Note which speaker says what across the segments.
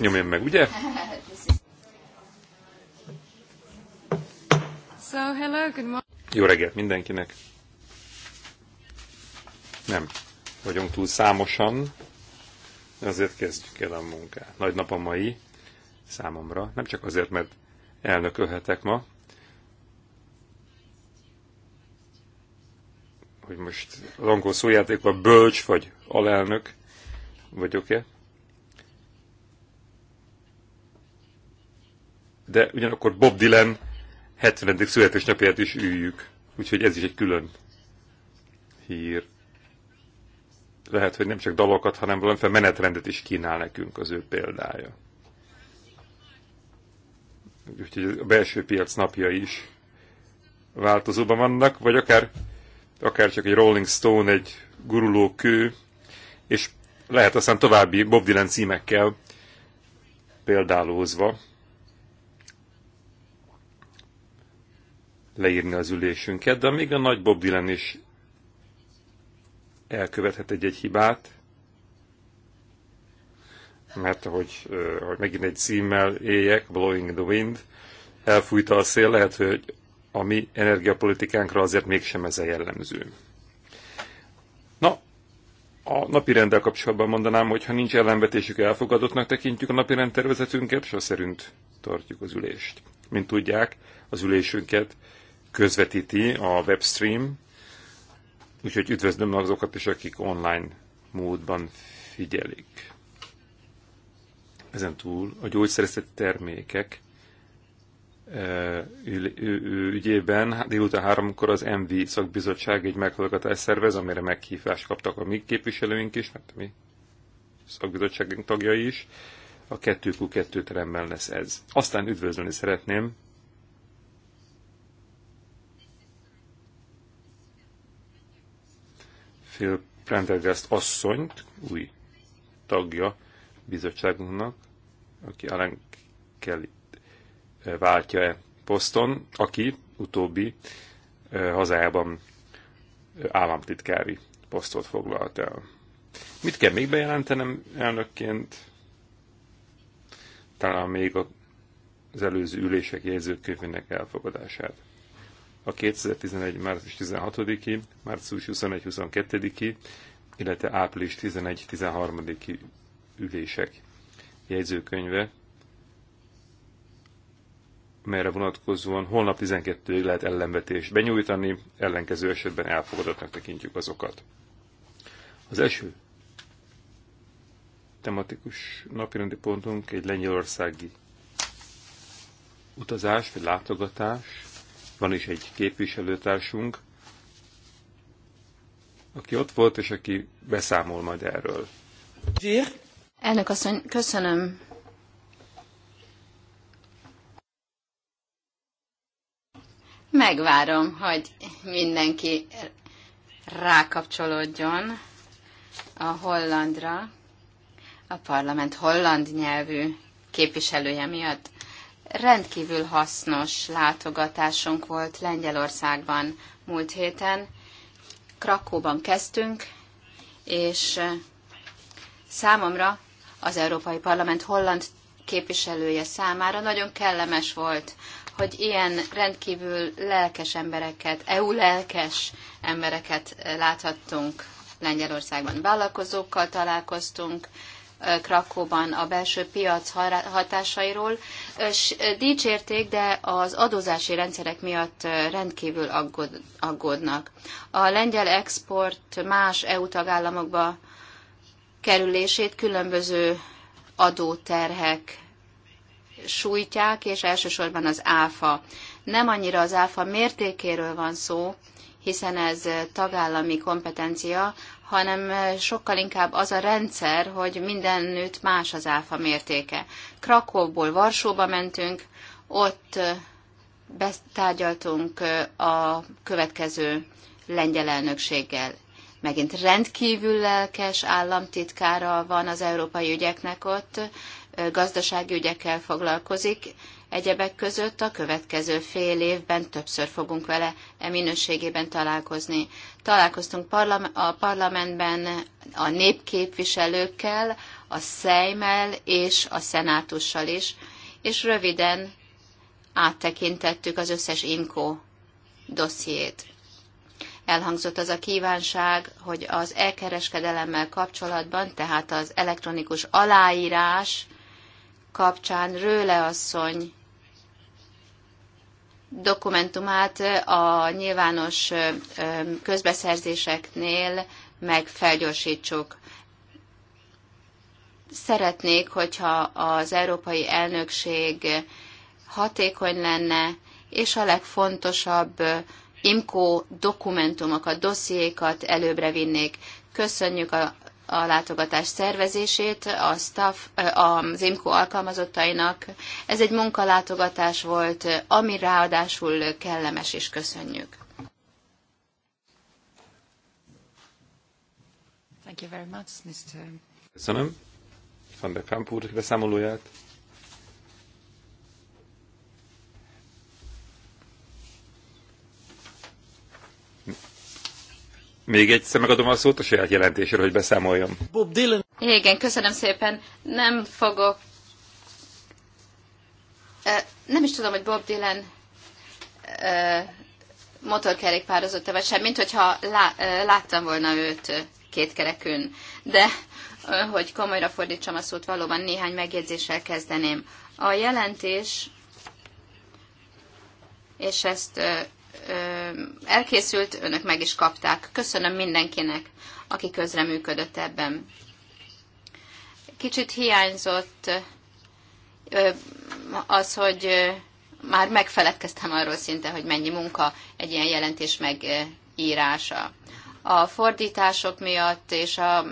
Speaker 1: nyomjon meg, ugye?
Speaker 2: So, hello, good morning.
Speaker 1: Jó reggelt mindenkinek! Nem vagyunk túl számosan, azért kezdjük el a munkát. Nagy nap a mai számomra, nem csak azért, mert elnökölhetek ma, hogy most az angol szójátékban bölcs vagy alelnök vagyok-e, de ugyanakkor Bob Dylan 70. születésnapját is üljük. Úgyhogy ez is egy külön hír. Lehet, hogy nem csak dalokat, hanem valamiféle menetrendet is kínál nekünk az ő példája. Úgyhogy a belső piac napja is változóban vannak, vagy akár, akár csak egy Rolling Stone, egy guruló kő, és lehet aztán további Bob Dylan címekkel példálózva leírni az ülésünket, de még a nagy Bob Dylan is elkövethet egy-egy hibát, mert ahogy, ahogy megint egy címmel éljek, Blowing the Wind, elfújta a szél, lehet, hogy a mi energiapolitikánkra azért mégsem ez a jellemző. Na, a napi rendel kapcsolatban mondanám, hogy ha nincs ellenvetésük elfogadottnak tekintjük a napi rendtervezetünket, és a szerint tartjuk az ülést. Mint tudják, az ülésünket közvetíti a webstream, úgyhogy üdvözlöm azokat is, akik online módban figyelik. Ezen túl a gyógyszerezett termékek e, ügyében délután háromkor az MV szakbizottság egy meghallgatást szervez, amire meghívást kaptak a mi képviselőink is, mert mi szakbizottságunk tagjai is. A 2Q2 teremben lesz ez. Aztán üdvözölni szeretném Phil Prendergast asszonyt, új tagja bizottságunknak, aki Alan Kelly eh, váltja-e poszton, aki utóbbi eh, hazájában eh, államtitkári posztot foglalt el. Mit kell még bejelentenem elnökként? Talán még az előző ülések jegyzőkönyvének elfogadását a 2011. március 16-i, március 21-22-i, illetve április 11-13-i ülések jegyzőkönyve, melyre vonatkozóan holnap 12-ig lehet ellenvetést benyújtani, ellenkező esetben elfogadottnak tekintjük azokat. Az első tematikus napirendi pontunk egy lengyelországi utazás vagy látogatás, van is egy képviselőtársunk, aki ott volt, és aki beszámol majd erről.
Speaker 2: Elnök asszony, köszönöm. Megvárom, hogy mindenki rákapcsolódjon a hollandra, a parlament holland nyelvű képviselője miatt rendkívül hasznos látogatásunk volt Lengyelországban múlt héten. Krakóban kezdtünk, és eh, számomra az Európai Parlament holland képviselője számára nagyon kellemes volt, hogy ilyen rendkívül lelkes embereket, EU lelkes embereket eh, láthattunk Lengyelországban. Vállalkozókkal találkoztunk, eh, Krakóban a belső piac hatásairól, dicsérték, de az adózási rendszerek miatt rendkívül aggód, aggódnak. A lengyel export más EU tagállamokba kerülését különböző adóterhek sújtják, és elsősorban az áfa. Nem annyira az áfa mértékéről van szó, hiszen ez tagállami kompetencia, hanem eh, sokkal inkább az a rendszer, hogy mindenütt más az áfa mértéke. Krakóból Varsóba mentünk, ott eh, betárgyaltunk eh, a következő lengyel elnökséggel. Megint rendkívül lelkes államtitkára van az európai ügyeknek ott, gazdasági ügyekkel foglalkozik, Egyebek között a következő fél évben többször fogunk vele e minőségében találkozni. Találkoztunk a parlamentben a népképviselőkkel, a Szejmel és a Szenátussal is, és röviden áttekintettük az összes IMCO dossziét. Elhangzott az a kívánság, hogy az elkereskedelemmel kapcsolatban, tehát az elektronikus aláírás kapcsán Rőle asszony dokumentumát a nyilvános közbeszerzéseknél megfelgyorsítsuk. Szeretnék, hogyha az európai elnökség hatékony lenne, és a legfontosabb IMCO dokumentumokat, dossziékat előbbre vinnék. Köszönjük a a látogatás szervezését a staff, az IMCO alkalmazottainak. Ez egy munkalátogatás volt, ami ráadásul kellemes és köszönjük. Thank you very much, Mr.
Speaker 1: Köszönöm Van de Kamp beszámolóját. Még egyszer megadom a szót a saját jelentésről, hogy beszámoljam.
Speaker 2: Bob Dylan. Igen, köszönöm szépen. Nem fogok... Nem is tudom, hogy Bob Dylan motorkerékpározott-e vagy sem, mint hogyha lá, láttam volna őt két kerekűn. De hogy komolyra fordítsam a szót, valóban néhány megjegyzéssel kezdeném. A jelentés, és ezt elkészült, önök meg is kapták. Köszönöm mindenkinek, aki közreműködött ebben. Kicsit hiányzott az, hogy már megfeledkeztem arról szinte, hogy mennyi munka egy ilyen jelentés megírása. A fordítások miatt és a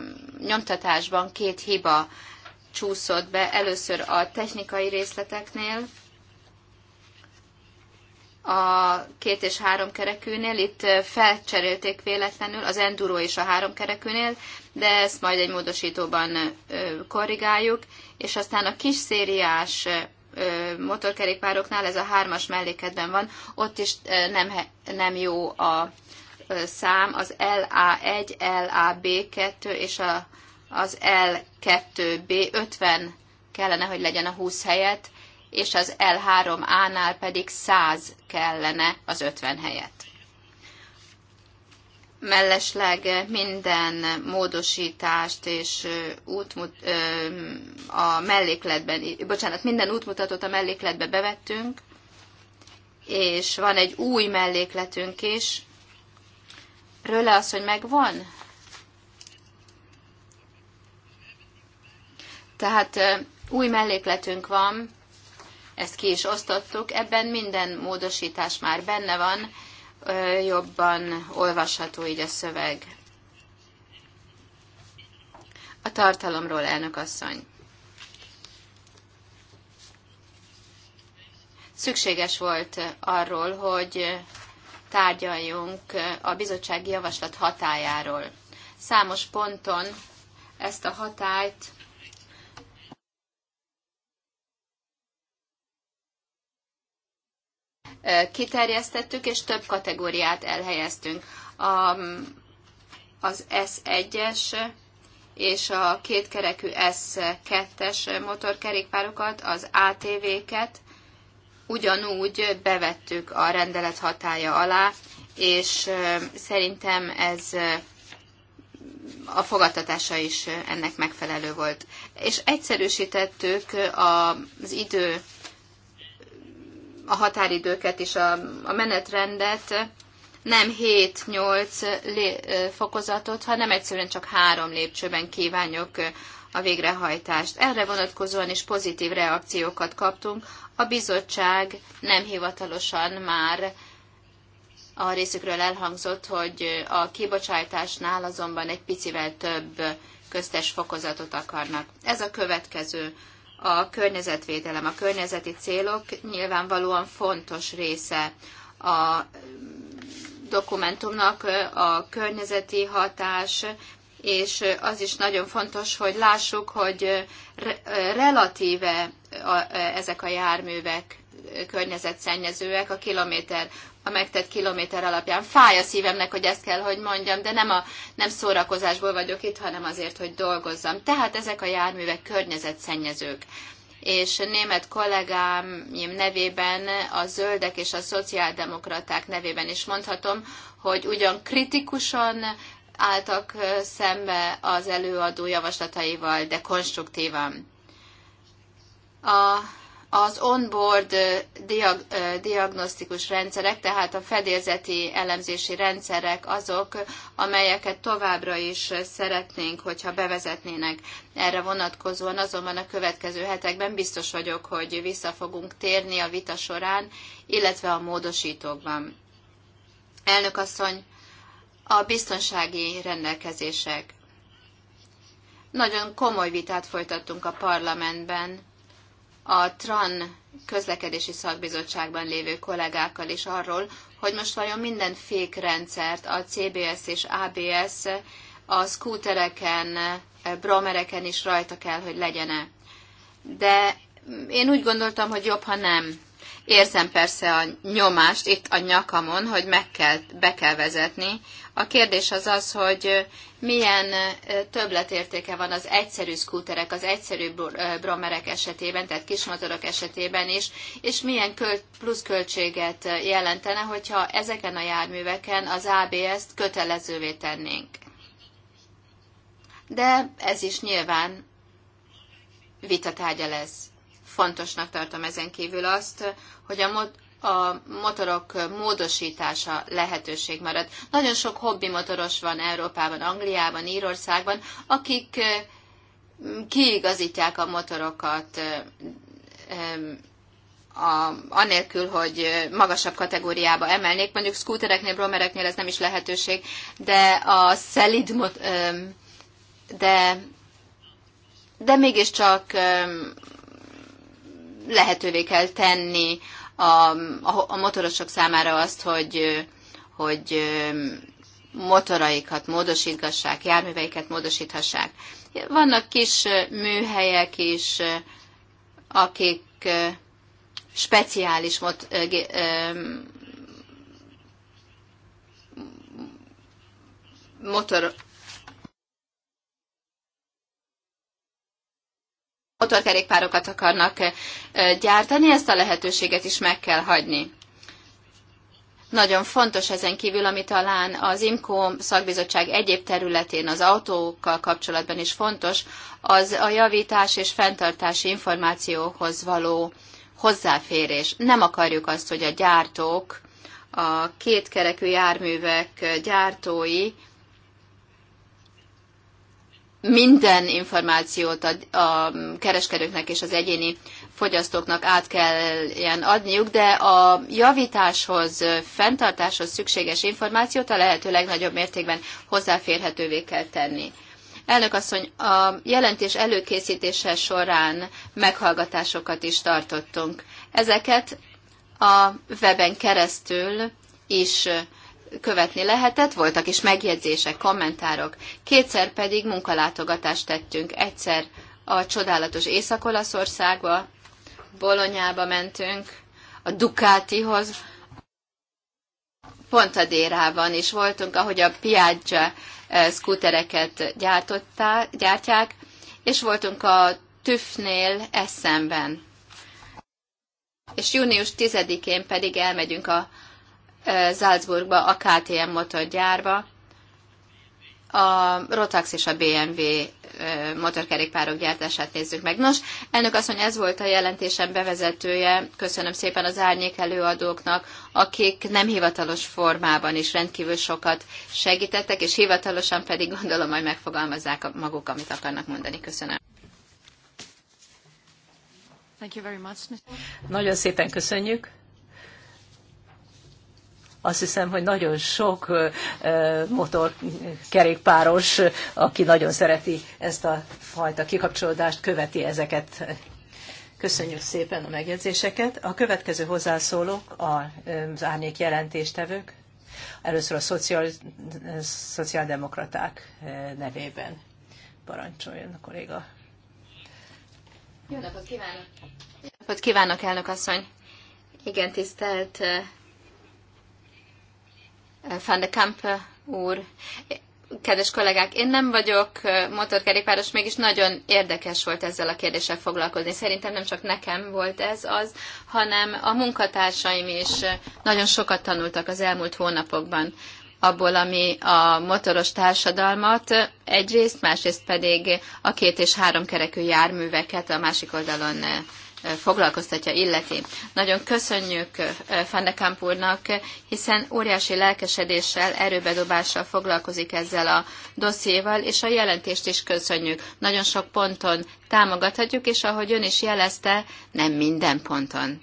Speaker 2: nyomtatásban két hiba csúszott be először a technikai részleteknél, a két és három kerekűnél, itt felcserélték véletlenül az enduro és a három kerekűnél, de ezt majd egy módosítóban korrigáljuk, és aztán a kis szériás motorkerékpároknál ez a hármas melléketben van, ott is nem, nem jó a szám, az LA1, LAB2 és a, az L2B50 kellene, hogy legyen a 20 helyet, és az L3A-nál pedig 100 kellene az 50 helyett. Mellesleg minden módosítást és útmut, a mellékletben, bocsánat, minden útmutatót a mellékletbe bevettünk, és van egy új mellékletünk is. Röle az, hogy megvan? Tehát új mellékletünk van, ezt ki is osztottuk, ebben minden módosítás már benne van, jobban olvasható így a szöveg. A tartalomról, elnök asszony. Szükséges volt arról, hogy tárgyaljunk a bizottsági javaslat hatájáról. Számos ponton ezt a hatályt kiterjesztettük, és több kategóriát elhelyeztünk. A, az S1-es és a kétkerekű S2-es motorkerékpárokat, az ATV-ket ugyanúgy bevettük a rendelet hatája alá, és szerintem ez a fogadtatása is ennek megfelelő volt. És egyszerűsítettük az idő a határidőket és a, a menetrendet, nem 7-8 fokozatot, hanem egyszerűen csak három lépcsőben kívánjuk a végrehajtást. Erre vonatkozóan is pozitív reakciókat kaptunk. A bizottság nem hivatalosan már a részükről elhangzott, hogy a kibocsátásnál azonban egy picivel több köztes fokozatot akarnak. Ez a következő a környezetvédelem, a környezeti célok nyilvánvalóan fontos része a dokumentumnak, a környezeti hatás, és az is nagyon fontos, hogy lássuk, hogy relatíve ezek a járművek környezetszennyezőek a kilométer a megtett kilométer alapján. Fáj a szívemnek, hogy ezt kell, hogy mondjam, de nem, a, nem szórakozásból vagyok itt, hanem azért, hogy dolgozzam. Tehát ezek a járművek környezetszennyezők és német kollégám nevében, a zöldek és a szociáldemokraták nevében is mondhatom, hogy ugyan kritikusan álltak szembe az előadó javaslataival, de konstruktívan. A az onboard diag, diagnosztikus rendszerek, tehát a fedélzeti elemzési rendszerek azok, amelyeket továbbra is szeretnénk, hogyha bevezetnének erre vonatkozóan, azonban a következő hetekben biztos vagyok, hogy vissza fogunk térni a vita során, illetve a módosítókban. Elnök asszony, a biztonsági rendelkezések. Nagyon komoly vitát folytattunk a parlamentben a TRAN közlekedési szakbizottságban lévő kollégákkal is arról, hogy most vajon minden fékrendszert, a CBS és ABS a skútereken, bromereken is rajta kell, hogy legyen-e. De én úgy gondoltam, hogy jobb, ha nem. Érzem persze a nyomást itt a nyakamon, hogy meg kell, be kell vezetni. A kérdés az az, hogy milyen többletértéke van az egyszerű szkúterek, az egyszerű bromerek esetében, tehát kismotorok esetében is, és milyen plusz költséget jelentene, hogyha ezeken a járműveken az ABS-t kötelezővé tennénk. De ez is nyilván vitatárgya lesz. Fontosnak tartom ezen kívül azt, hogy a, mod- a motorok módosítása lehetőség marad. Nagyon sok hobbi motoros van Európában, Angliában, Írországban, akik kiigazítják a motorokat a, anélkül, hogy magasabb kategóriába emelnék. Mondjuk skútereknél, bromereknél ez nem is lehetőség, de a szelid, de, de mégiscsak lehetővé kell tenni a, a, a motorosok számára azt, hogy, hogy motoraikat módosítgassák, járműveiket módosíthassák. Vannak kis műhelyek is, akik speciális mot, motor, motorkerékpárokat akarnak gyártani, ezt a lehetőséget is meg kell hagyni. Nagyon fontos ezen kívül, ami talán az IMCO szakbizottság egyéb területén, az autókkal kapcsolatban is fontos, az a javítás és fenntartási információhoz való hozzáférés. Nem akarjuk azt, hogy a gyártók, a kétkerekű járművek gyártói minden információt a, a kereskedőknek és az egyéni fogyasztóknak át kell ilyen adniuk, de a javításhoz, fenntartáshoz szükséges információt a lehető legnagyobb mértékben hozzáférhetővé kell tenni. Elnök asszony, a jelentés előkészítése során meghallgatásokat is tartottunk. Ezeket a weben keresztül is követni lehetett, voltak is megjegyzések, kommentárok. Kétszer pedig munkalátogatást tettünk. Egyszer a csodálatos Észak-Olaszországba, Bolonyába mentünk, a Ducatihoz, Dérában is voltunk, ahogy a Piaggia eh, szkútereket gyártják, és voltunk a tüfnél eszemben. És június 10-én pedig elmegyünk a Salzburgba, a KTM motorgyárba, a Rotax és a BMW motorkerékpárok gyártását nézzük meg. Nos, elnök asszony, ez volt a jelentésem bevezetője. Köszönöm szépen az árnyék előadóknak, akik nem hivatalos formában is rendkívül sokat segítettek, és hivatalosan pedig gondolom majd megfogalmazzák maguk, amit akarnak mondani. Köszönöm. Nagyon szépen köszönjük.
Speaker 3: Azt hiszem, hogy nagyon sok motorkerékpáros, aki nagyon szereti ezt a fajta kikapcsolódást, követi ezeket. Köszönjük szépen a megjegyzéseket. A következő hozzászólók az árnyék jelentéstevők. Először a szociál, szociáldemokraták
Speaker 2: nevében parancsoljon a kolléga. Jó napot kívánok! Jó napot kívánok, elnök asszony! Igen, tisztelt van de Kamp eh, úr, kedves kollégák, én nem vagyok eh, motorkerékpáros, mégis nagyon érdekes volt ezzel a kérdéssel foglalkozni. Szerintem nem csak nekem volt ez az, hanem a munkatársaim is eh, nagyon sokat tanultak az elmúlt hónapokban abból, ami a motoros társadalmat egyrészt, másrészt pedig a két és három kerekű járműveket a másik oldalon foglalkoztatja illeti. Nagyon köszönjük Fandekamp úrnak, hiszen óriási lelkesedéssel, erőbedobással foglalkozik ezzel a dossziéval, és a jelentést is köszönjük. Nagyon sok ponton támogathatjuk, és ahogy ön is jelezte, nem minden ponton.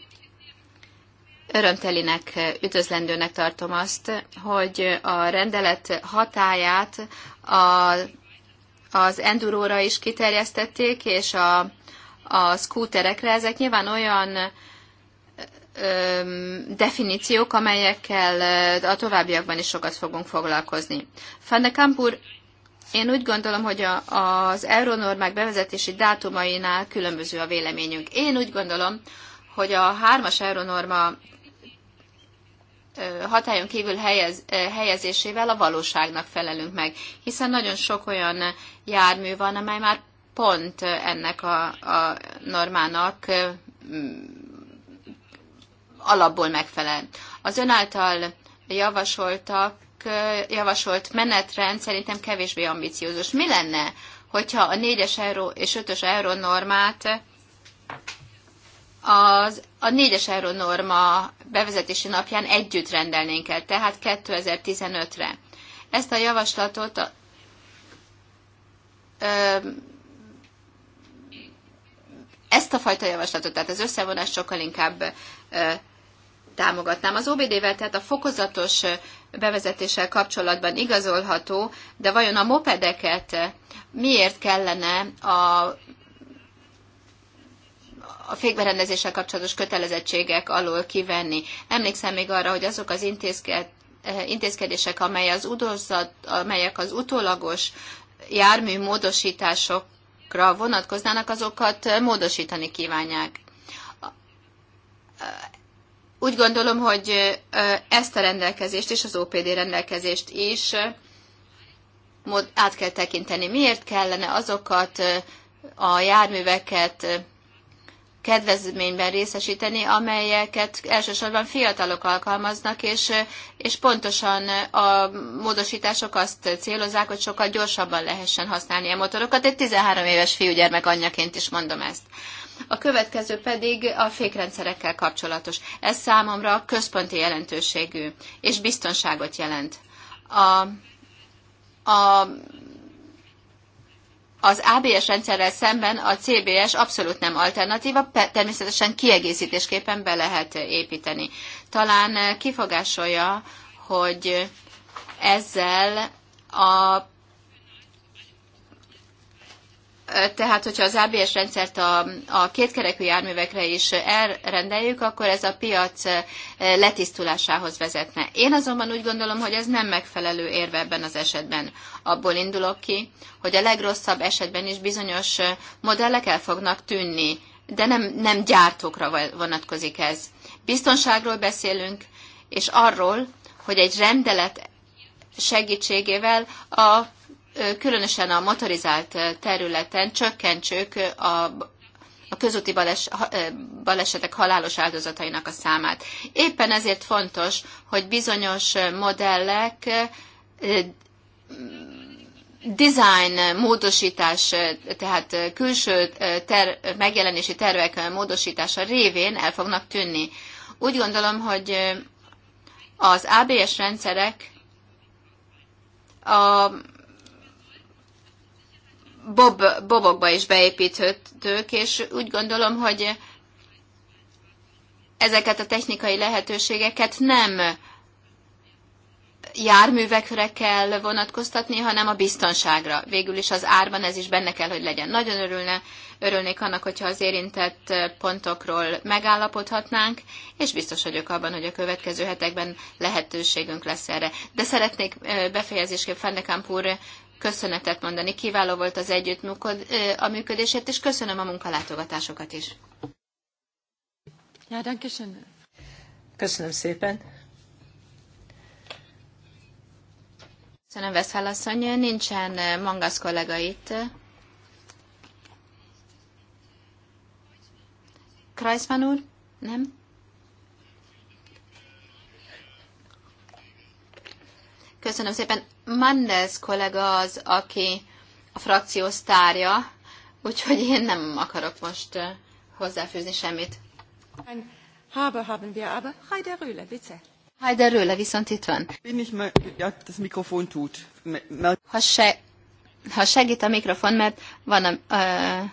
Speaker 2: Örömtelinek, üdvözlendőnek tartom azt, hogy a rendelet hatáját a, az enduróra is kiterjesztették, és a, a skúterekre, ezek nyilván olyan definíciók, amelyekkel a továbbiakban is sokat fogunk foglalkozni. Van Kampur, én úgy gondolom, hogy a, az euronormák bevezetési dátumainál különböző a véleményünk. Én úgy gondolom, hogy a hármas euronorma hatályon kívül helyez, helyezésével a valóságnak felelünk meg, hiszen nagyon sok olyan jármű van, amely már pont ennek a, a normának alapból megfelel. Az ön által javasoltak, javasolt menetrend szerintem kevésbé ambiciózus. Mi lenne, hogyha a 4-es euró és 5-ös euró normát az, a 4-es euró norma bevezetési napján együtt rendelnénk el, tehát 2015-re. Ezt a javaslatot a, ö, ezt a fajta javaslatot, tehát az összevonást sokkal inkább támogatnám. Az OBD-vel, tehát a fokozatos bevezetéssel kapcsolatban igazolható, de vajon a mopedeket miért kellene a, a fékberendezéssel kapcsolatos kötelezettségek alól kivenni? Emlékszem még arra, hogy azok az intézkedések, amely az udorzat, amelyek az utólagos jármű módosítások tagállamokra vonatkoznának, azokat módosítani kívánják. Úgy gondolom, hogy ezt a rendelkezést és az OPD rendelkezést is át kell tekinteni. Miért kellene azokat a járműveket kedvezményben részesíteni, amelyeket elsősorban fiatalok alkalmaznak, és, és pontosan a módosítások azt célozzák, hogy sokkal gyorsabban lehessen használni a motorokat. Egy 13 éves fiúgyermek anyjaként is mondom ezt. A következő pedig a fékrendszerekkel kapcsolatos. Ez számomra központi jelentőségű, és biztonságot jelent. A, a az ABS rendszerrel szemben a CBS abszolút nem alternatíva, természetesen kiegészítésképpen be lehet építeni. Talán kifogásolja, hogy ezzel a tehát, hogyha az ABS rendszert a, a kétkerekű járművekre is elrendeljük, akkor ez a piac eh, letisztulásához vezetne. Én azonban úgy gondolom, hogy ez nem megfelelő érve ebben az esetben. Abból indulok ki, hogy a legrosszabb esetben is bizonyos eh, modellek el fognak tűnni, de nem, nem gyártókra vonatkozik ez. Biztonságról beszélünk, és arról, hogy egy rendelet segítségével a különösen a motorizált területen csökkentsük a, a közúti bales, balesetek halálos áldozatainak a számát. Éppen ezért fontos, hogy bizonyos modellek design módosítás, tehát külső ter, megjelenési tervek módosítása révén el fognak tűnni. Úgy gondolom, hogy az ABS rendszerek a bob, bobokba is beépíthetők, és úgy gondolom, hogy ezeket a technikai lehetőségeket nem járművekre kell vonatkoztatni, hanem a biztonságra. Végül is az árban ez is benne kell, hogy legyen. Nagyon örülne, örülnék annak, hogyha az érintett pontokról megállapodhatnánk, és biztos vagyok abban, hogy a következő hetekben lehetőségünk lesz erre. De szeretnék eh, befejezésképp Fennekamp úr köszönetet mondani. Kiváló volt az együttműködésért, és köszönöm a munkalátogatásokat is. Ja,
Speaker 3: Köszönöm szépen.
Speaker 2: Köszönöm, Veszfál asszony. Nincsen Mangasz kollega itt. Kreisman úr? Nem? Köszönöm szépen. Mendez kollega az, aki a frakció sztárja, úgyhogy én nem akarok most hozzáfűzni semmit. Habe haben wir aber Heide Röhle, bitte. Heide Röhle viszont itt van. Bin ich mal, ja, das Mikrofon tut. Ha, se, ha segít a mikrofon, mert van a... uh,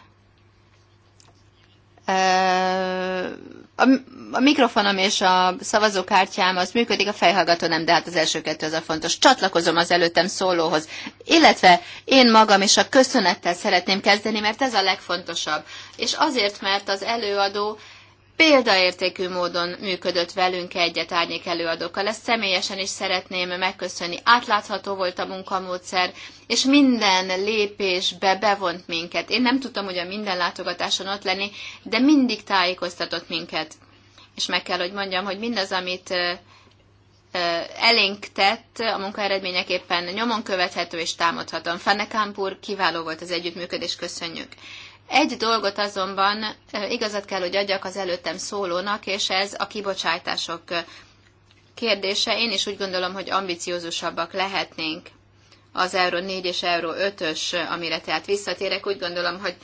Speaker 2: uh, a, a mikrofonom és a szavazókártyám az működik, a fejhallgató nem, de hát az első kettő az a fontos. Csatlakozom az előttem szólóhoz. Illetve én magam is a köszönettel szeretném kezdeni, mert ez a legfontosabb. És azért, mert az előadó példaértékű módon működött velünk egyet árnyék előadókkal. Ezt személyesen is szeretném megköszönni. Átlátható volt a munkamódszer, és minden lépésbe bevont minket. Én nem tudtam a minden látogatáson ott lenni, de mindig tájékoztatott minket. És meg kell, hogy mondjam, hogy mindaz, amit elénk tett, a eredményeképpen nyomon követhető és támadhatom. Fannekámpúr kiváló volt az együttműködés, köszönjük. Egy dolgot azonban igazat kell, hogy adjak az előttem szólónak, és ez a kibocsátások kérdése. Én is úgy gondolom, hogy ambiciózusabbak lehetnénk az Euró 4 és Euró 5-ös, amire tehát visszatérek. Úgy gondolom, hogy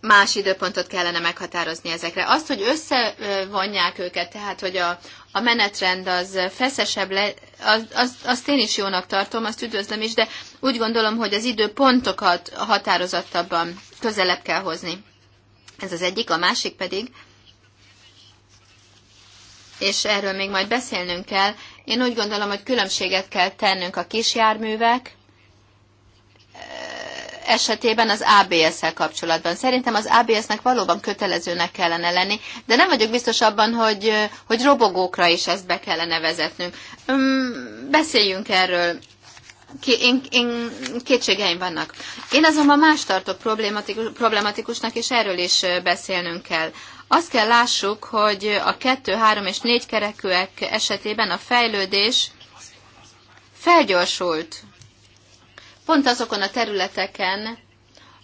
Speaker 2: más időpontot kellene meghatározni ezekre. Azt, hogy összevonják őket, tehát hogy a, a menetrend az feszesebb, le, az, az, azt én is jónak tartom, azt üdvözlöm is, de úgy gondolom, hogy az idő pontokat határozottabban közelebb kell hozni. Ez az egyik, a másik pedig, és erről még majd beszélnünk kell, én úgy gondolom, hogy különbséget kell tennünk a kisjárművek, esetében az ABS-szel kapcsolatban. Szerintem az ABS-nek valóban kötelezőnek kellene lenni, de nem vagyok biztos abban, hogy, hogy robogókra is ezt be kellene vezetnünk. Beszéljünk erről. Én, én, kétségeim vannak. Én azonban más tartok problematikus, problematikusnak, és erről is beszélnünk kell. Azt kell lássuk, hogy a kettő, három és négy kerekűek esetében a fejlődés felgyorsult pont azokon a területeken,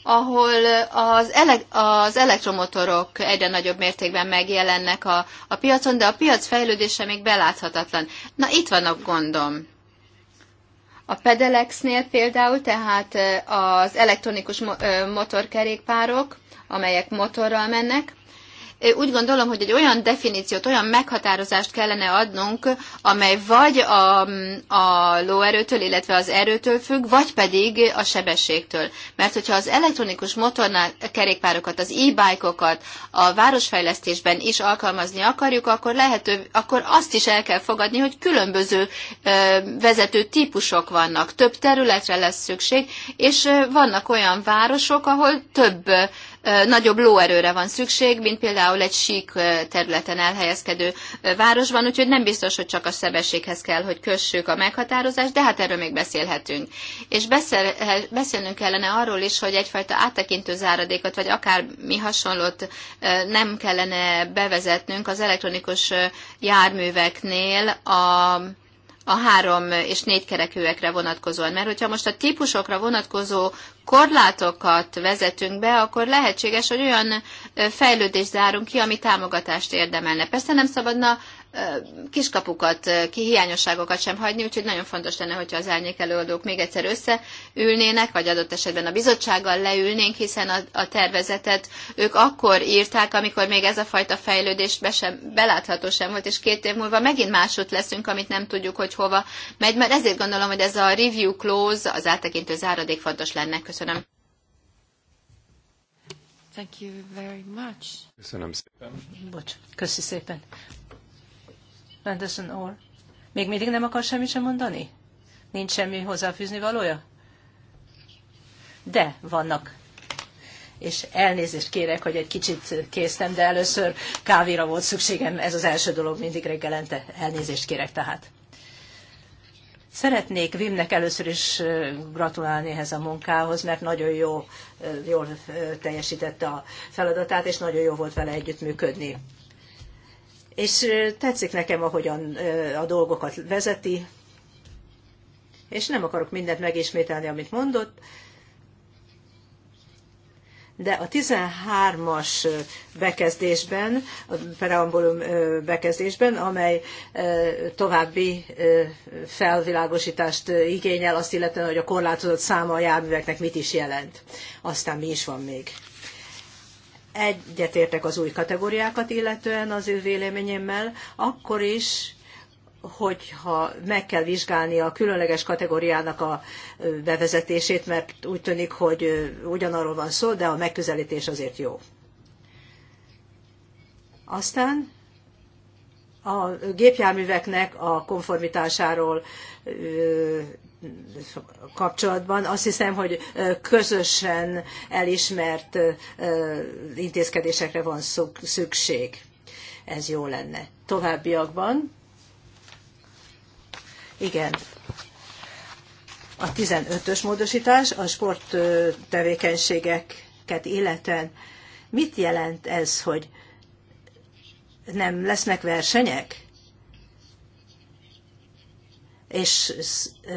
Speaker 2: ahol az, ele- az elektromotorok egyre nagyobb mértékben megjelennek a, a piacon, de a piac fejlődése még beláthatatlan. Na, itt van a gondom. A pedelexnél például, tehát az elektronikus motorkerékpárok, amelyek motorral mennek, úgy gondolom, hogy egy olyan definíciót, olyan meghatározást kellene adnunk, amely vagy a, a lóerőtől, illetve az erőtől függ, vagy pedig a sebességtől. Mert hogyha az elektronikus motornál kerékpárokat, az e-bike-okat a városfejlesztésben is alkalmazni akarjuk, akkor lehető, akkor azt is el kell fogadni, hogy különböző vezető típusok vannak. Több területre lesz szükség, és vannak olyan városok, ahol több nagyobb lóerőre van szükség, mint például egy sík területen elhelyezkedő városban, úgyhogy nem biztos, hogy csak a sebességhez kell, hogy kössük a meghatározást, de hát erről még beszélhetünk. És beszél, eh, beszélnünk kellene arról is, hogy egyfajta áttekintő záradékot, vagy akár mi hasonlót nem kellene bevezetnünk az elektronikus járműveknél a a három és négy kerekűekre vonatkozóan. Mert hogyha most a típusokra vonatkozó korlátokat vezetünk be, akkor lehetséges, hogy olyan fejlődést zárunk ki, ami támogatást érdemelne. Persze nem szabadna kiskapukat, hiányosságokat sem hagyni, úgyhogy nagyon fontos lenne, hogyha az árnyék előadók még egyszer összeülnének, vagy adott esetben a bizottsággal leülnénk, hiszen a, a tervezetet ők akkor írták, amikor még ez a fajta fejlődés be sem, belátható sem volt, és két év múlva megint másút leszünk, amit nem tudjuk, hogy hova megy, mert ezért gondolom, hogy ez a review close, az áttekintő záradék fontos lenne. Köszönöm. Thank you very much.
Speaker 1: Köszönöm szépen. Bocs,
Speaker 2: köszi szépen.
Speaker 3: Anderson úr. Még mindig nem akar semmit sem mondani? Nincs semmi hozzáfűzni valója? De vannak. És elnézést kérek, hogy egy kicsit késztem, de először kávéra volt szükségem, ez az első dolog mindig reggelente. Elnézést kérek tehát. Szeretnék Vimnek először is gratulálni ehhez a munkához, mert nagyon jó, jól teljesítette a feladatát, és nagyon jó volt vele együttműködni és tetszik nekem, ahogyan a dolgokat vezeti, és nem akarok mindent megismételni, amit mondott, de a 13-as bekezdésben, a preambulum bekezdésben, amely további felvilágosítást igényel, azt illetően, hogy a korlátozott száma a járműveknek mit is jelent. Aztán mi is van még? egyetértek az új kategóriákat illetően az ő véleményemmel, akkor is, hogyha meg kell vizsgálni a különleges kategóriának a bevezetését, mert úgy tűnik, hogy ugyanarról van szó, de a megközelítés azért jó. Aztán a gépjárműveknek a konformitásáról kapcsolatban. Azt hiszem, hogy közösen elismert intézkedésekre van szükség. Ez jó lenne. Továbbiakban. Igen. A 15-ös módosítás a sport illetően. Mit jelent ez, hogy nem lesznek versenyek? és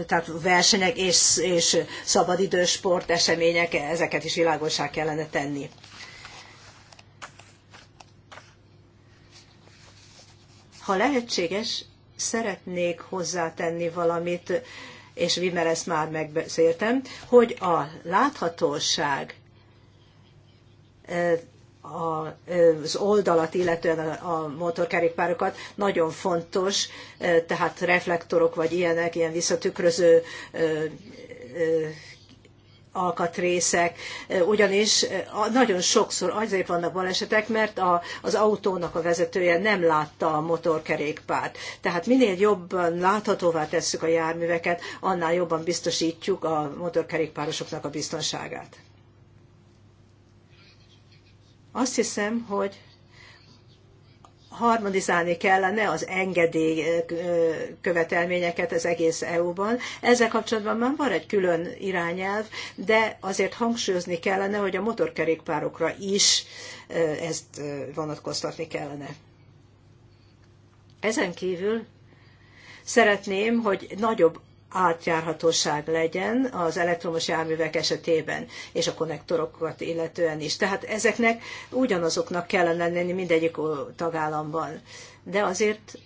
Speaker 3: tehát versenyek és, és szabadidős sport események, ezeket is világosá kellene tenni. Ha lehetséges, szeretnék hozzátenni valamit, és mivel ezt már megbeszéltem, hogy a láthatóság az oldalat, illetően a motorkerékpárokat nagyon fontos, tehát reflektorok vagy ilyenek, ilyen visszatükröző alkatrészek, ugyanis nagyon sokszor azért vannak balesetek, mert a, az autónak a vezetője nem látta a motorkerékpárt. Tehát minél jobban láthatóvá tesszük a járműveket, annál jobban biztosítjuk a motorkerékpárosoknak a biztonságát. Azt hiszem, hogy harmonizálni kellene az engedély követelményeket az egész EU-ban. Ezzel kapcsolatban már van egy külön irányelv, de azért hangsúlyozni kellene, hogy a motorkerékpárokra is ezt vonatkoztatni kellene. Ezen kívül szeretném, hogy nagyobb átjárhatóság legyen az elektromos járművek esetében, és a konnektorokat illetően is. Tehát ezeknek ugyanazoknak kellene lenni mindegyik tagállamban. De azért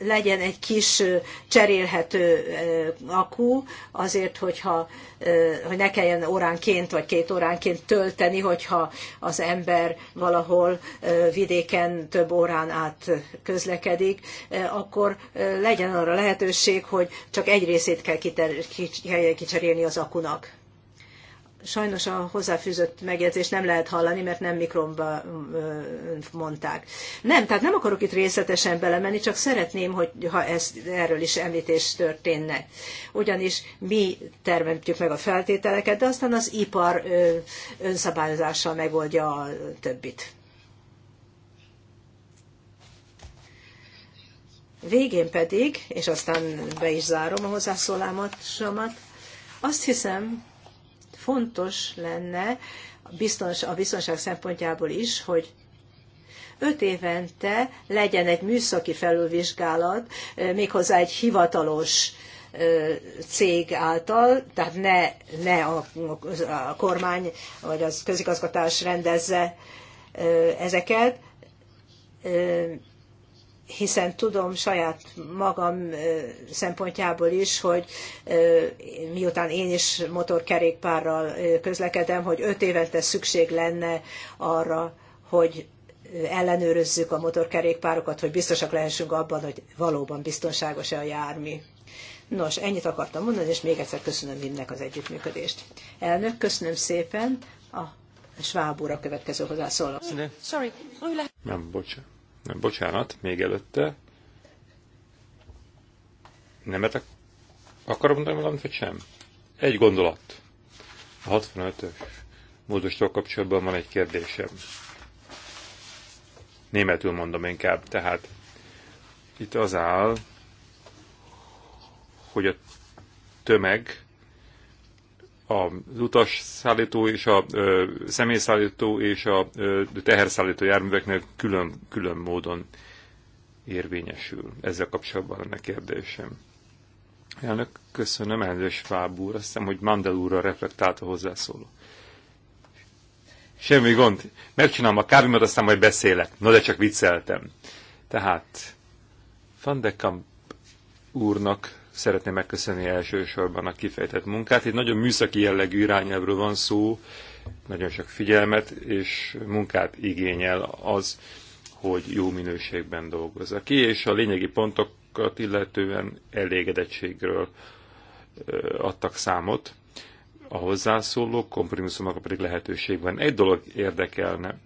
Speaker 3: legyen egy kis cserélhető akku, azért, hogyha, hogy ne kelljen óránként vagy két óránként tölteni, hogyha az ember valahol vidéken több órán át közlekedik, akkor legyen arra lehetőség, hogy csak egy részét kell kicserélni az akunak sajnos a hozzáfűzött megjegyzést nem lehet hallani, mert nem mikromba mondták. Nem, tehát nem akarok itt részletesen belemenni, csak szeretném, hogy ha ez, erről is említés történne. Ugyanis mi teremtjük meg a feltételeket, de aztán az ipar önszabályozással megoldja a többit. Végén pedig, és aztán be is zárom a hozzászólásomat, azt hiszem, fontos lenne a biztonság szempontjából is, hogy öt évente legyen egy műszaki felülvizsgálat, méghozzá egy hivatalos cég által, tehát ne, ne a, a kormány vagy az közigazgatás rendezze ezeket, hiszen tudom saját magam szempontjából is, hogy miután én is motorkerékpárral közlekedem, hogy öt évente szükség lenne arra, hogy ellenőrözzük a motorkerékpárokat, hogy biztosak lehessünk abban, hogy valóban biztonságos-e a jármű. Nos, ennyit akartam mondani, és még egyszer köszönöm mindnek az együttműködést. Elnök, köszönöm szépen. A Schwab úr a következő hozzászóló.
Speaker 1: Nem, bocsánat. Bocsánat, még előtte. Nem ak akarom mondani valamit, vagy sem? Egy gondolat. A 65-ös módostól kapcsolatban van egy kérdésem. Németül mondom inkább, tehát itt az áll, hogy a tömeg az utasszállító és a ö, személyszállító és a ö, teherszállító járműveknek külön, külön módon érvényesül. Ezzel kapcsolatban lenne kérdésem. Elnök, köszönöm, elnök Fáb úr. Azt hiszem, hogy Mandel úrra reflektált a hozzászóló. Semmi gond. Megcsinálom a kávémat, aztán majd beszélek. Na, de csak vicceltem. Tehát, Van de Kamp úrnak szeretném megköszönni elsősorban a kifejtett munkát. Itt nagyon műszaki jellegű irányelvről van szó, nagyon sok figyelmet és munkát igényel az, hogy jó minőségben dolgozza ki, és a lényegi pontokat illetően elégedettségről adtak számot. A hozzászólók kompromisszumokra pedig lehetőség van. Egy dolog érdekelne,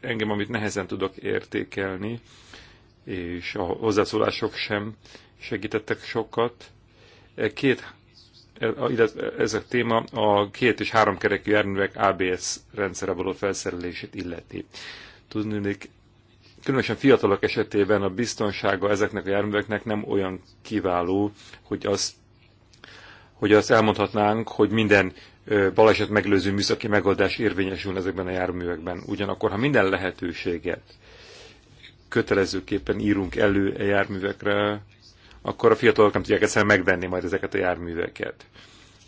Speaker 1: engem, amit nehezen tudok értékelni, és a hozzászólások sem segítettek sokat. E, két, e, ez a téma a két és három kerekű járművek ABS rendszere való felszerelését illeti. Tudnék, különösen fiatalok esetében a biztonsága ezeknek a járműveknek nem olyan kiváló, hogy az hogy azt elmondhatnánk, hogy minden baleset megelőző műszaki megoldás érvényesül ezekben a járművekben. Ugyanakkor, ha minden lehetőséget kötelezőképpen írunk elő a e járművekre, akkor a fiatalok nem tudják egyszerűen megvenni majd ezeket a járműveket.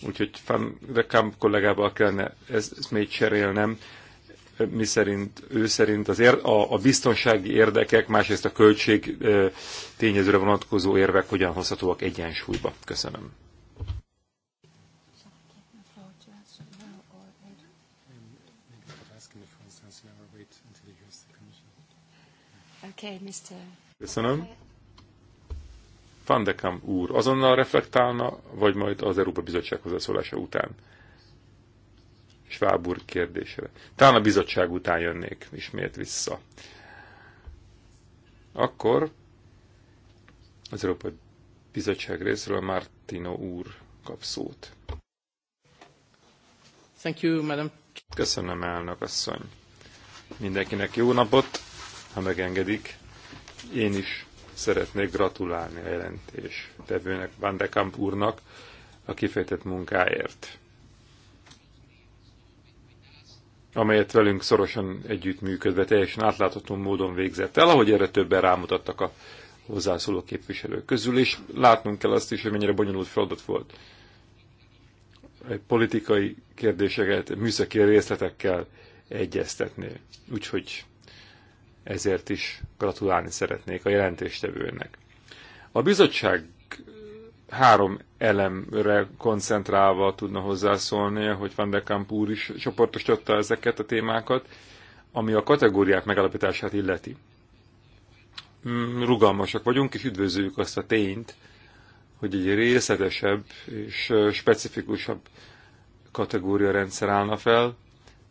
Speaker 1: Úgyhogy Van de Kamp kollégával kellene ezt, ezt még cserélnem, mi szerint, ő szerint az ér, a, a biztonsági érdekek, másrészt a költség e, tényezőre vonatkozó érvek hogyan hozhatóak egyensúlyba. Köszönöm. Köszönöm. Van de Kamp úr azonnal reflektálna, vagy majd az Európa Bizottság hozzászólása után? Schwab úr kérdésére. Talán a bizottság után jönnék ismét vissza. Akkor az Európa Bizottság részről Martino úr kap szót. Thank you, madam. Köszönöm, elnök asszony. Mindenkinek jó napot, ha megengedik. Én is szeretnék gratulálni a jelentés tevőnek, Van de Kamp úrnak a kifejtett munkáért, amelyet velünk szorosan együttműködve teljesen átlátható módon végzett el, ahogy erre többen rámutattak a hozzászóló képviselők közül, és látnunk kell azt is, hogy mennyire bonyolult feladat volt. Egy politikai kérdéseket műszaki részletekkel egyeztetni. Úgyhogy ezért is gratulálni szeretnék a jelentéstevőnek. A bizottság három elemre koncentrálva tudna hozzászólni, hogy Van de Kamp úr is csoportosította ezeket a témákat, ami a kategóriák megalapítását illeti. Mm, rugalmasak vagyunk, és üdvözöljük azt a tényt, hogy egy részletesebb és specifikusabb kategóriarendszer állna fel,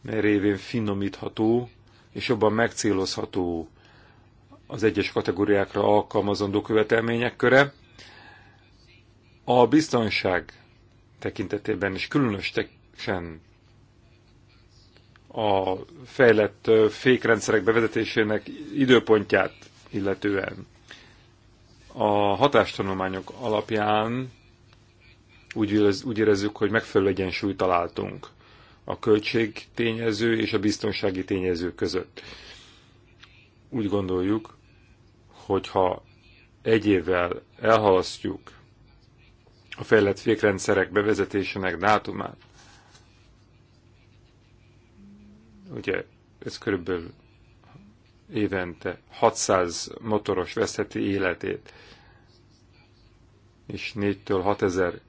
Speaker 1: mert révén finomítható és jobban megcélozható az egyes kategóriákra alkalmazandó követelmények köre. A biztonság tekintetében is különösen a fejlett fékrendszerek bevezetésének időpontját illetően a hatástanulmányok alapján úgy, úgy érezzük, hogy megfelelő egyensúlyt találtunk a költség tényező és a biztonsági tényező között. Úgy gondoljuk, hogyha egy évvel elhalasztjuk a fejlett fékrendszerek bevezetésének dátumát, ugye ez körülbelül évente 600 motoros veszheti életét, és 4-től 6000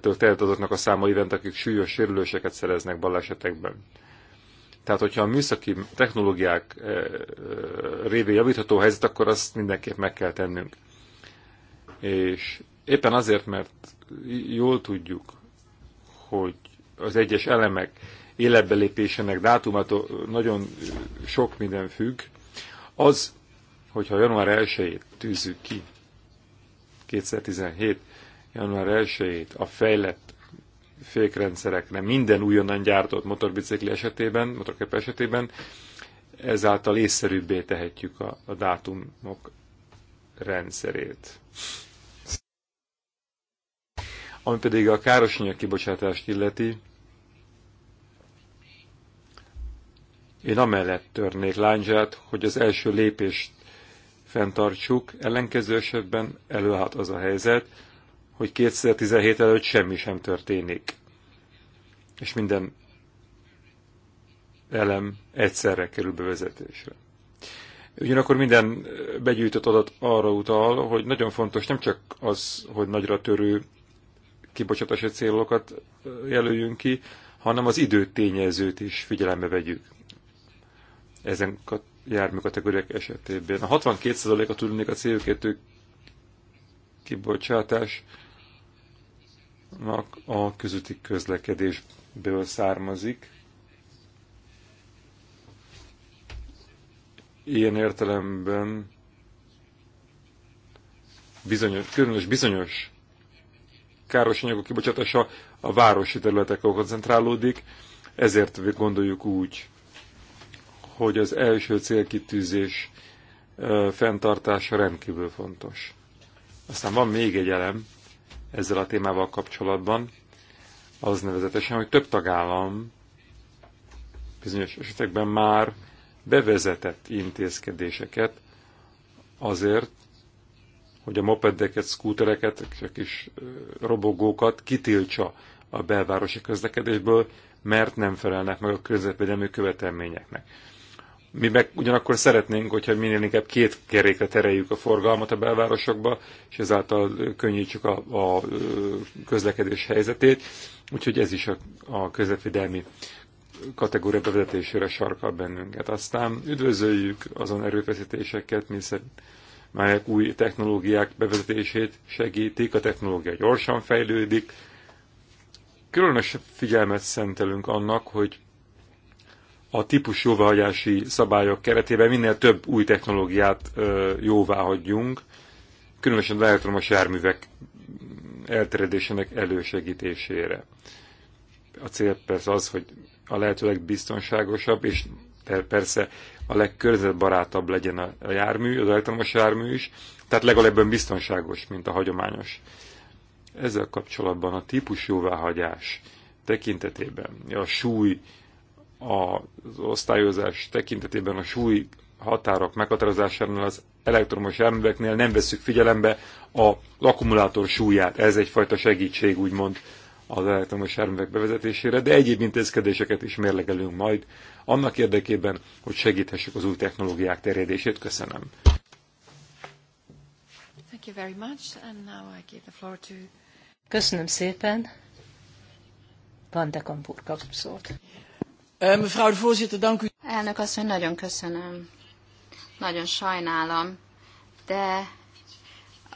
Speaker 1: történet azoknak a száma évent, akik súlyos sérüléseket szereznek balesetekben. Tehát, hogyha a műszaki technológiák révén javítható helyzet, akkor azt mindenképp meg kell tennünk. És éppen azért, mert jól tudjuk, hogy az egyes elemek életbelépésének dátumától nagyon sok minden függ, az, hogyha január 1-ét tűzzük ki, 2017, január 1-ét a fejlett fékrendszerekre minden újonnan gyártott motorbicikli esetében, motorkép esetében, ezáltal észszerűbbé tehetjük a, a dátumok rendszerét. Ami pedig a károsanyag kibocsátást illeti, én amellett törnék lányzsát, hogy az első lépést fenntartsuk, ellenkező esetben előállhat az a helyzet, hogy 2017 előtt semmi sem történik. És minden elem egyszerre kerül bevezetésre. Ugyanakkor minden begyűjtött adat arra utal, hogy nagyon fontos nem csak az, hogy nagyra törő kibocsátási célokat jelöljünk ki, hanem az időtényezőt is figyelembe vegyük. Ezen a kategóriák esetében. A 62%-a tudnék a CO2 kibocsátás a közötti közlekedésből származik. Ilyen értelemben bizonyos, különös bizonyos káros anyagok kibocsátása a városi területekkel koncentrálódik, ezért gondoljuk úgy, hogy az első célkitűzés fenntartása rendkívül fontos. Aztán van még egy elem, ezzel a témával kapcsolatban, az nevezetesen, hogy több tagállam bizonyos esetekben már bevezetett intézkedéseket azért, hogy a mopedeket, szkútereket, a kis robogókat kitiltsa a belvárosi közlekedésből, mert nem felelnek meg a környezetvédelmi követelményeknek. Mi meg ugyanakkor szeretnénk, hogyha minél inkább két kerékre tereljük a forgalmat a belvárosokba, és ezáltal könnyítsük a, a közlekedés helyzetét, úgyhogy ez is a, a közvetvédelmi kategória bevezetésére sarkal bennünket. Aztán üdvözöljük azon erőfeszítéseket, mint melyek új technológiák bevezetését segítik, a technológia gyorsan fejlődik. Különös figyelmet szentelünk annak, hogy a típus jóváhagyási szabályok keretében minél több új technológiát jóvá hagyjunk, különösen az elektromos járművek elterjedésének elősegítésére. A cél persze az, hogy a lehető legbiztonságosabb, és persze a legkörzetbarátabb legyen a jármű, az elektromos jármű is, tehát legalább biztonságos, mint a hagyományos. Ezzel kapcsolatban a típus jóváhagyás tekintetében, a súly az osztályozás tekintetében a súly határok meghatározásánál az elektromos járműveknél nem veszük figyelembe az akkumulátor súlyát. Ez egyfajta segítség, úgymond, az elektromos járművek bevezetésére, de egyéb intézkedéseket is mérlegelünk majd, annak érdekében, hogy segíthessük az új technológiák terjedését. Köszönöm.
Speaker 2: Thank you very much, and now I give the floor to...
Speaker 3: Köszönöm szépen.
Speaker 2: Van de Kampur szót. Eh, mevrouw de voorzitter, dank u. Elnök asszony, nagyon köszönöm. Nagyon sajnálom, de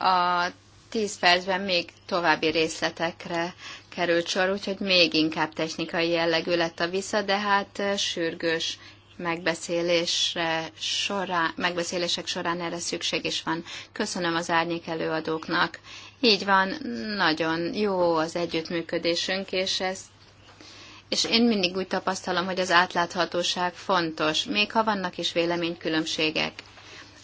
Speaker 2: a tíz percben még további részletekre került sor, úgyhogy még inkább technikai jellegű lett a vissza, de hát eh, sürgős megbeszélésre során, megbeszélések során erre szükség is van. Köszönöm az árnyék előadóknak. Így van, nagyon jó az együttműködésünk, és ezt és én mindig úgy tapasztalom, hogy az átláthatóság fontos, még ha vannak is véleménykülönbségek.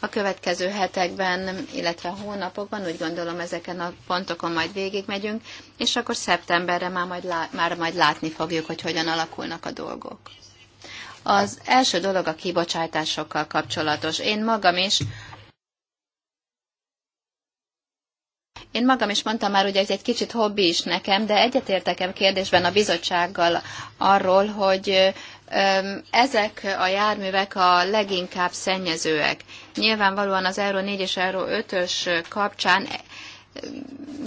Speaker 2: A következő hetekben, illetve hónapokban úgy gondolom ezeken a pontokon majd végigmegyünk, és akkor szeptemberre már majd, lá- már majd látni fogjuk, hogy hogyan alakulnak a dolgok. Az első dolog a kibocsátásokkal kapcsolatos. Én magam is Én magam is mondtam már, hogy ez egy kicsit hobbi is nekem, de egyetértekem kérdésben a bizottsággal arról, hogy ezek a járművek a leginkább szennyezőek. Nyilvánvalóan az Euró 4 és Euró 5-ös kapcsán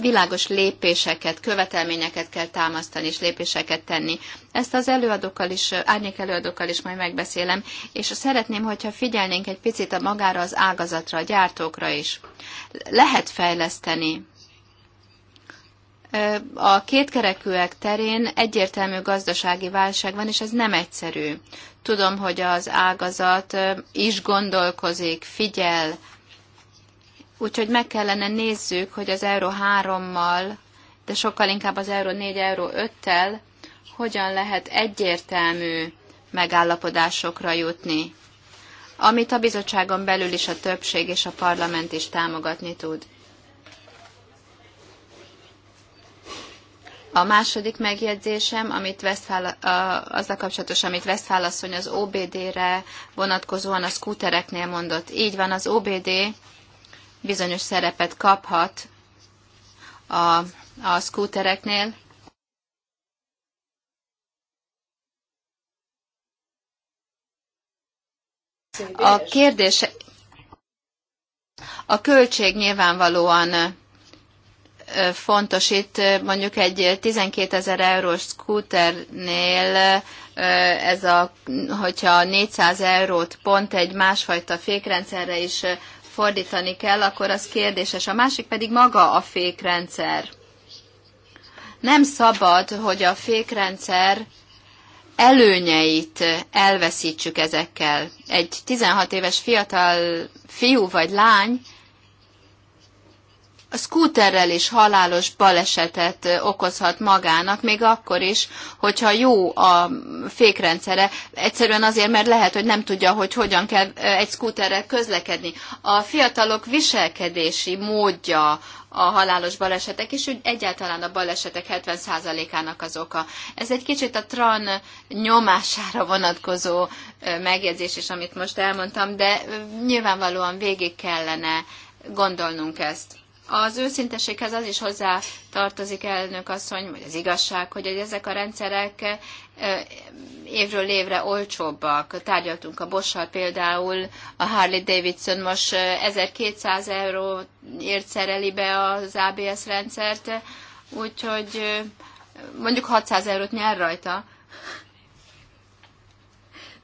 Speaker 2: világos lépéseket, követelményeket kell támasztani és lépéseket tenni. Ezt az előadókkal is, árnyék előadókkal is majd megbeszélem, és szeretném, hogyha figyelnénk egy picit a magára az ágazatra, a gyártókra is. Lehet fejleszteni, a kétkerekűek terén egyértelmű gazdasági válság van, és ez nem egyszerű. Tudom, hogy az ágazat is gondolkozik, figyel, úgyhogy meg kellene nézzük, hogy az Euró 3-mal, de sokkal inkább az Euró 4, Euró 5-tel hogyan lehet egyértelmű megállapodásokra jutni, amit a bizottságon belül is a többség és a parlament is támogatni tud. A második megjegyzésem, amit Westfál, azzal kapcsolatos, amit Westfál asszony az OBD-re vonatkozóan a skútereknél mondott. Így van, az OBD bizonyos szerepet kaphat a, a skútereknél, A kérdés, a költség nyilvánvalóan fontos itt mondjuk egy 12 ezer eurós skúternél, ez a, hogyha 400 eurót pont egy másfajta fékrendszerre is fordítani kell, akkor az kérdéses. A másik pedig maga a fékrendszer. Nem szabad, hogy a fékrendszer előnyeit elveszítsük ezekkel. Egy 16 éves fiatal fiú vagy lány a skúterrel is halálos balesetet okozhat magának, még akkor is, hogyha jó a fékrendszere, egyszerűen azért, mert lehet, hogy nem tudja, hogy hogyan kell egy skúterrel közlekedni. A fiatalok viselkedési módja a halálos balesetek, és úgy egyáltalán a balesetek 70%-ának az oka. Ez egy kicsit a TRAN nyomására vonatkozó megjegyzés is, amit most elmondtam, de nyilvánvalóan végig kellene gondolnunk ezt. Az őszinteséghez az is hozzá tartozik elnök asszony, vagy az igazság, hogy ezek a rendszerek eh, évről évre olcsóbbak. Tárgyaltunk a Bossal például, a Harley Davidson most 1200 eh, euróért szereli be az ABS rendszert, úgyhogy eh, mondjuk 600 eurót nyer rajta,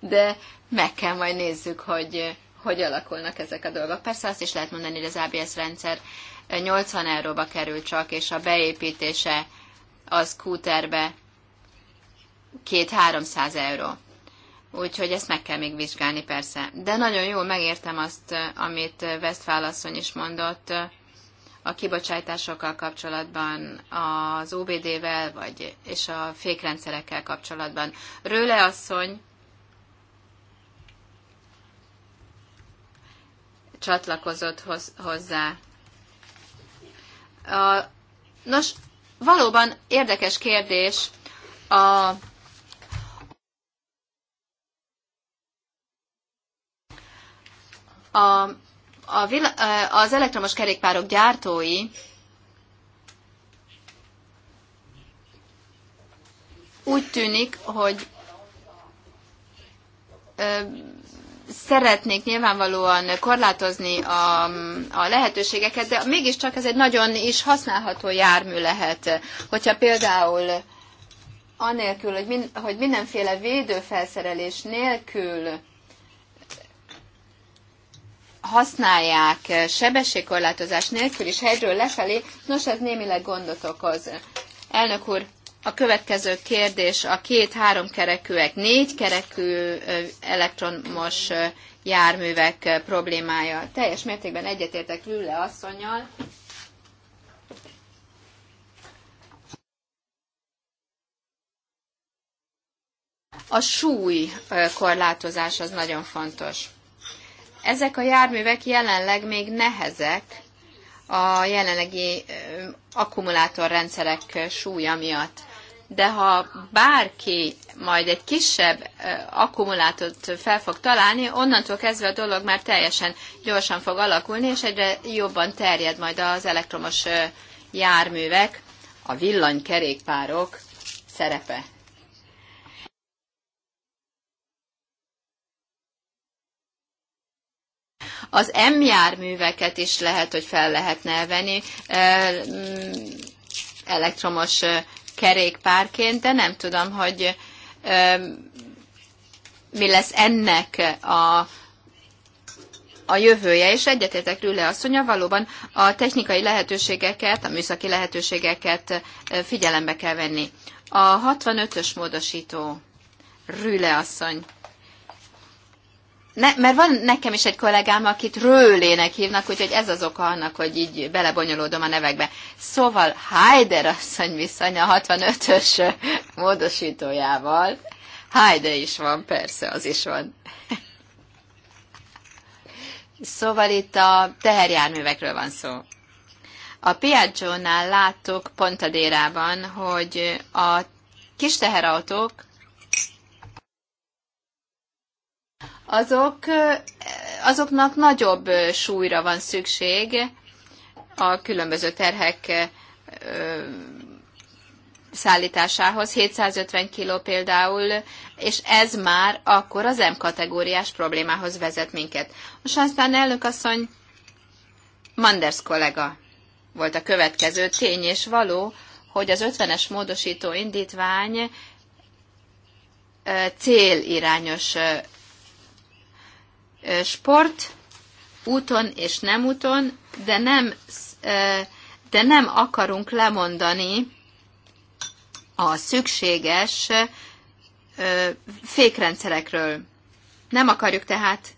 Speaker 2: de meg kell majd nézzük, hogy hogy alakulnak ezek a dolgok. Persze azt is lehet mondani, hogy az ABS rendszer 80 euróba kerül csak, és a beépítése az kúterbe 2-300 euró. Úgyhogy ezt meg kell még vizsgálni persze. De nagyon jól megértem azt, amit Westphal asszony is mondott a kibocsátásokkal kapcsolatban, az OBD-vel, vagy, és a fékrendszerekkel kapcsolatban. Rőle asszony csatlakozott hozzá a, nos, valóban érdekes kérdés a a, a az elektromos kerékpárok gyártói úgy tűnik, hogy szeretnék nyilvánvalóan korlátozni a, a lehetőségeket, de mégiscsak ez egy nagyon is használható jármű lehet. Hogyha például anélkül, hogy, min, hogy mindenféle védőfelszerelés nélkül használják sebességkorlátozás nélkül is hegyről lefelé, nos ez némileg gondot okoz. Elnök úr, a következő kérdés a két háromkerekűek, négy kerekű elektromos járművek problémája. Teljes mértékben egyetértek Lülle asszonyjal. A súly korlátozás az nagyon fontos. Ezek a járművek jelenleg még nehezek a jelenlegi akkumulátorrendszerek súlya miatt de ha bárki majd egy kisebb akkumulátort fel fog találni, onnantól kezdve a dolog már teljesen gyorsan fog alakulni, és egyre jobban terjed majd az elektromos járművek, a villanykerékpárok szerepe. Az M járműveket is lehet, hogy fel lehetne venni mm, elektromos kerékpárként, de nem tudom, hogy mi lesz ennek a, a jövője, és egyetértek Rüle asszonya, valóban a technikai lehetőségeket, a műszaki lehetőségeket figyelembe kell venni. A 65-ös módosító Rüle asszony. Ne, mert van nekem is egy kollégám, akit Rőlének hívnak, úgyhogy ez az oka annak, hogy így belebonyolódom a nevekbe. Szóval Heider asszony viszony a 65-ös módosítójával. Heide is van, persze, az is van. Szóval itt a teherjárművekről van szó. A Piaggio-nál láttuk pont a dérában, hogy a kis teherautók azok, azoknak nagyobb súlyra van szükség a különböző terhek szállításához, 750 kg például, és ez már akkor az M kategóriás problémához vezet minket. Most aztán elnök asszony, Manders kollega volt a következő tény és való, hogy az 50-es módosító indítvány célirányos sport úton és nem úton, de nem, de nem akarunk lemondani a szükséges fékrendszerekről. Nem akarjuk tehát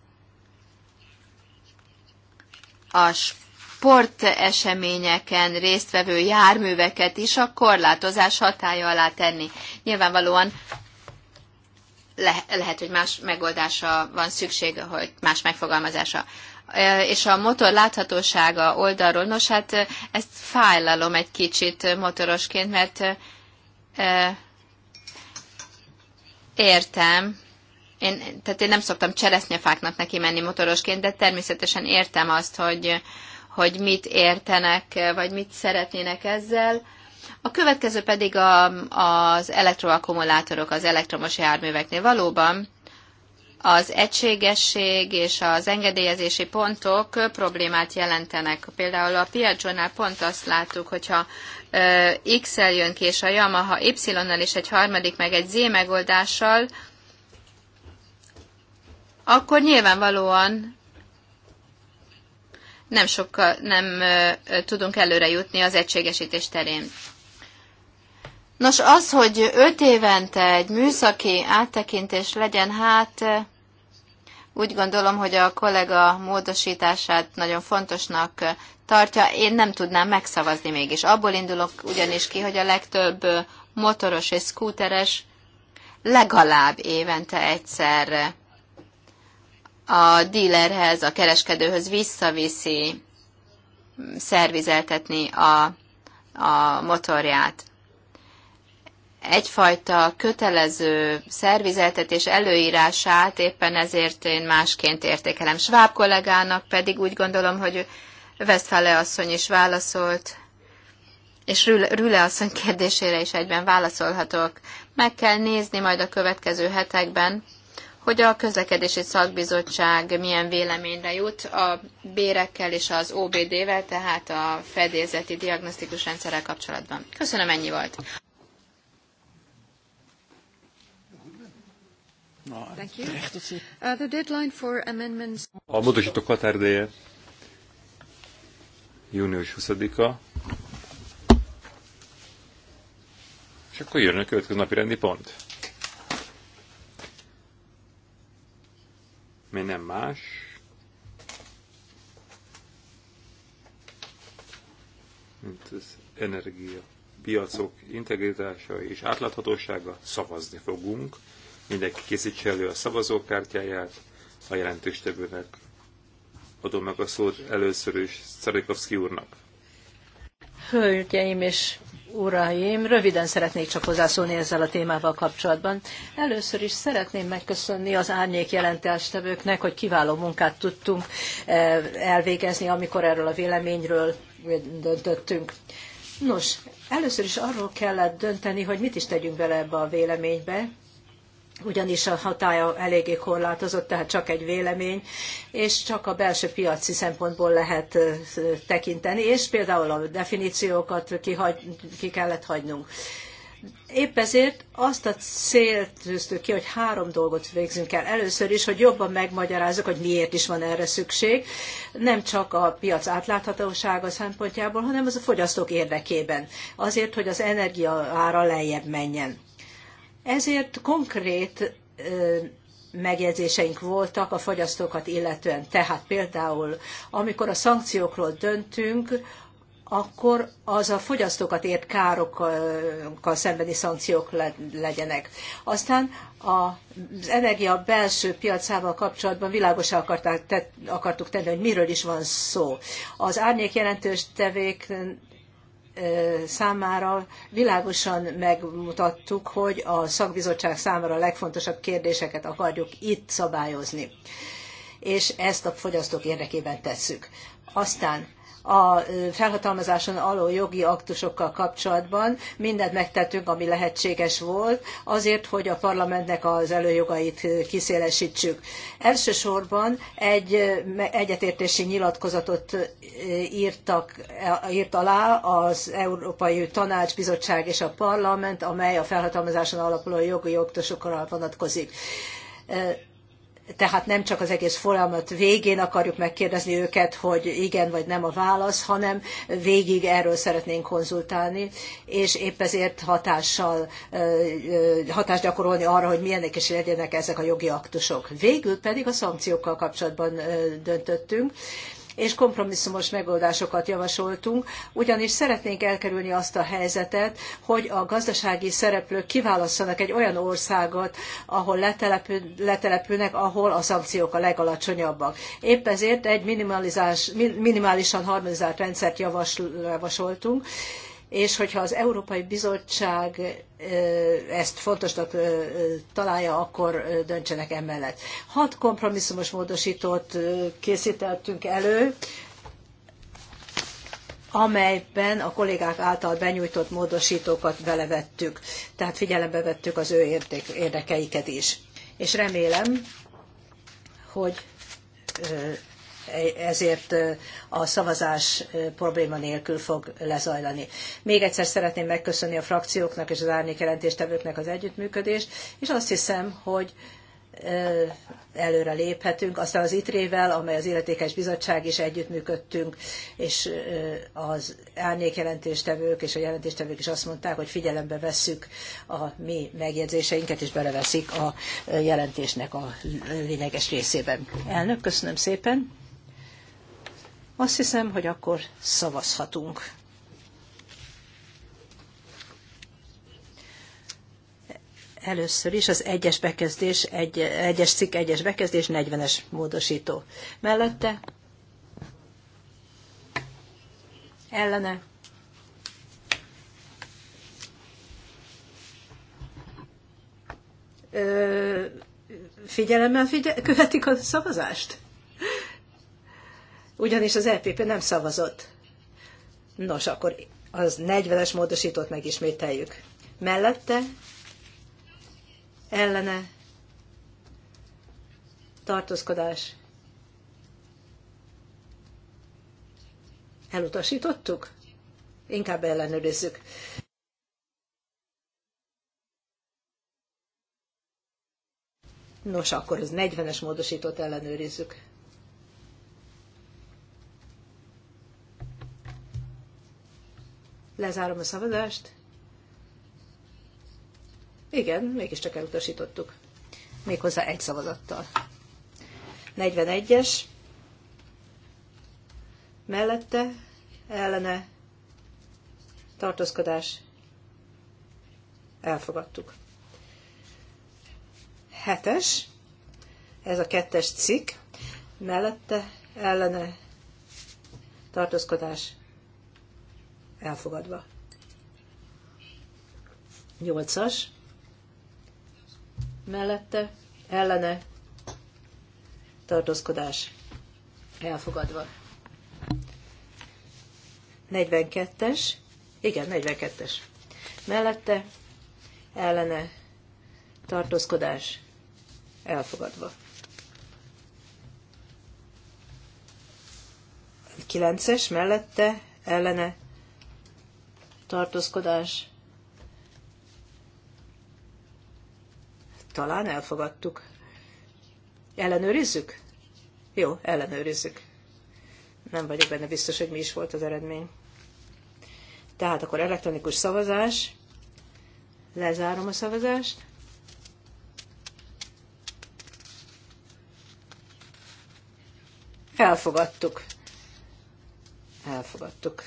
Speaker 2: a sporteseményeken résztvevő járműveket is a korlátozás hatája alá tenni. Nyilvánvalóan le, lehet, hogy más megoldása van szüksége, hogy más megfogalmazása. És a motor láthatósága oldalról, nos hát ezt fájlalom egy kicsit motorosként, mert e, értem, én, tehát én nem szoktam fáknak neki menni motorosként, de természetesen értem azt, hogy, hogy mit értenek, vagy mit szeretnének ezzel a következő pedig a, az elektroakkumulátorok az elektromos járműveknél. Valóban az egységesség és az engedélyezési pontok problémát jelentenek. Például a Piaggio-nál pont azt láttuk, hogyha X-el jön ki, és a Yamaha Y-nal és egy harmadik, meg egy Z megoldással, akkor nyilvánvalóan nem sokkal nem tudunk előre jutni az egységesítés terén. Nos, az, hogy öt évente egy műszaki áttekintés legyen, hát úgy gondolom, hogy a kollega módosítását nagyon fontosnak tartja. Én nem tudnám megszavazni mégis. Abból indulok ugyanis ki, hogy a legtöbb motoros és szkúteres legalább évente egyszer a dílerhez, a kereskedőhöz visszaviszi szervizeltetni a, a motorját egyfajta kötelező szervizeltetés előírását éppen ezért én másként értékelem. Schwab kollégának pedig úgy gondolom, hogy Westfale asszony is válaszolt, és Rüle asszony kérdésére is egyben válaszolhatok. Meg kell nézni majd a következő hetekben, hogy a közlekedési szakbizottság milyen véleményre jut a bérekkel és az OBD-vel, tehát a fedélzeti diagnosztikus rendszerrel kapcsolatban. Köszönöm, ennyi volt. Uh, a módosítók
Speaker 1: határideje június 20-a. És akkor jön a következő napi rendi pont. Mi nem más. Mint az energia piacok integritása és átláthatósága szavazni fogunk. Mindenki készítse elő a szavazókártyáját, a jelentőstevőnek adom meg a szót először is Szarikovszki úrnak.
Speaker 3: Hölgyeim és uraim, röviden szeretnék csak hozzászólni ezzel a témával kapcsolatban. Először is szeretném megköszönni az árnyék jelentéstevőknek, hogy kiváló munkát tudtunk eh, elvégezni, amikor erről a véleményről döntöttünk. Nos, először is arról kellett dönteni, hogy mit is tegyünk bele ebbe a véleménybe, ugyanis a hatája eléggé korlátozott, tehát csak egy vélemény, és csak a belső piaci szempontból lehet tekinteni, és például a definíciókat ki, ki kellett hagynunk. Épp ezért azt a célt tűztük ki, hogy három dolgot végzünk el. Először is, hogy jobban megmagyarázzuk, hogy miért is van erre szükség, nem csak a piac átláthatósága szempontjából, hanem az a fogyasztók érdekében, azért, hogy az energia ára lejjebb menjen. Ezért konkrét megjegyzéseink voltak a fogyasztókat illetően. Tehát például, amikor a szankciókról döntünk, akkor az a fogyasztókat ért károkkal szembeni szankciók legyenek. Aztán az energia belső piacával kapcsolatban világosá akartuk tenni, hogy miről is van szó. Az árnyék jelentős tevék számára világosan megmutattuk, hogy a szakbizottság számára a legfontosabb kérdéseket akarjuk itt szabályozni. És ezt a fogyasztók érdekében tesszük. Aztán a felhatalmazáson aló jogi aktusokkal kapcsolatban mindent megtettünk, ami lehetséges volt, azért, hogy a parlamentnek az előjogait kiszélesítsük. Elsősorban egy egyetértési nyilatkozatot írtak, írt alá az Európai Tanács, Bizottság és a Parlament, amely a felhatalmazáson alapuló jogi aktusokra vonatkozik tehát nem csak az egész folyamat végén akarjuk megkérdezni őket, hogy igen vagy nem a válasz, hanem végig erről szeretnénk konzultálni, és épp ezért hatással, hatást gyakorolni arra, hogy milyenek is legyenek ezek a jogi aktusok. Végül pedig a szankciókkal kapcsolatban döntöttünk és kompromisszumos megoldásokat javasoltunk, ugyanis szeretnénk elkerülni azt a helyzetet, hogy a gazdasági szereplők kiválasszanak egy olyan országot, ahol letelepül, letelepülnek, ahol a szankciók a legalacsonyabbak. Épp ezért egy minimalizális, minimálisan harmonizált rendszert javasoltunk, és hogyha az Európai Bizottság ezt fontosnak találja, akkor döntsenek emellett. Hat kompromisszumos módosítót készítettünk elő, amelyben a kollégák által benyújtott módosítókat belevettük, tehát figyelembe vettük az ő érdekeiket is. És remélem, hogy ezért a szavazás probléma nélkül fog lezajlani. Még egyszer szeretném megköszönni a frakcióknak és az árnyék jelentéstevőknek az együttműködést, és azt hiszem, hogy előre léphetünk. Aztán az ITRÉ-vel, amely az Illetékes Bizottság is együttműködtünk, és az árnyékjelentéstevők és a jelentéstevők is azt mondták, hogy figyelembe vesszük a mi megjegyzéseinket, és beleveszik a jelentésnek a lényeges részében. Elnök, köszönöm szépen. Azt hiszem, hogy akkor szavazhatunk. Először is az egyes bekezdés, egy, egyes cikk, egyes bekezdés, 40-es módosító. Mellette ellene Ö, figyelemmel figye- követik a szavazást? ugyanis az EPP nem szavazott. Nos, akkor az 40-es módosítót megismételjük. Mellette, ellene, tartózkodás. Elutasítottuk? Inkább ellenőrizzük. Nos, akkor az 40-es módosítót ellenőrizzük. Lezárom a szavazást. Igen, mégiscsak elutasítottuk. Méghozzá egy szavazattal. 41-es. Mellette, ellene, tartózkodás. Elfogadtuk. 7-es. Ez a kettes cikk. Mellette, ellene, tartózkodás elfogadva. 8-as mellette ellene tartózkodás elfogadva. 42-es, igen, 42-es. Mellette ellene tartózkodás elfogadva. 9-es mellette ellene tartózkodás. Talán elfogadtuk. Ellenőrizzük? Jó, ellenőrizzük. Nem vagyok benne biztos, hogy mi is volt az eredmény. Tehát akkor elektronikus szavazás. Lezárom a szavazást. Elfogadtuk. Elfogadtuk.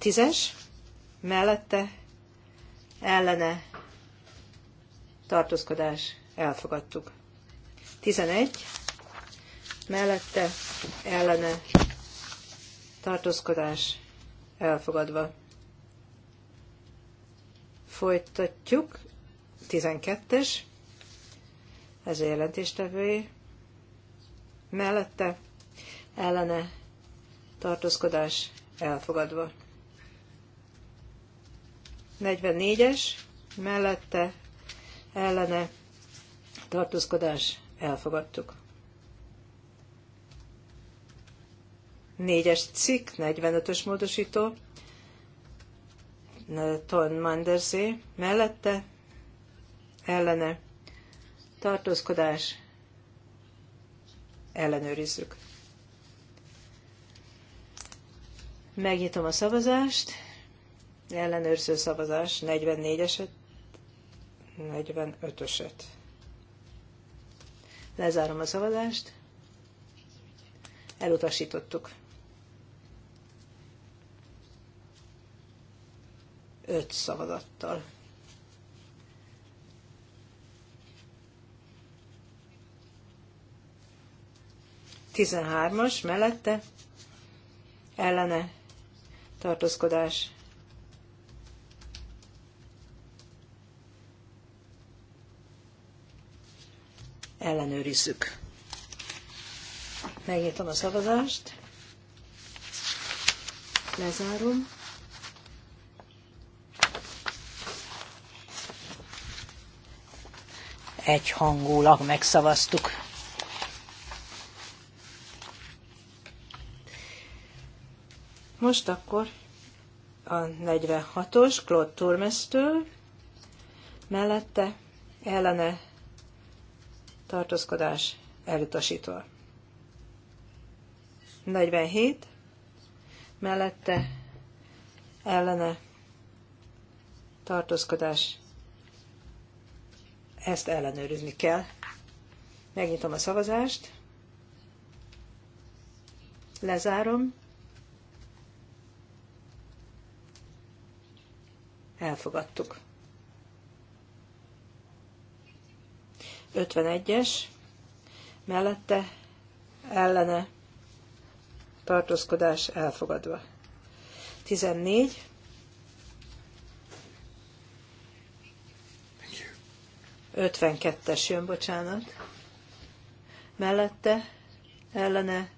Speaker 3: Tízes, mellette, ellene, tartózkodás, elfogadtuk. Tizenegy, mellette, ellene, tartózkodás, elfogadva. Folytatjuk, Tizenkettes ez a jelentéstevője, mellette, ellene, tartózkodás, elfogadva. 44-es, mellette ellene tartózkodás elfogadtuk. 4-es cikk, 45-ös módosító, Ton Mandersé, mellette ellene tartózkodás ellenőrizzük. Megnyitom a szavazást ellenőrző szavazás 44-eset, 45-öset. Lezárom a szavazást. Elutasítottuk. 5 szavazattal. Tizenhármas mellette ellene tartózkodás ellenőrizzük. Megnyitom a szavazást, lezárom, egyhangulag megszavaztuk. Most akkor a 46-os Claude Turmes-től mellette ellene tartózkodás elutasítva. 47 mellette ellene tartózkodás. Ezt ellenőrizni kell. Megnyitom a szavazást. Lezárom. Elfogadtuk. 51-es mellette ellene tartózkodás elfogadva. 14 52-es jön, bocsánat. Mellette ellene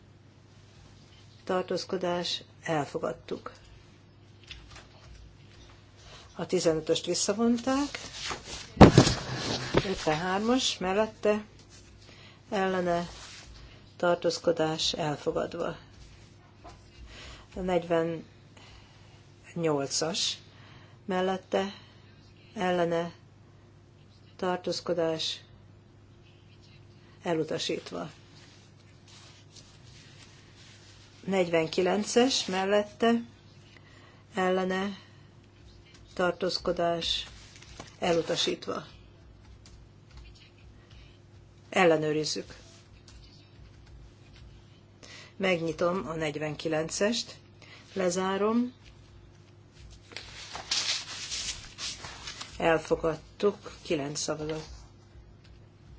Speaker 3: tartózkodás elfogadtuk. A 15-öst visszavonták. 53-as mellette ellene tartózkodás elfogadva. a 48-as mellette ellene tartózkodás elutasítva. 49-es mellette ellene tartózkodás elutasítva. Ellenőrizzük. Megnyitom a 49-est, lezárom. Elfogadtuk 9 szavazat.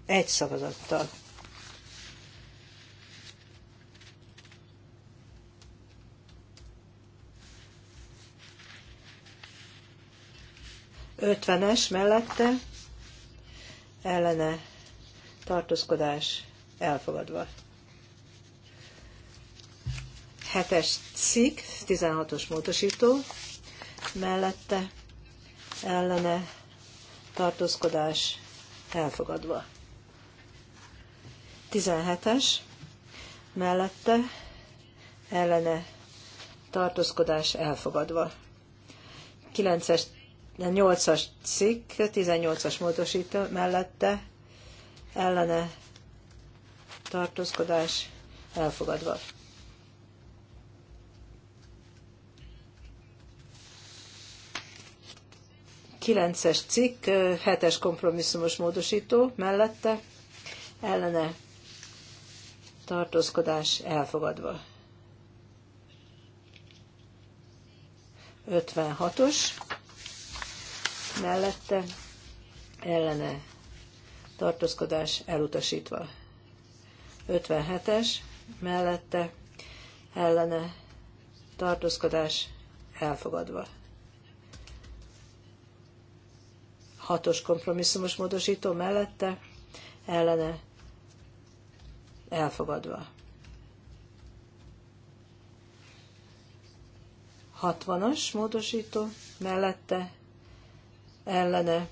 Speaker 3: Egy szavazattal. Ötvenes mellette ellene tartózkodás elfogadva. Hetes cikk, 16-os módosító, mellette ellene tartózkodás elfogadva. 17-es, mellette ellene tartózkodás elfogadva. 9-es, 8-as cikk, 18-as módosító mellette ellene tartózkodás elfogadva. Kilences cikk, hetes kompromisszumos módosító mellette ellene tartózkodás elfogadva. 56-os mellette ellene tartózkodás elutasítva. 57-es mellette ellene tartózkodás elfogadva. Hatos kompromisszumos módosító mellette ellene elfogadva. 60-as módosító mellette ellene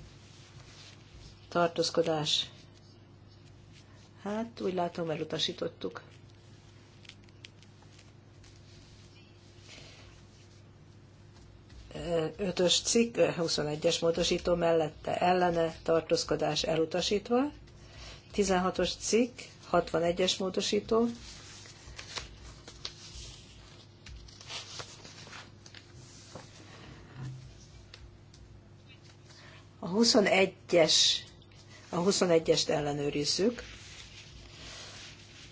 Speaker 3: tartózkodás. Hát úgy látom, elutasítottuk. Ötös cikk, 21-es módosító mellette ellene tartózkodás elutasítva. 16-os cikk, 61-es módosító. A 21-es a 21-est ellenőrizzük.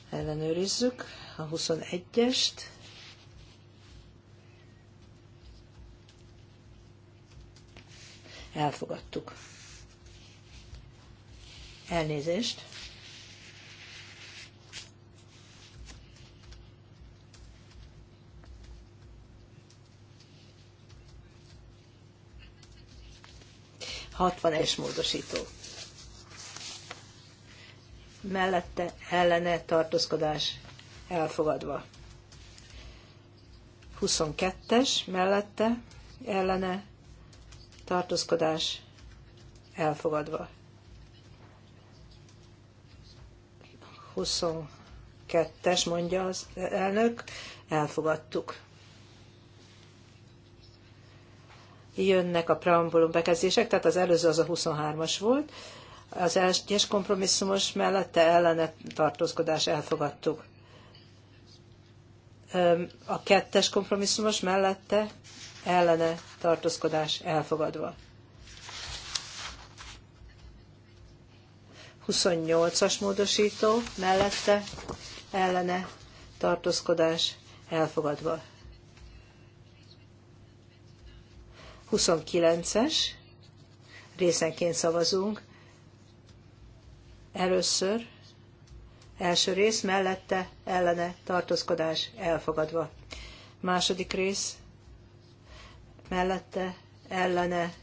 Speaker 3: Ellenőrizzük a 21-est. Elfogadtuk. Elnézést. Hatvan es módosító mellette ellene tartózkodás elfogadva. 22-es mellette ellene tartózkodás elfogadva. 22-es, mondja az elnök, elfogadtuk. Jönnek a preambulum bekezdések, tehát az előző az a 23-as volt, az egyes kompromisszumos mellette ellene tartózkodás elfogadtuk. A kettes kompromisszumos mellette ellene tartózkodás elfogadva. 28-as módosító mellette ellene tartózkodás elfogadva. 29-es részenként szavazunk. Először, első rész mellette ellene tartózkodás elfogadva. Második rész mellette ellene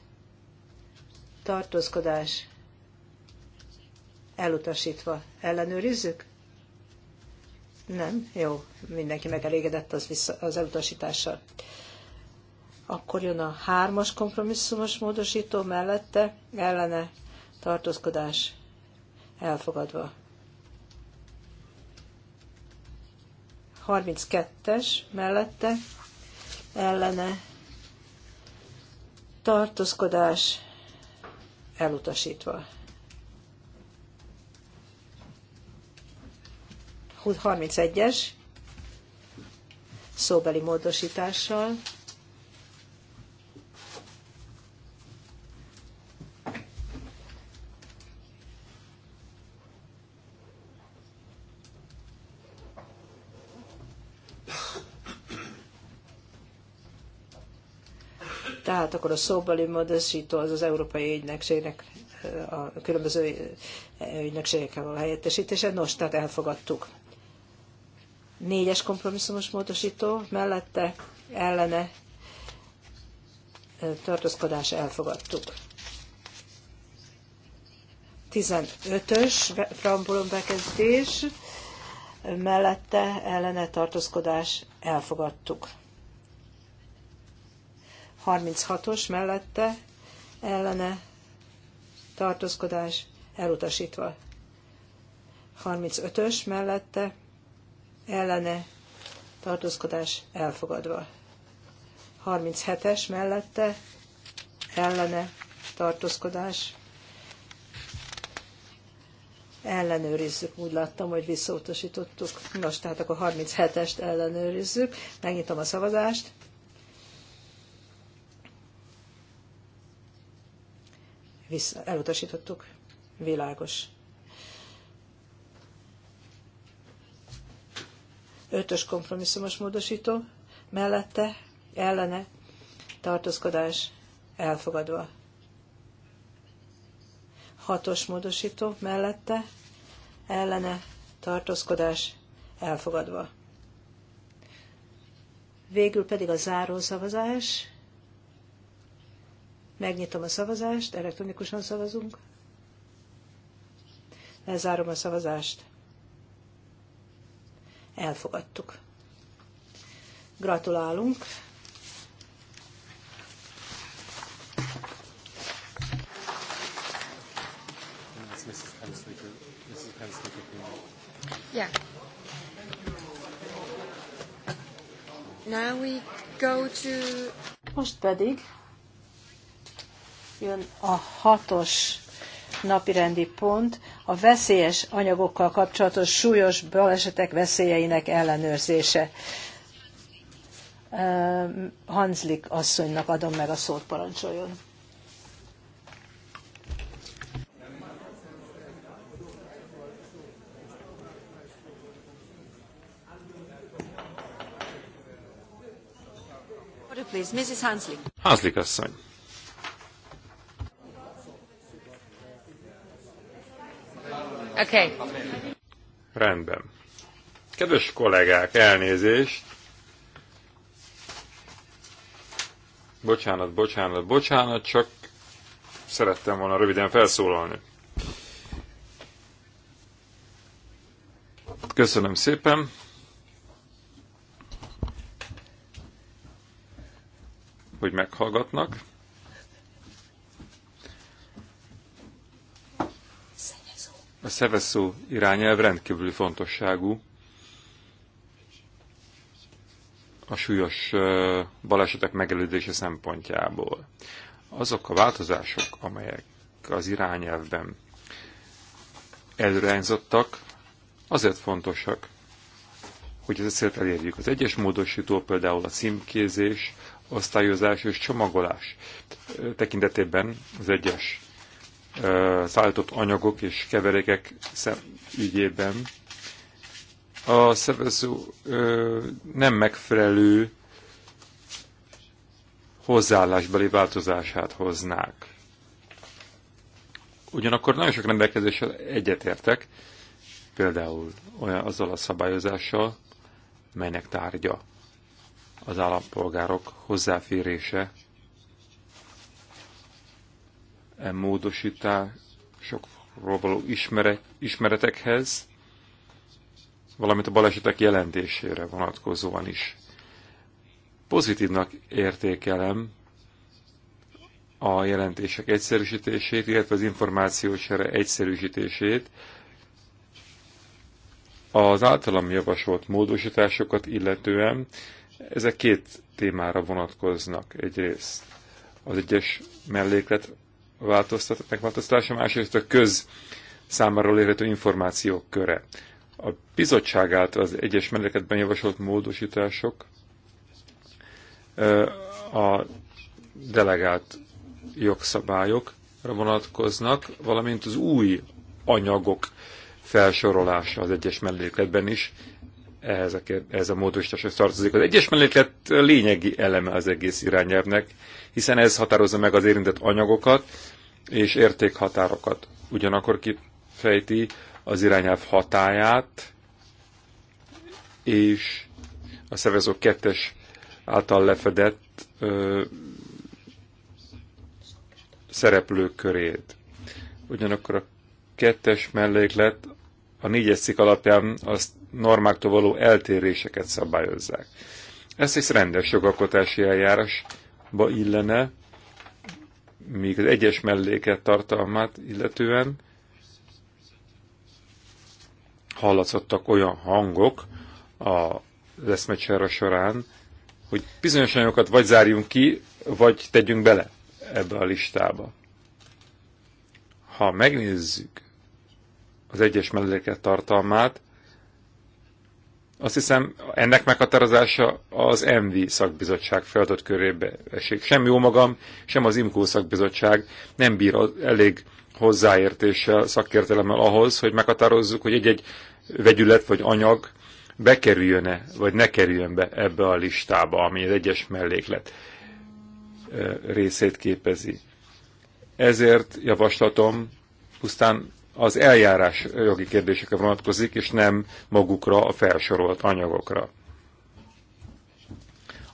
Speaker 3: tartózkodás elutasítva. Ellenőrizzük? Nem? Jó, mindenki megelégedett az, vissza, az elutasítással. Akkor jön a hármas kompromisszumos módosító mellette ellene tartózkodás elfogadva. 32-es mellette ellene tartózkodás elutasítva. 31-es szóbeli módosítással tehát akkor a szóbeli módosító az az Európai Ügynökségnek a különböző ügynökségekkel való helyettesítése. Nos, tehát elfogadtuk. Négyes kompromisszumos módosító mellette ellene tartózkodás elfogadtuk. 15-ös preambulum bekezdés mellette ellene tartózkodás elfogadtuk. 36-os mellette ellene tartózkodás elutasítva. 35-ös mellette ellene tartózkodás elfogadva. 37-es mellette ellene tartózkodás ellenőrizzük. Úgy láttam, hogy visszautasítottuk. Nos, tehát akkor 37-est ellenőrizzük. Megnyitom a szavazást. vissza, elutasítottuk. Világos. Ötös kompromisszumos módosító, mellette, ellene, tartózkodás elfogadva. Hatos módosító, mellette, ellene, tartózkodás elfogadva. Végül pedig a záró szavazás. Megnyitom a szavazást, elektronikusan szavazunk. Lezárom a szavazást. Elfogadtuk. Gratulálunk.
Speaker 2: Yeah. Now we go to...
Speaker 3: Most pedig jön a hatos napirendi pont, a veszélyes anyagokkal kapcsolatos súlyos balesetek veszélyeinek ellenőrzése. Ehm, Hanslik asszonynak adom meg a szót, parancsoljon. Hanzlik Mrs. Hanslik.
Speaker 1: Hanslik asszony. Okay. Rendben. Kedves kollégák, elnézést. Bocsánat, bocsánat, bocsánat, csak szerettem volna röviden felszólalni. Köszönöm szépen. hogy meghallgatnak. A szeveszó irányelv rendkívül fontosságú. a súlyos balesetek megelőzése szempontjából. Azok a változások, amelyek az irányelvben előrányzottak, azért fontosak, hogy ezt célt elérjük. Az egyes módosító például a címkézés, osztályozás és csomagolás tekintetében az egyes szállított anyagok és keverékek ügyében a szervező nem megfelelő hozzáállásbeli változását hoznák. Ugyanakkor nagyon sok rendelkezéssel egyetértek, például olyan azzal a szabályozással, melynek tárgya az állampolgárok hozzáférése e módosításokról való ismere, ismeretekhez, valamint a balesetek jelentésére vonatkozóan is. Pozitívnak értékelem a jelentések egyszerűsítését, illetve az információsere egyszerűsítését, az általam javasolt módosításokat illetően ezek két témára vonatkoznak egyrészt. Az egyes melléklet megváltoztatása, másrészt a köz számára elérhető információk köre. A bizottság által az egyes meneketben javasolt módosítások a delegált jogszabályokra vonatkoznak, valamint az új anyagok felsorolása az egyes mellékletben is ehhez a, ehhez a módosításhoz tartozik. Az egyes mellett lényegi eleme az egész irányelvnek, hiszen ez határozza meg az érintett anyagokat és értékhatárokat. Ugyanakkor kifejti az irányelv hatáját, és a szervező kettes által lefedett ö, szereplők körét. Ugyanakkor a kettes melléklet a négyes cikk alapján azt normáktól való eltéréseket szabályozzák. Ez egy rendes jogalkotási eljárásba illene, míg az egyes melléket tartalmát illetően hallatszottak olyan hangok a leszmecsára során, hogy bizonyos anyagokat vagy zárjunk ki, vagy tegyünk bele ebbe a listába. Ha megnézzük az egyes melléket tartalmát, azt hiszem, ennek meghatározása az MV szakbizottság feladat körébe esik. Sem jó magam, sem az IMKO szakbizottság nem bír elég hozzáértéssel, szakértelemmel ahhoz, hogy meghatározzuk, hogy egy-egy vegyület vagy anyag bekerüljön-e, vagy ne kerüljön be ebbe a listába, ami az egyes melléklet részét képezi. Ezért javaslatom pusztán az eljárás jogi kérdésekre vonatkozik, és nem magukra a felsorolt anyagokra.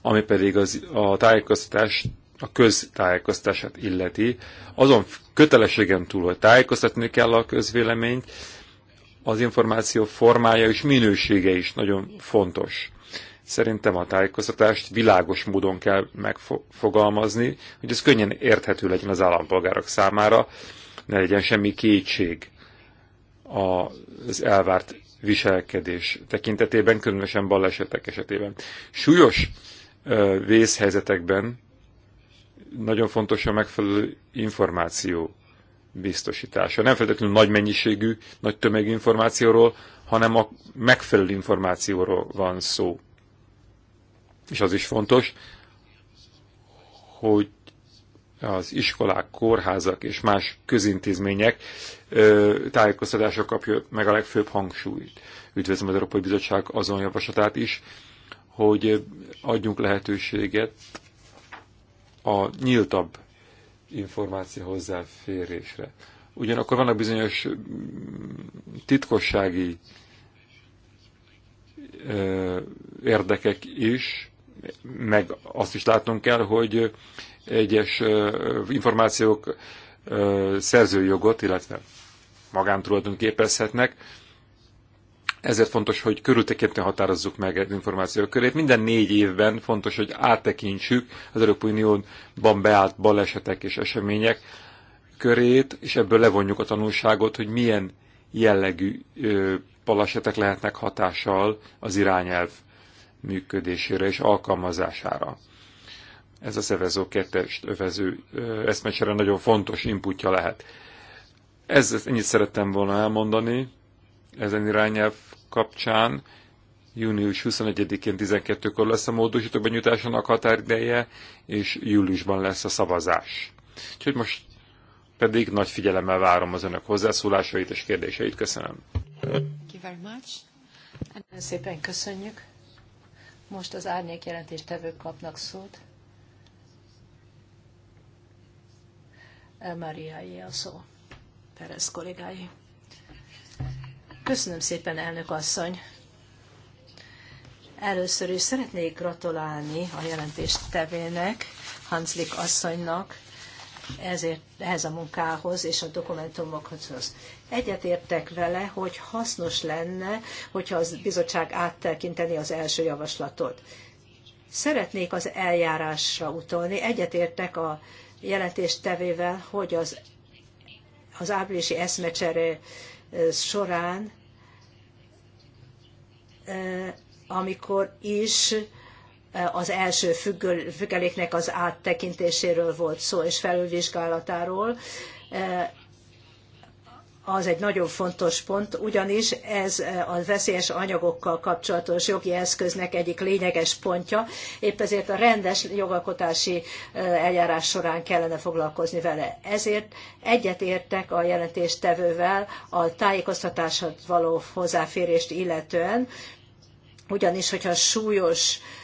Speaker 1: Ami pedig az, a tájékoztatás, a köztájékoztatását illeti, azon kötelességen túl, hogy tájékoztatni kell a közvéleményt, az információ formája és minősége is nagyon fontos. Szerintem a tájékoztatást világos módon kell megfogalmazni, hogy ez könnyen érthető legyen az állampolgárok számára, ne legyen semmi kétség az elvárt viselkedés tekintetében, különösen balesetek esetében. Súlyos vészhelyzetekben nagyon fontos a megfelelő információ biztosítása. Nem feltétlenül nagy mennyiségű, nagy tömegű információról, hanem a megfelelő információról van szó. És az is fontos, hogy az iskolák, kórházak és más közintézmények tájékoztatása kapja meg a legfőbb hangsúlyt. Üdvözlöm az Európai Bizottság azon javaslatát is, hogy adjunk lehetőséget a nyíltabb információ hozzáférésre. Ugyanakkor vannak bizonyos mm, titkossági érdekek is, meg azt is látnunk kell, hogy egyes információk szerzőjogot, illetve magántulajdon képezhetnek. Ezért fontos, hogy körültekintően határozzuk meg az információk körét. Minden négy évben fontos, hogy áttekintsük az Európai Unióban beállt balesetek és események körét, és ebből levonjuk a tanulságot, hogy milyen jellegű balesetek lehetnek hatással az irányelv működésére és alkalmazására ez a szervező kettest övező eszmecsere nagyon fontos inputja lehet. Ez, ennyit szerettem volna elmondani ezen irányelv kapcsán. Június 21-én 12-kor lesz a módosító benyújtásának határideje, és júliusban lesz a szavazás. Úgyhogy most pedig nagy figyelemmel várom az önök hozzászólásait és kérdéseit. Köszönöm.
Speaker 3: Thank you very much. Nagyon szépen köszönjük. Most az árnyék jelentéstevők kapnak szót. Mariai a szó. Perez kollégái. Köszönöm szépen, elnök asszony. Először is szeretnék gratulálni a jelentést tevének, Hanslik asszonynak, ezért, ehhez a munkához és a dokumentumokhoz. Egyetértek vele, hogy hasznos lenne, hogyha az bizottság áttekinteni az első javaslatot. Szeretnék az eljárásra utalni. Egyetértek a jelentéstevével, hogy az, az áprilisi eszmecsere során, amikor is az első függeléknek az áttekintéséről volt szó és felülvizsgálatáról, az egy nagyon fontos pont, ugyanis ez eh, a veszélyes anyagokkal kapcsolatos jogi eszköznek egyik lényeges pontja, épp ezért a rendes jogalkotási eh, eljárás során kellene foglalkozni vele. Ezért egyetértek a jelentéstevővel a tájékoztatáshoz való hozzáférést illetően, ugyanis, hogyha súlyos uh,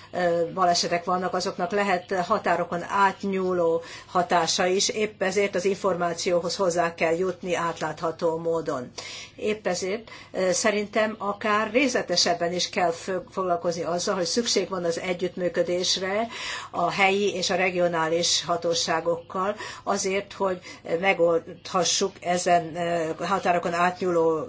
Speaker 3: balesetek vannak, azoknak lehet határokon átnyúló hatása is, épp ezért az információhoz hozzá kell jutni átlátható módon. Épp ezért szerintem akár részletesebben is kell foglalkozni azzal, hogy szükség van az együttműködésre a helyi és a regionális hatóságokkal, azért, hogy megoldhassuk ezen határokon átnyúló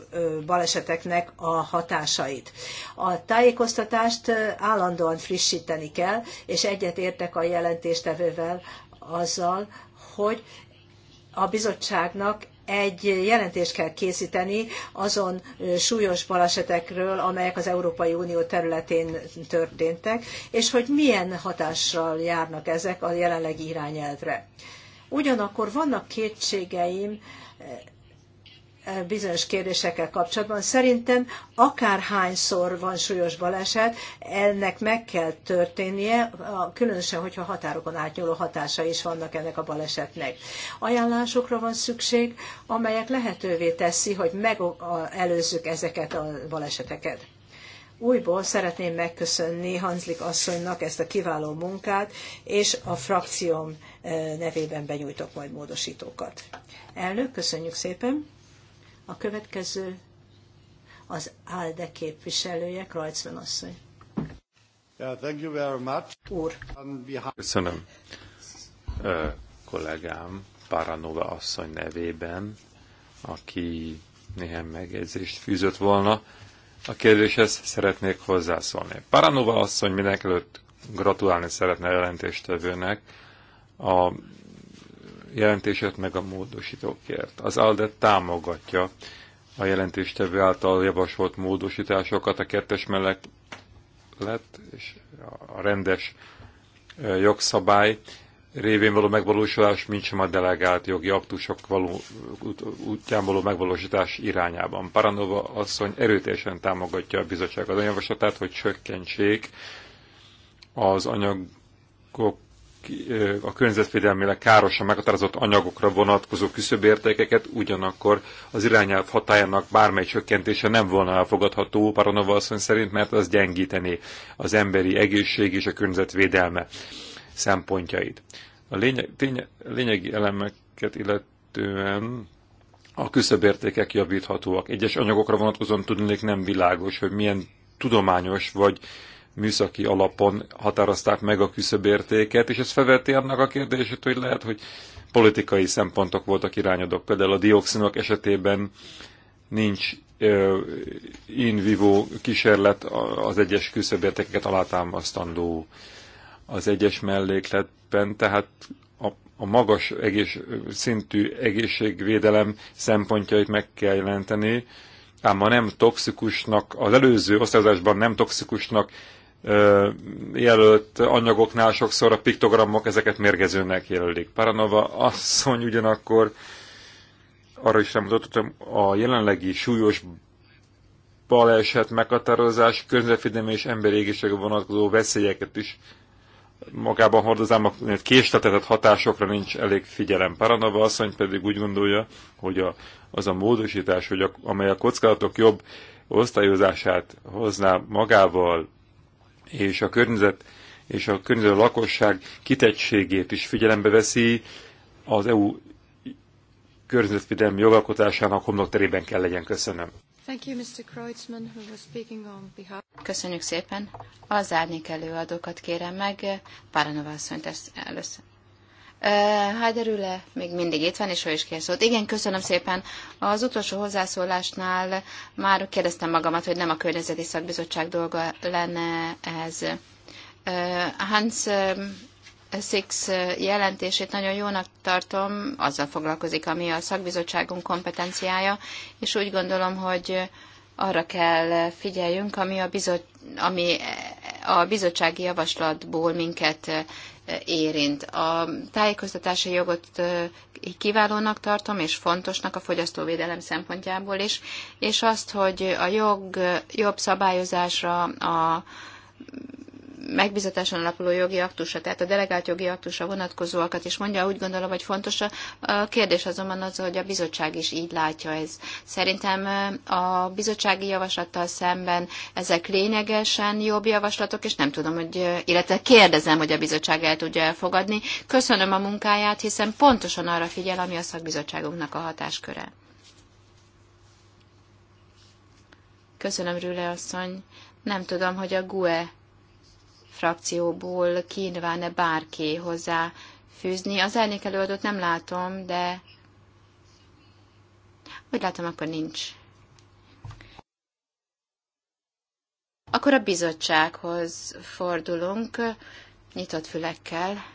Speaker 3: baleseteknek a hatásait. A tájékoztatást állandóan friss frissíteni kell, és egyet értek a jelentéstevővel azzal, hogy a bizottságnak egy jelentést kell készíteni azon súlyos balesetekről, amelyek az Európai Unió területén történtek, és hogy milyen hatással járnak ezek a jelenlegi irányelvre. Ugyanakkor vannak kétségeim bizonyos kérdésekkel kapcsolatban. Szerintem akárhányszor van súlyos baleset, ennek meg kell történnie, különösen, hogyha határokon átnyúló hatása is vannak ennek a balesetnek. Ajánlásokra van szükség, amelyek lehetővé teszi, hogy megelőzzük ezeket a baleseteket. Újból szeretném megköszönni Hanslik asszonynak ezt a kiváló munkát, és a frakcióm eh, nevében benyújtok majd módosítókat. Elnök, köszönjük szépen! A következő az ALDE képviselője, Krajcven asszony.
Speaker 1: Yeah, thank you very much. Úr. Köszönöm. Ö, kollégám Paranova asszony nevében, aki néhány megjegyzést fűzött volna. A kérdéshez szeretnék hozzászólni. Paranova asszony mindenkelőtt gratulálni szeretne a jelentéstevőnek a jelentését meg a módosítókért. Az ALDE támogatja a jelentéstevő által javasolt módosításokat a kettes mellett lett, és a rendes jogszabály révén való megvalósulás, mint sem a delegált jogi aktusok való, útján való megvalósítás irányában. Paranova asszony erőteljesen támogatja a bizottság az anyagosatát, hogy csökkentsék az anyagok a környezetvédelmileg károsan meghatározott anyagokra vonatkozó küszöbértékeket, ugyanakkor az irányelv hatájának bármely csökkentése nem volna elfogadható Paranova asszony szerint, mert az gyengíteni az emberi egészség és a környezetvédelme szempontjait. A lényeg, tény, lényegi elemeket illetően a küszöbértékek javíthatóak. Egyes anyagokra vonatkozóan tudnék nem világos, hogy milyen tudományos vagy műszaki alapon határozták meg a küszöbértéket, és ez felveti annak a kérdését, hogy lehet, hogy politikai szempontok voltak irányadók. Például a dioxinok esetében nincs in vivo kísérlet az egyes küszöbértékeket alátámasztandó az egyes mellékletben, tehát a, a magas egész, szintű egészségvédelem szempontjait meg kell jelenteni, ám a nem toxikusnak, az előző osztályozásban nem toxikusnak jelölt anyagoknál sokszor a piktogramok ezeket mérgezőnek jelölik. Paranova asszony ugyanakkor arra is hogy a jelenlegi súlyos baleset meghatározás, környezetvédelmi és emberi égésekre vonatkozó veszélyeket is magában hordozám, a késletetett hatásokra nincs elég figyelem. Paranova asszony pedig úgy gondolja, hogy a, az a módosítás, hogy a, amely a kockázatok jobb osztályozását hozná magával, és a környezet és a környező lakosság kitettségét is figyelembe veszi, az EU környezetvédelmi jogalkotásának terében kell legyen. Köszönöm.
Speaker 2: Thank you, Mr. Kreutzmann, who was speaking on behalf... Köszönjük szépen. Az árnyék előadókat kérem meg. Páranova asszonyt először. Hajderüle hát még mindig itt van, és ő is készült. Igen, köszönöm szépen. Az utolsó hozzászólásnál már kérdeztem magamat, hogy nem a környezeti szakbizottság dolga lenne ez. Hans Six jelentését nagyon jónak tartom, azzal foglalkozik, ami a szakbizottságunk kompetenciája, és úgy gondolom, hogy arra kell figyeljünk, ami a, bizot, ami a bizottsági javaslatból minket érint. A tájékoztatási jogot kiválónak tartom, és fontosnak a fogyasztóvédelem szempontjából is, és azt, hogy a jog jobb szabályozásra, a megbizatáson alapuló jogi aktusa, tehát a delegált jogi aktusa vonatkozóakat is mondja, úgy gondolom, hogy fontos. A kérdés azonban az, hogy a bizottság is így látja ez. Szerintem a bizottsági javaslattal szemben ezek lényegesen jobb javaslatok, és nem tudom, hogy, illetve kérdezem, hogy a bizottság el tudja elfogadni. Köszönöm a munkáját, hiszen pontosan arra figyel, ami a szakbizottságunknak a hatásköre. Köszönöm, Rüle asszony. Nem tudom, hogy a GUE frakcióból kínván-e bárki hozzá fűzni. Az elnék előadót nem látom, de hogy látom, akkor nincs. Akkor a bizottsághoz fordulunk, nyitott fülekkel.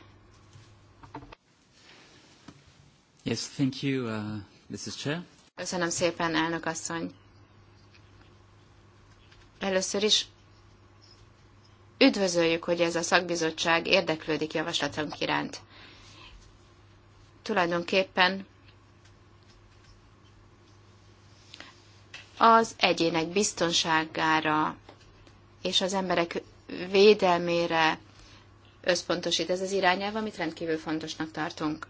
Speaker 1: Yes, thank you, uh, Mrs. Chair.
Speaker 2: Köszönöm szépen, elnök asszony. Először is Üdvözöljük, hogy ez a szakbizottság érdeklődik javaslatunk iránt. Tulajdonképpen az egyének biztonságára és az emberek védelmére összpontosít ez az irányelv, amit rendkívül fontosnak tartunk.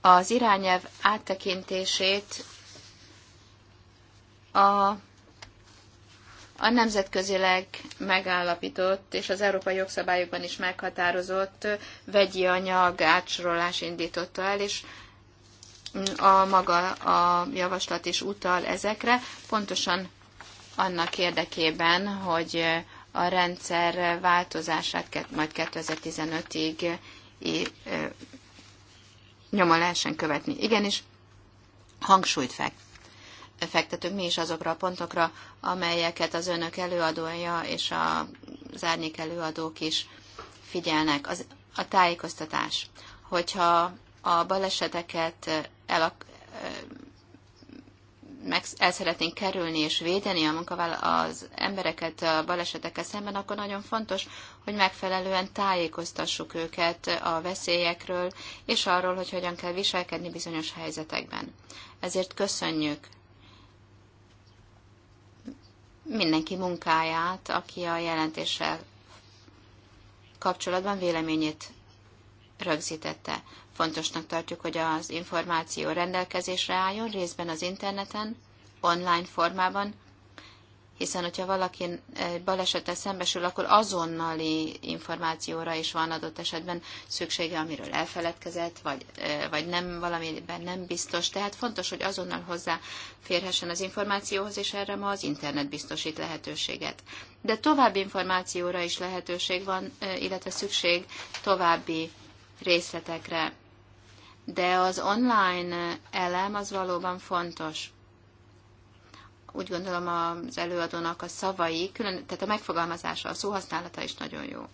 Speaker 2: Az irányelv áttekintését a a nemzetközileg megállapított és az európai jogszabályokban is meghatározott vegyi anyag átsorolás indította el, és a maga a javaslat is utal ezekre, pontosan annak érdekében, hogy a rendszer változását majd 2015-ig nyoma lehessen követni. Igenis, hangsúlyt fektet fektetünk mi is azokra a pontokra, amelyeket az önök előadója és a, az árnyék előadók is figyelnek. Az, a tájékoztatás. Hogyha a baleseteket el, meg el szeretnénk kerülni és védeni a munkavállal az embereket a balesetekkel szemben, akkor nagyon fontos, hogy megfelelően tájékoztassuk őket a veszélyekről, és arról, hogy hogyan kell viselkedni bizonyos helyzetekben. Ezért köszönjük mindenki munkáját, aki a jelentéssel kapcsolatban véleményét rögzítette. Fontosnak tartjuk, hogy az információ rendelkezésre álljon részben az interneten, online formában, hiszen hogyha valaki eh, balesettel szembesül, akkor azonnali információra is van adott esetben szüksége, amiről elfeledkezett, vagy, eh, vagy nem valamiben nem biztos. Tehát fontos, hogy azonnal hozzáférhessen az információhoz, és erre ma az internet biztosít lehetőséget. De további információra is lehetőség van, eh, illetve szükség további részletekre. De az online elem az valóban fontos úgy gondolom az előadónak a szavai, külön, tehát a megfogalmazása, a szóhasználata is nagyon jó.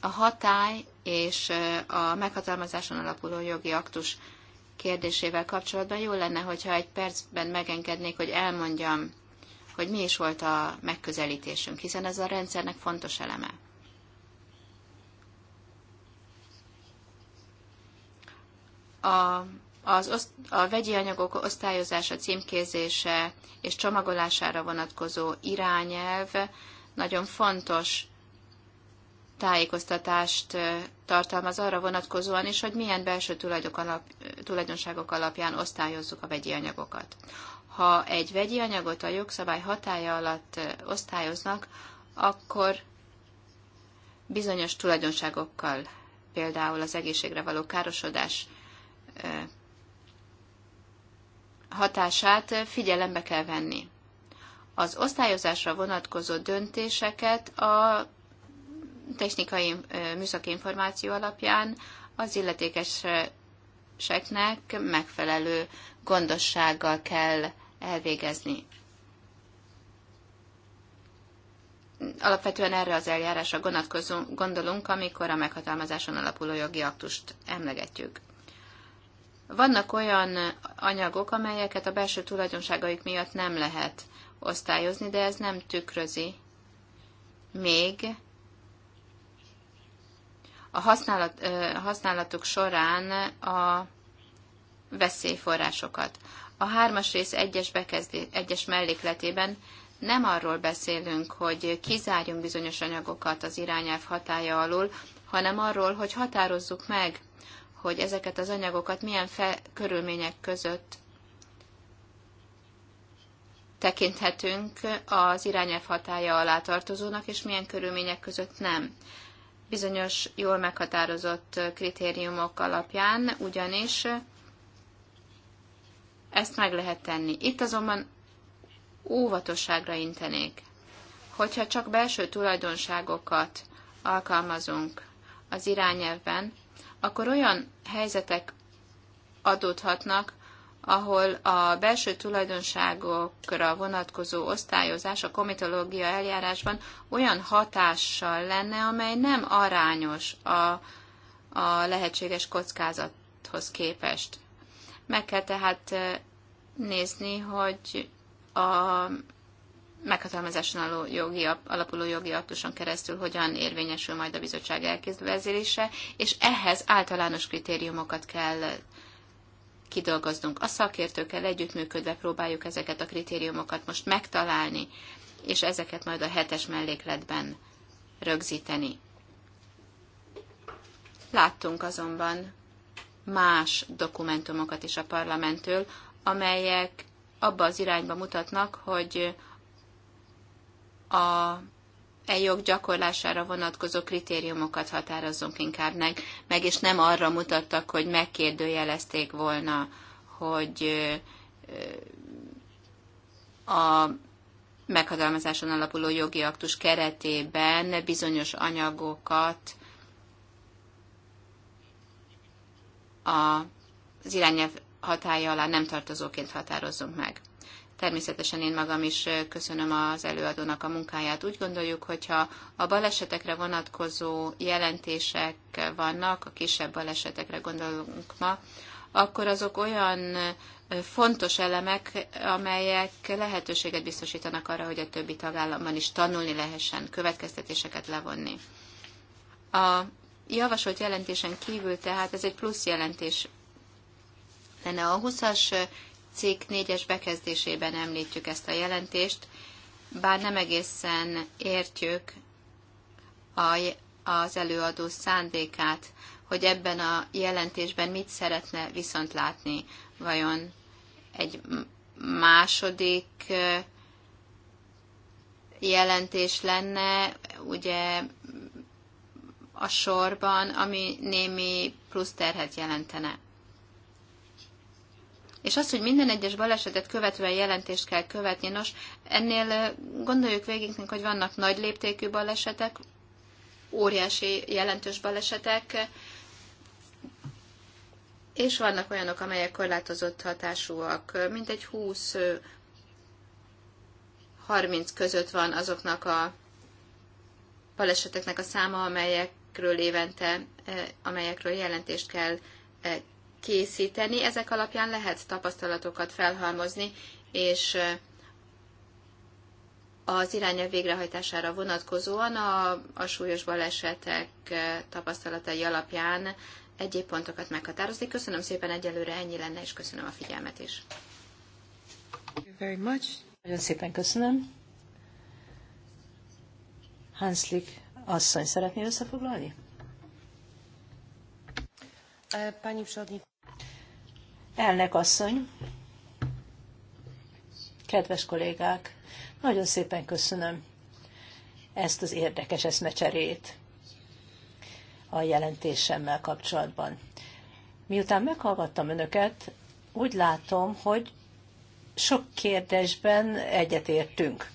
Speaker 2: A hatály és a meghatalmazáson alapuló jogi aktus kérdésével kapcsolatban jó lenne, hogyha egy percben megengednék, hogy elmondjam, hogy mi is volt a megközelítésünk, hiszen ez a rendszernek fontos eleme. A az oszt- a vegyi anyagok osztályozása, címkézése és csomagolására vonatkozó irányelv nagyon fontos tájékoztatást tartalmaz arra vonatkozóan is, hogy milyen belső alap, tulajdonságok alapján osztályozzuk a vegyi anyagokat. Ha egy vegyi anyagot a jogszabály hatája alatt osztályoznak, akkor bizonyos tulajdonságokkal, például az egészségre való károsodás hatását figyelembe kell venni. Az osztályozásra vonatkozó döntéseket a technikai műszaki információ alapján az illetékeseknek megfelelő gondossággal kell elvégezni. Alapvetően erre az eljárásra gondolunk, amikor a meghatalmazáson alapuló jogi aktust emlegetjük. Vannak olyan anyagok, amelyeket a belső tulajdonságaik miatt nem lehet osztályozni, de ez nem tükrözi még a használat, használatuk során a veszélyforrásokat. A hármas rész egyes, bekezdé, egyes mellékletében nem arról beszélünk, hogy kizárjunk bizonyos anyagokat az irányelv hatája alól, hanem arról, hogy határozzuk meg, hogy ezeket az anyagokat milyen fe- körülmények között tekinthetünk az irányelv hatája alá tartozónak, és milyen körülmények között nem. Bizonyos jól meghatározott kritériumok alapján ugyanis ezt meg lehet tenni. Itt azonban óvatosságra intenék. Hogyha csak belső tulajdonságokat alkalmazunk az irányelvben, akkor olyan helyzetek adódhatnak, ahol a belső tulajdonságokra vonatkozó osztályozás a komitológia eljárásban olyan hatással lenne, amely nem arányos a, a lehetséges kockázathoz képest. Meg kell tehát eh, nézni, hogy a meghatalmazáson aló jogi, alapuló jogi aktuson keresztül hogyan érvényesül majd a bizottság elképzelése, és ehhez általános kritériumokat kell kidolgoznunk. A szakértőkkel együttműködve próbáljuk ezeket a kritériumokat most megtalálni, és ezeket majd a hetes mellékletben rögzíteni. Láttunk azonban más dokumentumokat is a parlamenttől, amelyek abba az irányba mutatnak, hogy a e jog gyakorlására vonatkozó kritériumokat határozzunk inkább meg, meg és nem arra mutattak, hogy megkérdőjelezték volna, hogy a meghatalmazáson alapuló jogi aktus keretében bizonyos anyagokat az irányelv hatája alá nem tartozóként határozzunk meg. Természetesen én magam is köszönöm az előadónak a munkáját. Úgy gondoljuk, hogyha a balesetekre vonatkozó jelentések vannak, a kisebb balesetekre gondolunk ma, akkor azok olyan fontos elemek, amelyek lehetőséget biztosítanak arra, hogy a többi tagállamban is tanulni lehessen, következtetéseket levonni. A javasolt jelentésen kívül tehát ez egy plusz jelentés lenne a 20-as cikk négyes bekezdésében említjük ezt a jelentést, bár nem egészen értjük a, az előadó szándékát, hogy ebben a jelentésben mit szeretne viszont látni. Vajon egy második jelentés lenne, ugye a sorban, ami némi plusz terhet jelentene. És az, hogy minden egyes balesetet követően jelentést kell követni, nos, ennél gondoljuk végignek, hogy vannak nagy léptékű balesetek, óriási jelentős balesetek, és vannak olyanok, amelyek korlátozott hatásúak. Mintegy 20-30 között van azoknak a baleseteknek a száma, amelyekről évente, amelyekről jelentést kell készíteni, ezek alapján lehet tapasztalatokat felhalmozni, és az irányelv végrehajtására vonatkozóan a, a súlyos balesetek tapasztalatai alapján egyéb pontokat meghatározni. Köszönöm szépen egyelőre, ennyi lenne, és köszönöm a figyelmet is.
Speaker 3: Very much. Nagyon szépen köszönöm. Hanslik asszony szeretné összefoglalni?
Speaker 2: Pani przewodnicząca.
Speaker 3: Elnök asszony, kedves kollégák, nagyon szépen köszönöm ezt az érdekes eszmecserét a jelentésemmel kapcsolatban. Miután meghallgattam önöket, úgy látom, hogy sok kérdésben egyetértünk.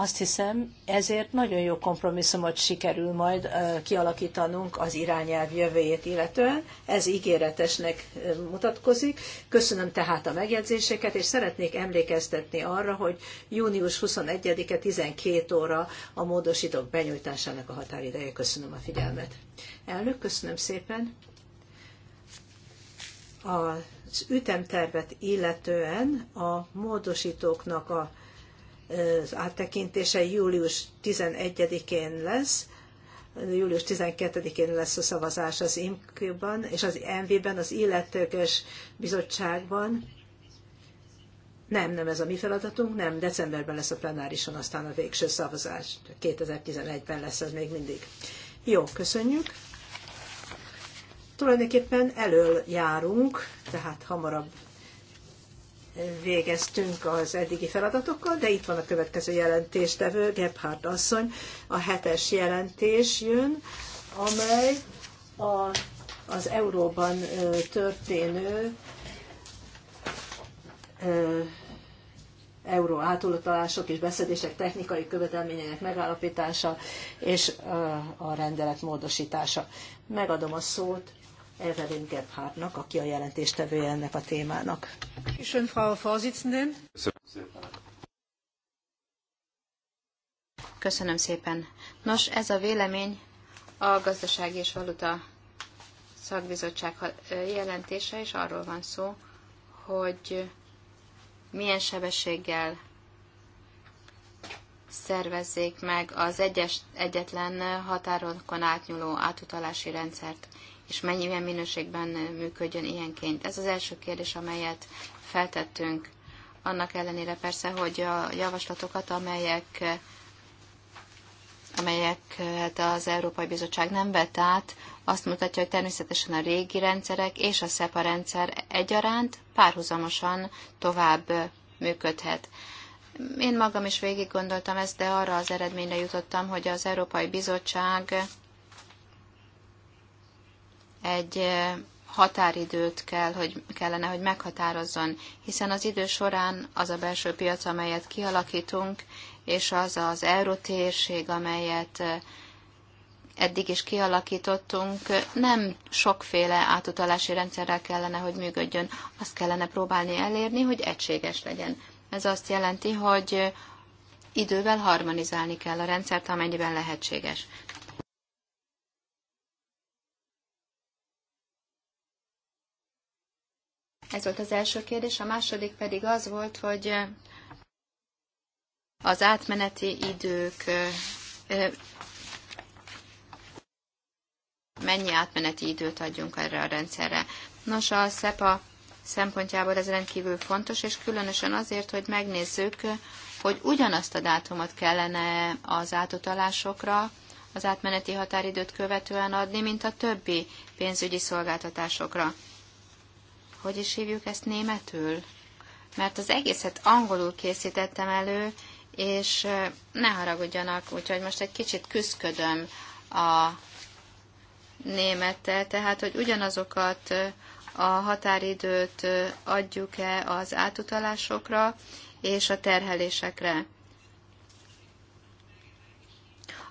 Speaker 3: Azt hiszem, ezért nagyon jó kompromisszumot sikerül majd kialakítanunk az irányelv jövőjét illetően. Ez ígéretesnek mutatkozik. Köszönöm tehát a megjegyzéseket, és szeretnék emlékeztetni arra, hogy június 21-e 12 óra a módosítók benyújtásának a határideje. Köszönöm a figyelmet. Elnök, köszönöm szépen. Az ütemtervet illetően a módosítóknak a az áttekintése július 11-én lesz, július 12-én lesz a szavazás az imk ban és az MV-ben, az illetékes bizottságban. Nem, nem ez a mi feladatunk, nem, decemberben lesz a plenárison, aztán a végső szavazás. 2011-ben lesz ez még mindig. Jó, köszönjük. Tulajdonképpen elől járunk, tehát hamarabb végeztünk az eddigi feladatokkal, de itt van a következő jelentéstevő, Gebhardt asszony, a hetes jelentés jön, amely a, az euróban történő euró átutalások és beszedések technikai követelményeinek megállapítása és a rendelet módosítása. Megadom a szót Evelyn Gebhardnak, aki a jelentéstevője ennek a témának.
Speaker 2: Köszönöm, Frau Vorsitzenden. Köszönöm szépen. Nos, ez a vélemény a gazdaság és Valuta Szakbizottság jelentése, és arról van szó, hogy milyen sebességgel szervezzék meg az egyes, egyetlen határokon átnyúló átutalási rendszert és ilyen minőségben működjön ilyenként. Ez az első kérdés, amelyet feltettünk. Annak ellenére persze, hogy a javaslatokat, amelyek amelyeket az Európai Bizottság nem vett át, azt mutatja, hogy természetesen a régi rendszerek és a SEPA rendszer egyaránt párhuzamosan tovább működhet. Én magam is végig gondoltam ezt, de arra az eredményre jutottam, hogy az Európai Bizottság egy határidőt kell, hogy kellene, hogy meghatározzon, hiszen az idő során az a belső piac, amelyet kialakítunk, és az az eurotérség, amelyet eddig is kialakítottunk, nem sokféle átutalási rendszerrel kellene, hogy működjön. Azt kellene próbálni elérni, hogy egységes legyen. Ez azt jelenti, hogy idővel harmonizálni kell a rendszert, amennyiben lehetséges. Ez volt az első kérdés. A második pedig az volt, hogy eh, az átmeneti idők eh, eh, mennyi átmeneti időt adjunk erre a rendszerre. Nos, a SEPA szempontjából ez rendkívül fontos, és különösen azért, hogy megnézzük, hogy ugyanazt a dátumot kellene az átutalásokra, az átmeneti határidőt követően adni, mint a többi pénzügyi szolgáltatásokra hogy is hívjuk ezt németül? Mert az egészet angolul készítettem elő, és ne haragudjanak, úgyhogy most egy kicsit küszködöm a némettel, tehát hogy ugyanazokat a határidőt adjuk-e az átutalásokra és a terhelésekre.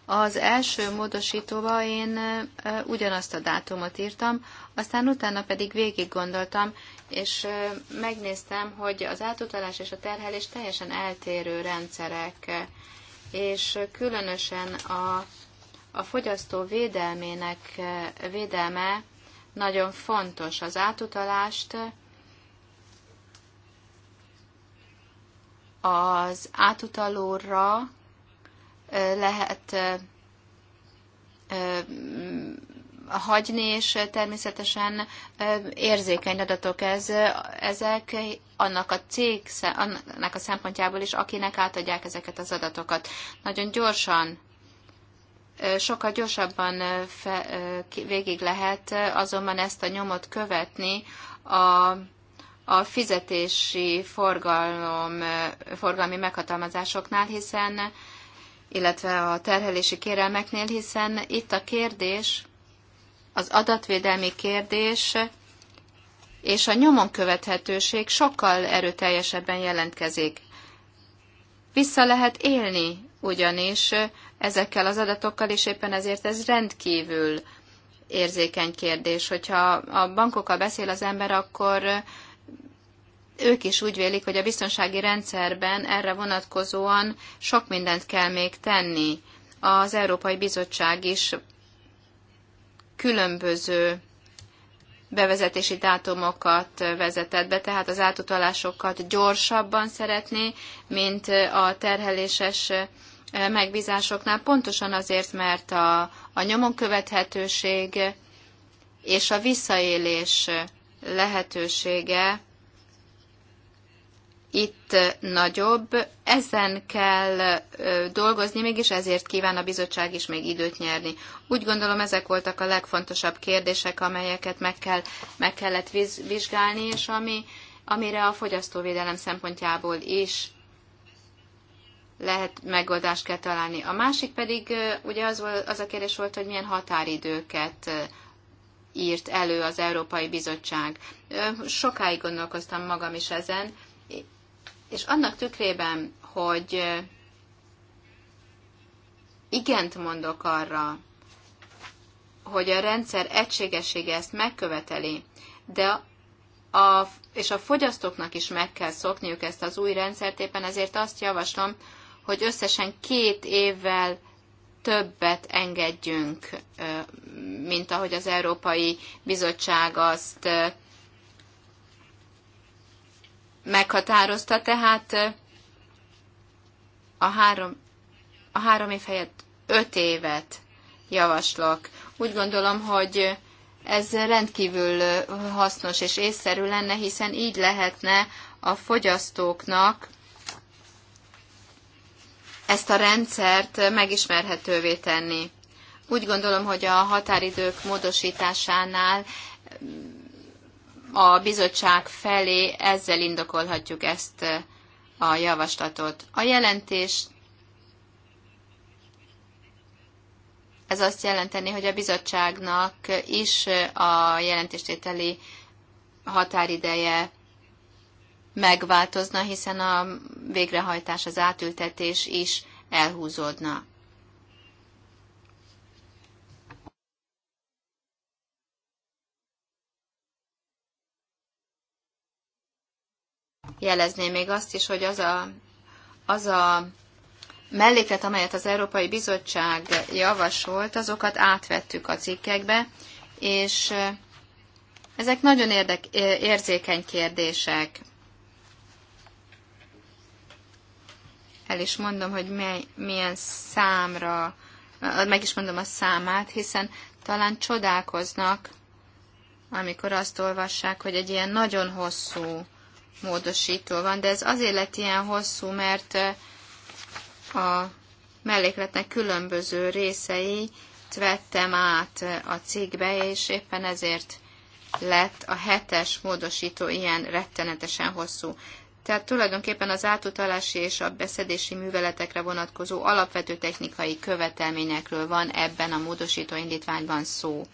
Speaker 2: Az első módosítóba én ugyanazt a dátumot írtam, aztán utána pedig végig gondoltam, és megnéztem, hogy az átutalás és a terhelés teljesen eltérő rendszerek, és különösen a, a fogyasztó védelmének védelme nagyon fontos. Az átutalást az átutalóra lehet hagyni, és természetesen érzékeny adatok ez, ezek annak a cég, annak a szempontjából is, akinek átadják ezeket az adatokat. Nagyon gyorsan, sokkal gyorsabban fe, végig lehet azonban ezt a nyomot követni a, a fizetési forgalom, forgalmi meghatalmazásoknál, hiszen illetve a terhelési kérelmeknél, hiszen itt a kérdés, az adatvédelmi kérdés és a nyomon követhetőség sokkal erőteljesebben jelentkezik. Vissza lehet élni ugyanis ezekkel az adatokkal, és éppen ezért ez rendkívül érzékeny kérdés. Hogyha a bankokkal beszél az ember, akkor ők is úgy vélik, hogy a biztonsági rendszerben erre vonatkozóan sok mindent kell még tenni. Az Európai Bizottság is különböző bevezetési dátumokat vezetett be, tehát az átutalásokat gyorsabban szeretné, mint a terheléses eh, megbízásoknál, pontosan azért, mert a, a nyomon követhetőség és a visszaélés lehetősége itt nagyobb, ezen kell dolgozni, mégis ezért kíván a bizottság is még időt nyerni. Úgy gondolom ezek voltak a legfontosabb kérdések, amelyeket meg, kell, meg kellett vizsgálni, és ami, amire a fogyasztóvédelem szempontjából is lehet megoldást kell találni. A másik pedig ugye az, volt, az a kérdés volt, hogy milyen határidőket írt elő az Európai Bizottság. Sokáig gondolkoztam magam is ezen, és annak tükrében, hogy igent mondok arra, hogy a rendszer egységessége ezt megköveteli, de a, és a fogyasztóknak is meg kell szokniuk ezt az új rendszert, éppen ezért azt javaslom, hogy összesen két évvel többet engedjünk, mint ahogy az Európai Bizottság azt meghatározta, tehát a három, a három év helyett öt évet javaslok. Úgy gondolom, hogy ez rendkívül hasznos és észszerű lenne, hiszen így lehetne a fogyasztóknak ezt a rendszert megismerhetővé tenni. Úgy gondolom, hogy a határidők módosításánál a bizottság felé ezzel indokolhatjuk ezt eh, a javaslatot. A jelentés ez azt jelenteni, hogy a bizottságnak is eh, a jelentéstételi határideje megváltozna, hiszen a végrehajtás, az átültetés is elhúzódna. Jelezném még azt is, hogy az a, az a melléklet, amelyet az Európai Bizottság javasolt, azokat átvettük a cikkekbe, és ezek nagyon érdek, érzékeny kérdések. El is mondom, hogy mely, milyen számra, meg is mondom a számát, hiszen talán csodálkoznak, amikor azt olvassák, hogy egy ilyen nagyon hosszú módosító van, de ez azért lett ilyen hosszú, mert eh, a mellékletnek különböző részei vettem át a cikkbe, és éppen ezért lett a hetes módosító ilyen rettenetesen hosszú. Tehát tulajdonképpen az átutalási és a beszedési műveletekre vonatkozó alapvető technikai követelményekről van ebben a módosító indítványban szó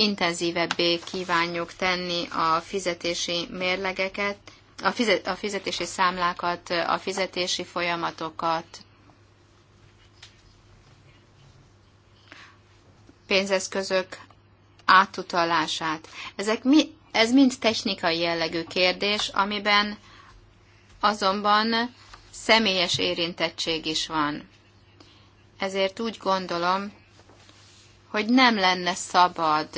Speaker 2: intenzívebbé kívánjuk tenni a fizetési mérlegeket, a, fizet, a fizetési számlákat, a fizetési folyamatokat, pénzeszközök átutalását. Ezek mi, ez mind technikai jellegű kérdés, amiben azonban személyes érintettség is van. Ezért úgy gondolom, hogy nem lenne szabad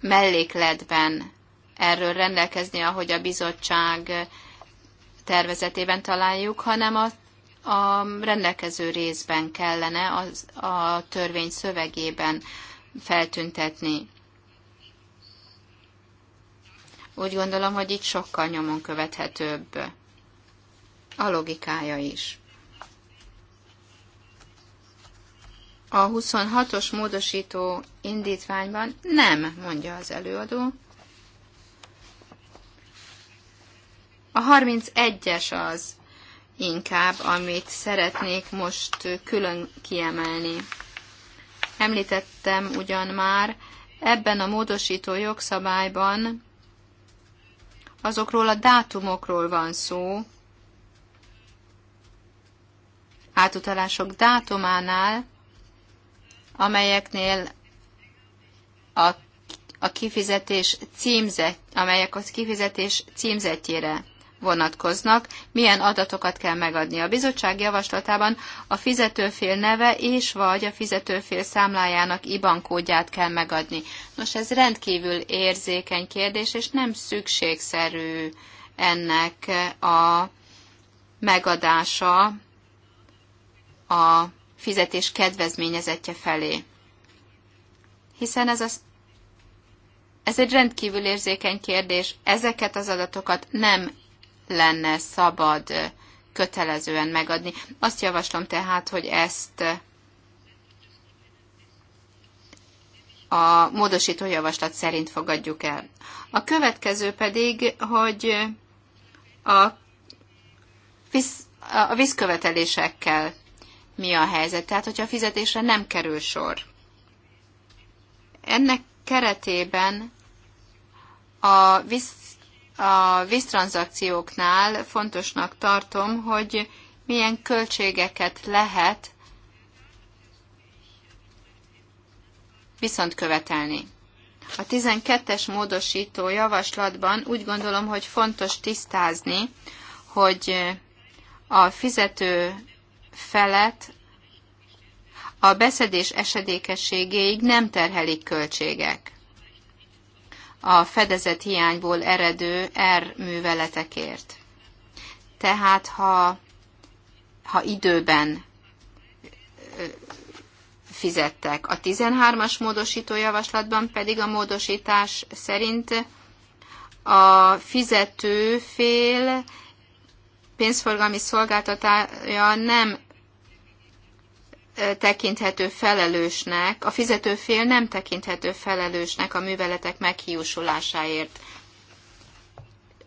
Speaker 2: mellékletben erről rendelkezni, ahogy a bizottság tervezetében találjuk, hanem a, a rendelkező részben kellene az, a törvény szövegében feltüntetni. Úgy gondolom, hogy itt sokkal nyomon követhetőbb a logikája is. a 26-os módosító indítványban nem, mondja az előadó. A 31-es az inkább, amit szeretnék most külön kiemelni. Említettem ugyan már, ebben a módosító jogszabályban azokról a dátumokról van szó, átutalások dátumánál, amelyeknél a, a kifizetés címzet, amelyek az kifizetés címzetjére vonatkoznak, milyen adatokat kell megadni. A bizottság javaslatában a fizetőfél neve és vagy a fizetőfél számlájának IBAN kódját kell megadni. Nos, ez rendkívül érzékeny kérdés, és nem szükségszerű ennek a megadása a fizetés kedvezményezetje felé. Hiszen ez, az, ez egy rendkívül érzékeny kérdés, ezeket az adatokat nem lenne szabad kötelezően megadni. Azt javaslom tehát, hogy ezt a módosító javaslat szerint fogadjuk el. A következő pedig, hogy a, víz, a vízkövetelésekkel mi a helyzet. Tehát, hogyha a fizetésre nem kerül sor. Ennek keretében a, visz, a víztranszakcióknál fontosnak tartom, hogy milyen költségeket lehet viszont követelni. A 12-es módosító javaslatban úgy gondolom, hogy fontos tisztázni, hogy a fizető felett a beszedés esedékességéig nem terhelik költségek a fedezet hiányból eredő R műveletekért. Tehát ha, ha időben fizettek. A 13-as módosító javaslatban pedig a módosítás szerint a fizető fél pénzforgalmi szolgáltatája nem tekinthető felelősnek, a fizető fél nem tekinthető felelősnek a műveletek meghiúsulásáért.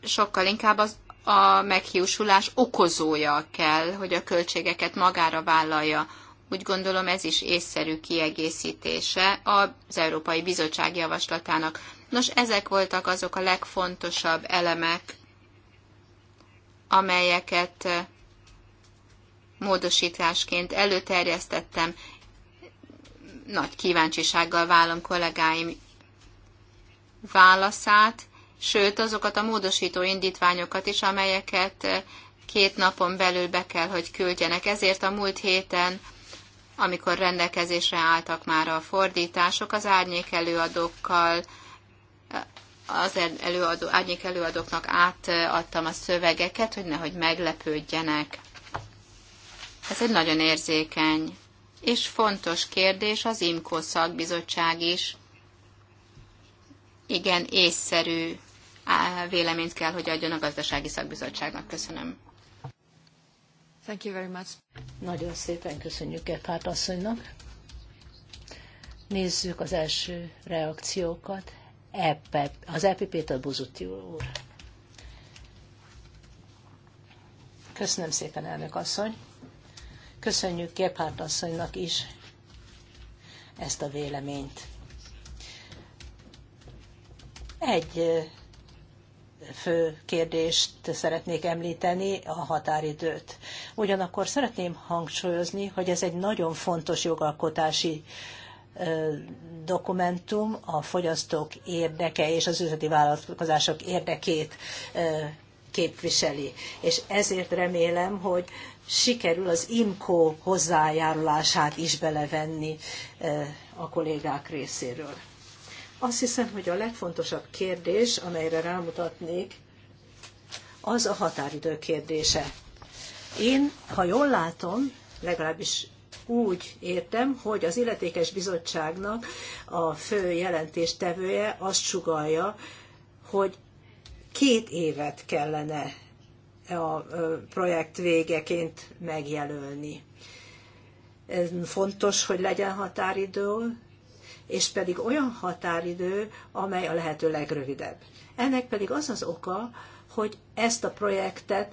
Speaker 2: Sokkal inkább az a meghiúsulás okozója kell, hogy a költségeket magára vállalja. Úgy gondolom ez is észszerű kiegészítése az Európai Bizottság javaslatának. Nos, ezek voltak azok a legfontosabb elemek, amelyeket módosításként előterjesztettem. Nagy kíváncsisággal vállom kollégáim válaszát, sőt azokat a módosító indítványokat is, amelyeket eh, két napon belül be kell, hogy küldjenek. Ezért a múlt héten, amikor rendelkezésre álltak már a fordítások, az árnyék előadókkal, eh, az előadó, árnyék előadóknak átadtam a szövegeket, hogy nehogy meglepődjenek. Ez egy nagyon érzékeny és fontos kérdés, az IMKO szakbizottság is igen észszerű véleményt kell, hogy adjon a gazdasági szakbizottságnak. Köszönöm.
Speaker 3: Thank you very much. Nagyon szépen köszönjük Gephardt asszonynak. Nézzük az első reakciókat. Epe, az epp Péter Buzuti úr. Köszönöm szépen, elnök asszony. Köszönjük Gebhardt asszonynak is ezt a véleményt. Egy fő kérdést szeretnék említeni, a határidőt. Ugyanakkor szeretném hangsúlyozni, hogy ez egy nagyon fontos jogalkotási dokumentum a fogyasztók érdeke és az üzleti vállalkozások érdekét képviseli. És ezért remélem, hogy sikerül az IMCO hozzájárulását is belevenni eh, a kollégák részéről. Azt hiszem, hogy a legfontosabb kérdés, amelyre rámutatnék, az a határidő kérdése. Én, ha jól látom, legalábbis úgy értem, hogy az illetékes bizottságnak a fő jelentéstevője azt sugalja, hogy két évet kellene a projekt végeként megjelölni. Ez fontos, hogy legyen határidő, és pedig olyan határidő, amely a lehető legrövidebb. Ennek pedig az az oka, hogy ezt a projektet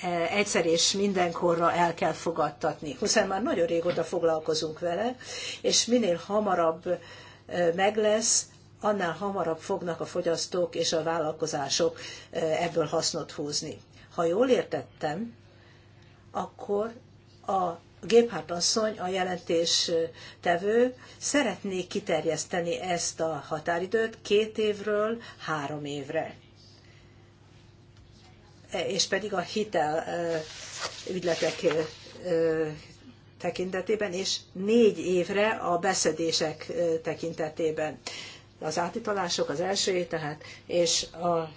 Speaker 3: e, egyszer és mindenkorra el kell fogadtatni, hiszen már nagyon régóta foglalkozunk vele, és minél hamarabb e, meg lesz, annál hamarabb fognak a fogyasztók és a vállalkozások e, ebből hasznot húzni. Ha jól értettem, akkor a Géphárt asszony, a jelentés tevő szeretné kiterjeszteni ezt a határidőt két évről három évre. E, és pedig a hitel ügyletek tekintetében, és négy évre a beszedések tekintetében az átitalások az első, tehát, és a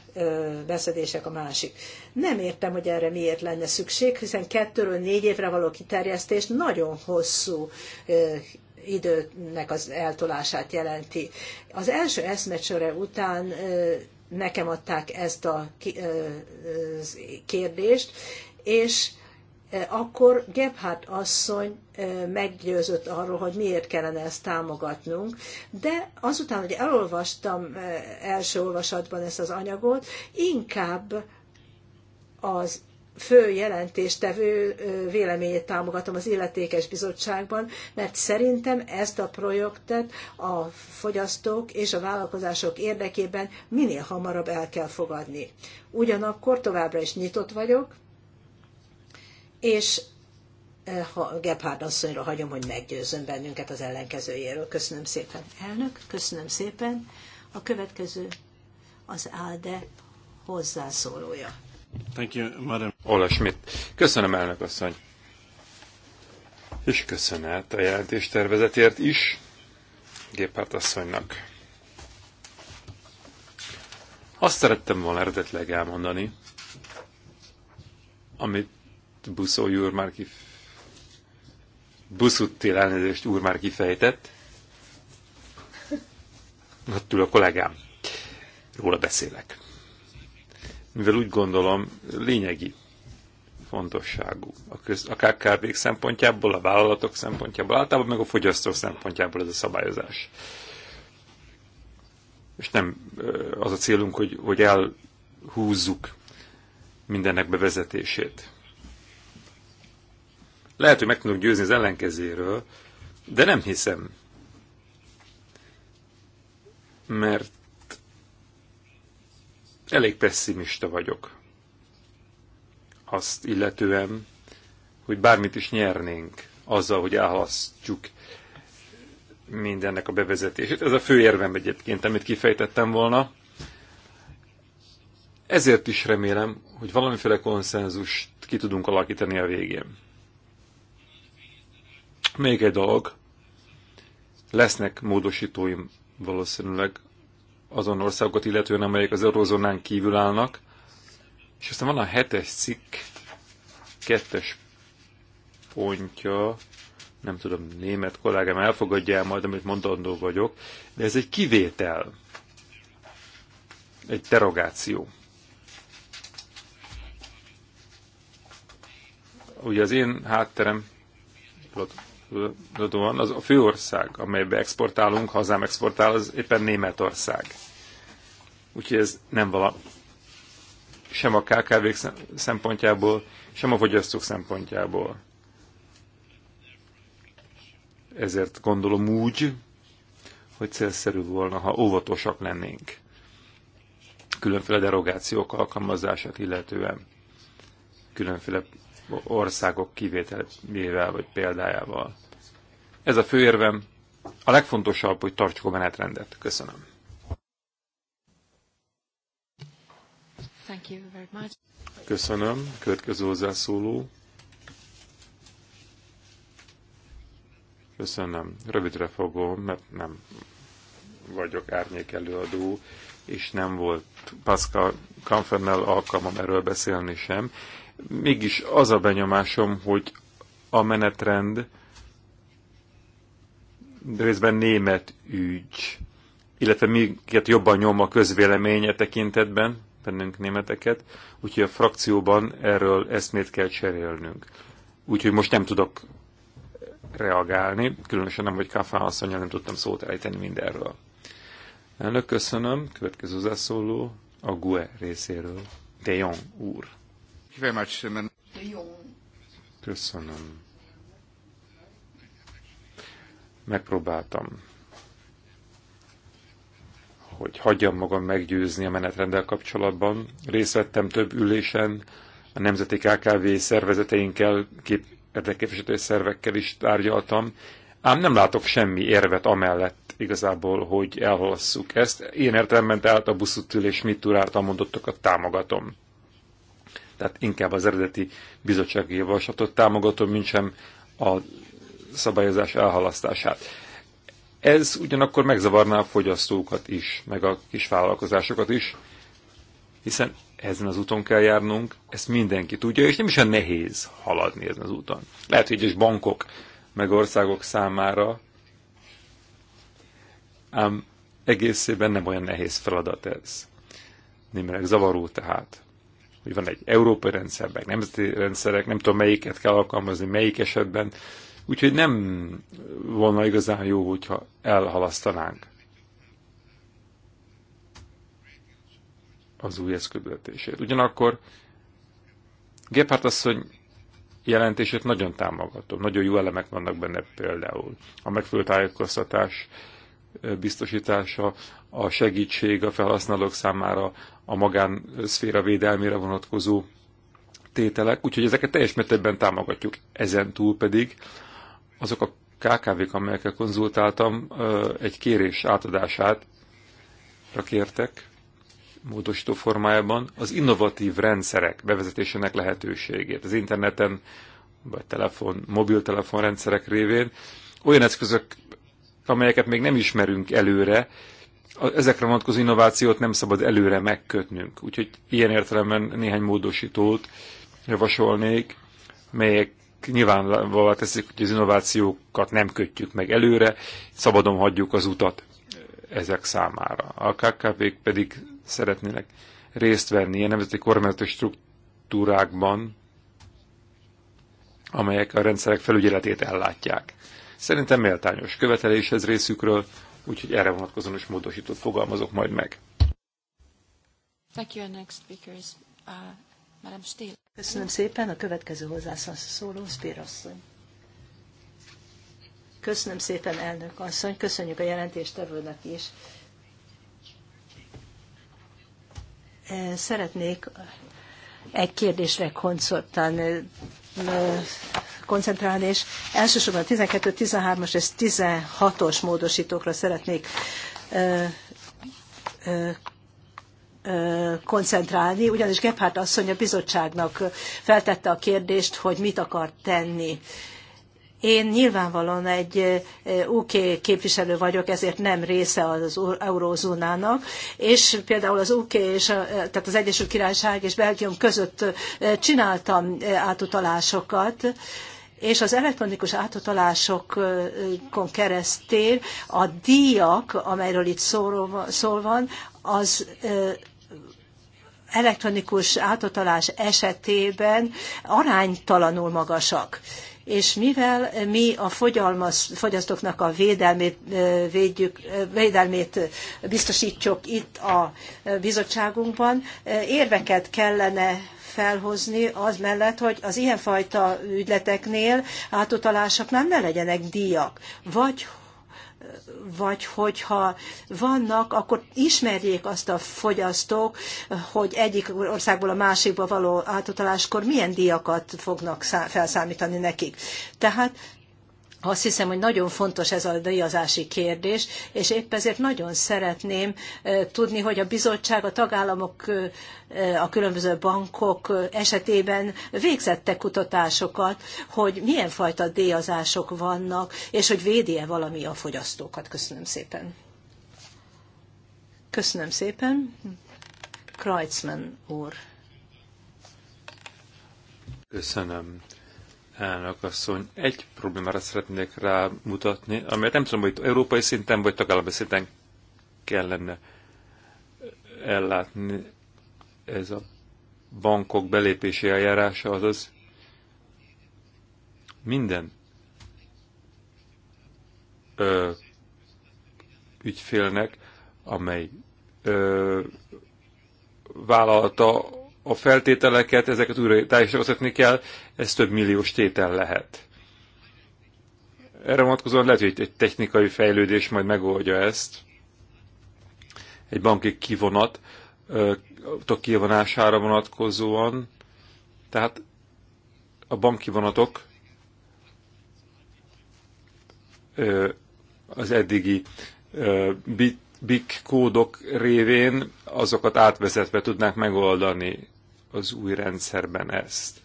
Speaker 3: beszedések a másik. Nem értem, hogy erre miért lenne szükség, hiszen kettőről négy évre való kiterjesztés nagyon hosszú időnek az eltolását jelenti. Az első eszmecsöre után nekem adták ezt a kérdést, és Eh, akkor Gebhardt asszony eh, meggyőzött arról, hogy miért kellene ezt támogatnunk, de azután, hogy elolvastam eh, első olvasatban ezt az anyagot, inkább az fő jelentéstevő véleményét támogatom az illetékes bizottságban, mert szerintem ezt a projektet a fogyasztók és a vállalkozások érdekében minél hamarabb el kell fogadni. Ugyanakkor továbbra is nyitott vagyok, és eh, ha Gebhard asszonyra hagyom, hogy meggyőzöm bennünket az ellenkezőjéről. Köszönöm szépen, elnök, köszönöm szépen. A következő az ALDE hozzászólója.
Speaker 1: Thank you, madam. Ola Schmidt. Köszönöm, elnök asszony. És köszönet a jelentés tervezetért is Géphárt asszonynak. Azt szerettem volna eredetleg elmondani, amit Buszói úr már kif... Buszuttél elnézést úr már kifejtett. Ott ül a kollégám. Róla beszélek. Mivel úgy gondolom, lényegi fontosságú. A, köz, a kkv szempontjából, a vállalatok szempontjából, általában meg a fogyasztók szempontjából ez a szabályozás. És nem az a célunk, hogy, hogy elhúzzuk mindennek bevezetését. Lehet, hogy meg tudunk győzni az ellenkezéről, de nem hiszem. Mert elég pessimista vagyok. Azt illetően, hogy bármit is nyernénk azzal, hogy elhasztjuk mindennek a bevezetését. Ez a fő érvem egyébként, amit kifejtettem volna. Ezért is remélem, hogy valamiféle konszenzust ki tudunk alakítani a végén. Még egy dolog, lesznek módosítóim valószínűleg azon országokat illetően, amelyek az eurozónán kívül állnak, és aztán van a hetes cikk, kettes pontja, nem tudom, német kollégám elfogadja el majd, amit mondandó vagyok, de ez egy kivétel, egy derogáció. Ugye az én hátterem kapcsolódóan az a főország, amelybe exportálunk, hazám exportál, az éppen Németország. Úgyhogy ez nem vala sem a kkv szempontjából, sem a fogyasztók szempontjából. Ezért gondolom úgy, hogy célszerű volna, ha óvatosak lennénk különféle derogációk alkalmazását illetően, különféle országok kivételével vagy példájával. Ez a főérvem. A legfontosabb, hogy tartsuk a menetrendet. Köszönöm.
Speaker 2: Thank you very much.
Speaker 1: Köszönöm. Következő hozzászóló. Köszönöm. Rövidre fogom, mert nem vagyok árnyék előadó, és nem volt Pascal Kamfernel alkalmam erről beszélni sem. Mégis az a benyomásom, hogy a menetrend részben német ügy, illetve minket jobban nyom a közvéleménye tekintetben, bennünk németeket, úgyhogy a frakcióban erről eszmét kell cserélnünk. Úgyhogy most nem tudok reagálni, különösen nem, hogy Kafán asszonyjal nem tudtam szót ejteni mindenről. Elnök, köszönöm. Következő zászóló a GUE részéről. De Jong úr. Köszönöm. Megpróbáltam, hogy hagyjam magam meggyőzni a menetrendel kapcsolatban. Részt vettem több ülésen, a nemzeti KKV szervezeteinkkel, kép, érdekképviselő szervekkel is tárgyaltam, ám nem látok semmi érvet amellett igazából, hogy elhalasszuk ezt. Én értelemben tehát a buszutülés és mit túráltal mondottakat támogatom tehát inkább az eredeti bizottsági javaslatot támogatom, mint sem a szabályozás elhalasztását. Ez ugyanakkor megzavarná a fogyasztókat is, meg a kis vállalkozásokat is, hiszen ezen az úton kell járnunk, ezt mindenki tudja, és nem is olyan nehéz haladni ezen az úton. Lehet, hogy egyes bankok meg országok számára, ám egészében nem olyan nehéz feladat ez. Némileg zavaró tehát hogy van egy európai rendszer, meg nemzeti rendszerek, nem tudom melyiket kell alkalmazni, melyik esetben. Úgyhogy nem volna igazán jó, hogyha elhalasztanánk az új eszköbületését. Ugyanakkor Gephardt asszony jelentését nagyon támogatom. Nagyon jó elemek vannak benne például. A megfelelő tájékoztatás biztosítása, a segítség a felhasználók számára, a magánszféra védelmére vonatkozó tételek, úgyhogy ezeket teljes mértékben támogatjuk. Ezen túl pedig azok a KKV-k, amelyekkel konzultáltam, egy kérés átadását kértek módosító formájában az innovatív rendszerek bevezetésének lehetőségét az interneten, vagy telefon, mobiltelefon rendszerek révén olyan eszközök, amelyeket még nem ismerünk előre, ezekre vonatkozó innovációt nem szabad előre megkötnünk. Úgyhogy ilyen értelemben néhány módosítót javasolnék, melyek nyilvánvalóvá teszik, hogy az innovációkat nem kötjük meg előre, szabadon hagyjuk az utat ezek számára. A kkv pedig szeretnének részt venni a nemzeti kormányzati struktúrákban, amelyek a rendszerek felügyeletét ellátják. Szerintem méltányos követelés ez részükről, úgyhogy erre vonatkozóan is módosított fogalmazok majd meg.
Speaker 2: Thank you, next uh, Madam Steele. Köszönöm szépen,
Speaker 3: a következő hozzászóló Spear asszony. Köszönöm szépen, elnök asszony, köszönjük a jelentéstevőnek is. Eh, szeretnék egy kérdésre koncentrálni eh, koncentrálni, és elsősorban a 12-13-as és 16-os módosítókra szeretnék koncentrálni, ugyanis Gebhardt asszony a bizottságnak feltette a kérdést, hogy mit akar tenni. Én nyilvánvalóan egy UK képviselő vagyok, ezért nem része az eurózónának, és például az UK és a, tehát az Egyesült Királyság és Belgium között csináltam átutalásokat, és az elektronikus átutalásokon keresztül a díjak, amelyről itt szó van, az elektronikus átutalás esetében aránytalanul magasak és mivel mi a fogyasztóknak a védelmét, védjük, védelmét biztosítjuk itt a bizottságunkban, érveket kellene felhozni az mellett, hogy az ilyenfajta ügyleteknél, átutalásoknál ne legyenek díjak. Vagy vagy hogyha vannak, akkor ismerjék azt a fogyasztók, hogy egyik országból a másikba való átutaláskor milyen díjakat fognak felszámítani nekik. Tehát azt hiszem, hogy nagyon fontos ez a díjazási kérdés, és épp ezért nagyon szeretném tudni, hogy a bizottság, a tagállamok, a különböző bankok esetében végzette kutatásokat, hogy milyen fajta díjazások vannak, és hogy védi-e valami a fogyasztókat. Köszönöm szépen. Köszönöm szépen. Kreutzmann úr.
Speaker 1: Köszönöm. Elnök asszony, egy problémára szeretnék rámutatni, amelyet nem tudom, hogy európai szinten vagy tagállami szinten kellene ellátni ez a bankok belépési eljárása, azaz minden ö, ügyfélnek, amely ö, vállalta a feltételeket, ezeket újra tájékoztatni kell, ez több milliós tétel lehet. Erre vonatkozóan lehet, hogy egy technikai fejlődés majd megoldja ezt. Egy banki kivonat, a kivonására vonatkozóan. Tehát a banki vonatok az eddigi BIC kódok révén azokat átvezetve tudnánk megoldani az új rendszerben ezt.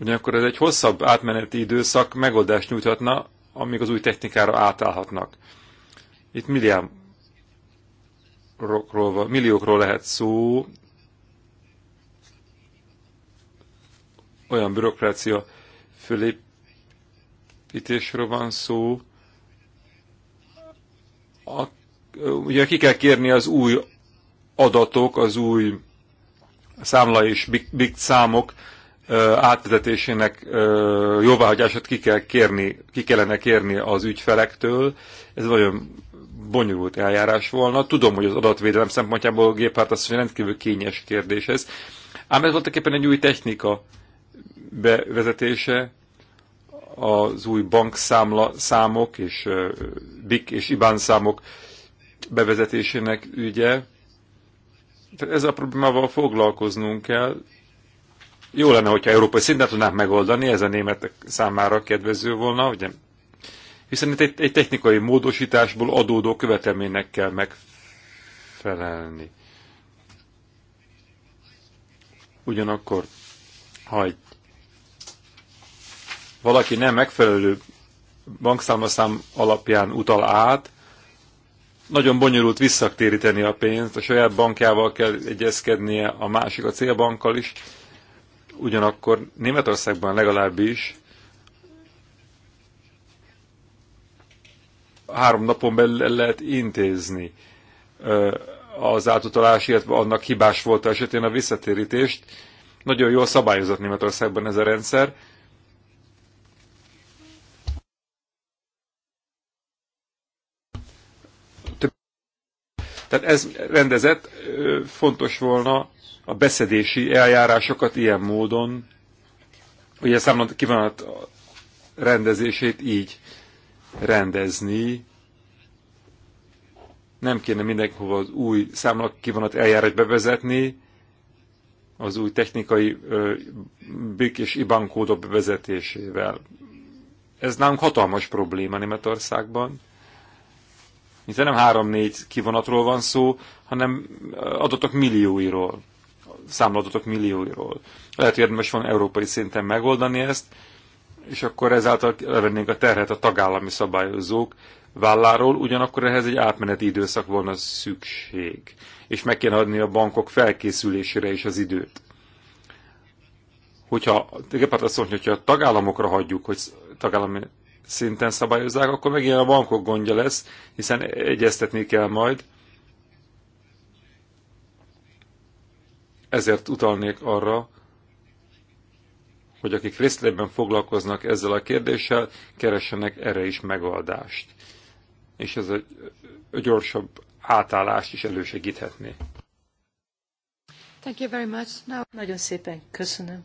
Speaker 1: Ugyanakkor ez egy hosszabb átmeneti időszak megoldást nyújthatna, amíg az új technikára átállhatnak. Itt milliókról lehet szó, olyan bürokrácia fölépítésről van szó, a, ugye ki kell kérni az új adatok, az új számla és big, big számok átvezetésének jóváhagyását ki, kell kérni, ki kellene kérni az ügyfelektől. Ez nagyon bonyolult eljárás volna. Tudom, hogy az adatvédelem szempontjából a géphárt az rendkívül kényes kérdés ez. Ám ez voltaképpen egy új technika bevezetése, az új bankszámla számok és BIC és IBAN számok bevezetésének ügye. Tehát a problémával foglalkoznunk kell. Jó lenne, hogyha európai szinten tudnánk megoldani, ez a németek számára kedvező volna, ugye? hiszen itt egy, egy technikai módosításból adódó követelménynek kell megfelelni. Ugyanakkor, ha egy valaki nem megfelelő bankszámlaszám alapján utal át, nagyon bonyolult visszatéríteni a pénzt, a saját bankjával kell egyezkednie, a másik a célbankkal is. Ugyanakkor Németországban legalábbis három napon belül el lehet intézni az átutalás, illetve annak hibás volt esetén a visszatérítést. Nagyon jól szabályozott Németországban ez a rendszer, Tehát ez rendezett, fontos volna a beszedési eljárásokat ilyen módon, ugye számlat kívánat rendezését így rendezni, nem kéne mindenhova az új számlakivonat eljárást bevezetni, az új technikai BIK és IBAN kódok bevezetésével. Ez nálunk hatalmas probléma Németországban. Itt nem három-négy kivonatról van szó, hanem adatok millióiról, számladatok millióiról. Lehet, hogy érdemes van európai szinten megoldani ezt, és akkor ezáltal levennénk a terhet a tagállami szabályozók válláról, ugyanakkor ehhez egy átmeneti időszak volna szükség, és meg kéne adni a bankok felkészülésére is az időt. Hogyha, azt mondja, hogyha a tagállamokra hagyjuk, hogy tagállami szinten szabályozzák, akkor megint a bankok gondja lesz, hiszen egyeztetni kell majd. Ezért utalnék arra, hogy akik részletben foglalkoznak ezzel a kérdéssel, keressenek erre is megoldást. És ez a gyorsabb átállást is elősegíthetné.
Speaker 2: Thank you very much. Now... Nagyon
Speaker 3: szépen köszönöm.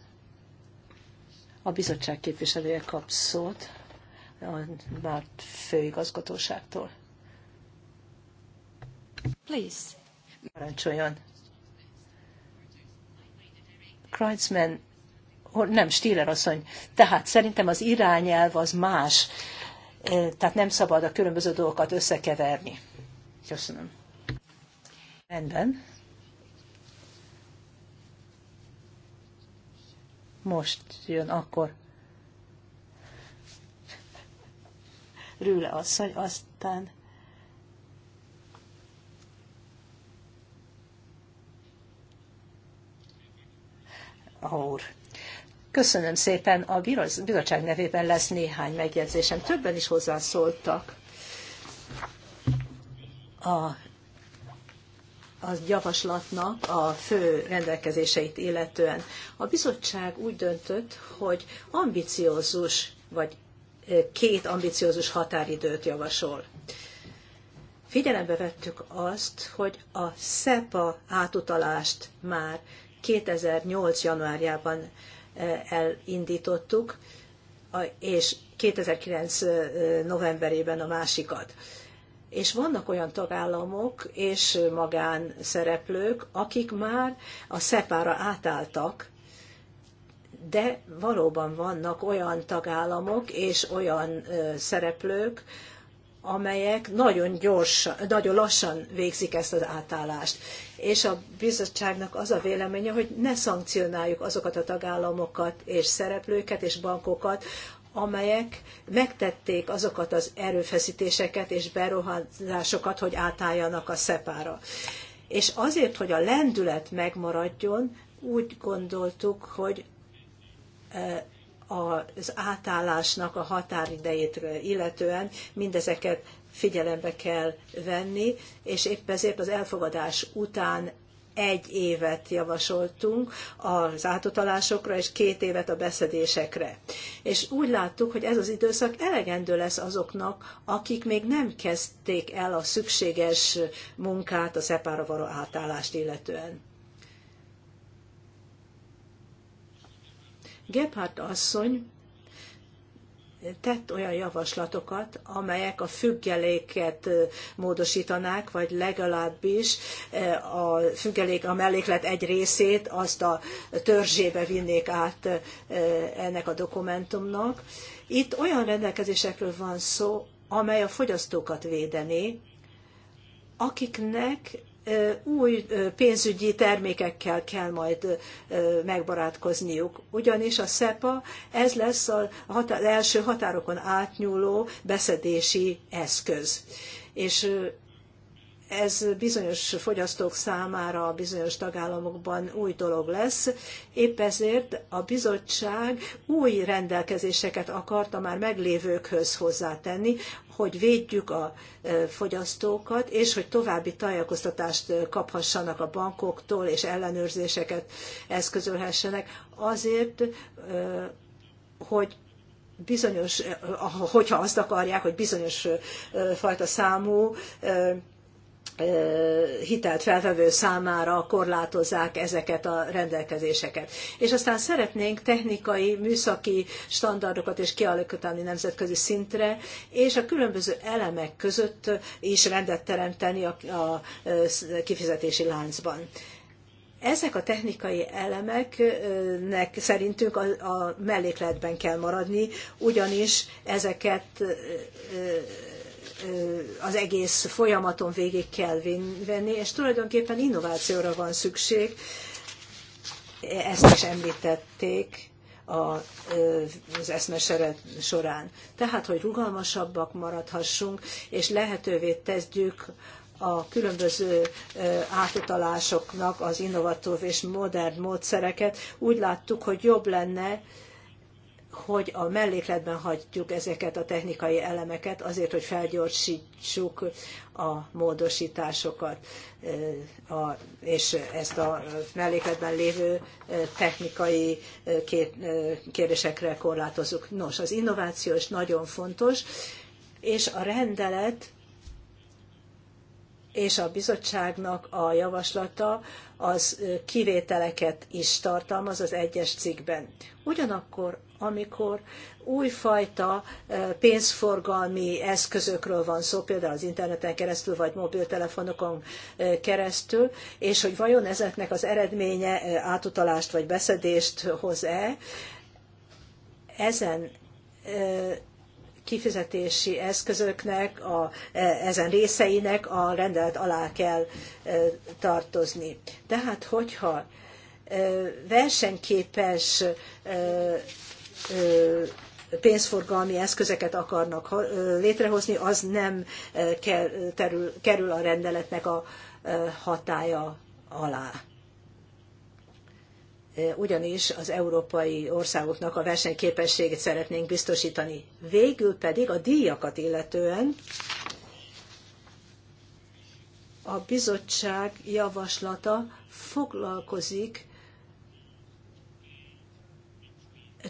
Speaker 3: A bizottság képviselője kap szót a főigazgatóságtól. Please. Parancsoljon. Kreitzmann, nem Stiller asszony, tehát szerintem az irányelv az más, tehát nem szabad a különböző dolgokat összekeverni. Köszönöm. Rendben. Most jön akkor Rüle asszony, aztán Úr. Köszönöm szépen. A bizottság nevében lesz néhány megjegyzésem. Többen is hozzászóltak a, a javaslatnak a fő rendelkezéseit illetően. A bizottság úgy döntött, hogy ambiciózus vagy két ambiciózus határidőt javasol. Figyelembe vettük azt, hogy a SEPA átutalást már 2008. januárjában e, elindítottuk, és 2009. E, novemberében a másikat. És vannak olyan tagállamok és magánszereplők, akik már a SEPA-ra átálltak, de valóban vannak olyan tagállamok és olyan szereplők, amelyek nagyon gyors, nagyon lassan végzik ezt az átállást. És a bizottságnak az a véleménye, hogy ne szankcionáljuk azokat a tagállamokat és szereplőket és bankokat, amelyek megtették azokat az erőfeszítéseket és beruházásokat, hogy átálljanak a szepára. És azért, hogy a lendület megmaradjon, úgy gondoltuk, hogy az átállásnak a határidejét illetően mindezeket figyelembe kell venni, és épp ezért az elfogadás után egy évet javasoltunk az átutalásokra, és két évet a beszedésekre. És úgy láttuk, hogy ez az időszak elegendő lesz azoknak, akik még nem kezdték el a szükséges munkát a szepára való átállást illetően. Gebhardt asszony tett olyan javaslatokat, amelyek a függeléket módosítanák, vagy legalábbis a függelék, a melléklet egy részét azt a törzsébe vinnék át ennek a dokumentumnak. Itt olyan rendelkezésekről van szó, amely a fogyasztókat védené, akiknek új pénzügyi termékekkel kell majd megbarátkozniuk. Ugyanis a SEPA ez lesz az első határokon átnyúló beszedési eszköz. És ez bizonyos fogyasztók számára a bizonyos tagállamokban új dolog lesz. Épp ezért a bizottság új rendelkezéseket akarta már meglévőkhöz hozzátenni, hogy védjük a e, fogyasztókat, és hogy további tájékoztatást kaphassanak a bankoktól, és ellenőrzéseket eszközölhessenek, azért, e, hogy bizonyos, e, hogyha azt akarják, hogy bizonyos fajta számú hitelt felvevő számára korlátozzák ezeket a rendelkezéseket. És aztán szeretnénk technikai, műszaki standardokat is kialakítani nemzetközi szintre, és a különböző elemek között is rendet teremteni a, a kifizetési láncban. Ezek a technikai elemeknek szerintünk a, a mellékletben kell maradni, ugyanis ezeket az egész folyamaton végig kell venni, és tulajdonképpen innovációra van szükség. Ezt is említették az eszmesere során. Tehát, hogy rugalmasabbak maradhassunk, és lehetővé tegyük a különböző átutalásoknak az innovatív és modern módszereket. Úgy láttuk, hogy jobb lenne, hogy a mellékletben hagyjuk ezeket a technikai elemeket azért, hogy felgyorsítsuk a módosításokat, és ezt a mellékletben lévő technikai kérdésekre korlátozzuk. Nos, az innováció is nagyon fontos, és a rendelet és a bizottságnak a javaslata az kivételeket is tartalmaz az egyes cikkben. Ugyanakkor amikor újfajta pénzforgalmi eszközökről van szó, például az interneten keresztül, vagy mobiltelefonokon keresztül, és hogy vajon ezeknek az eredménye átutalást vagy beszedést hoz-e, ezen kifizetési eszközöknek, a, ezen részeinek a rendelet alá kell tartozni. Tehát, hogyha versenyképes pénzforgalmi eszközeket akarnak létrehozni, az nem kerül a rendeletnek a hatája alá. Ugyanis az európai országoknak a versenyképességét szeretnénk biztosítani. Végül pedig a díjakat illetően a bizottság javaslata foglalkozik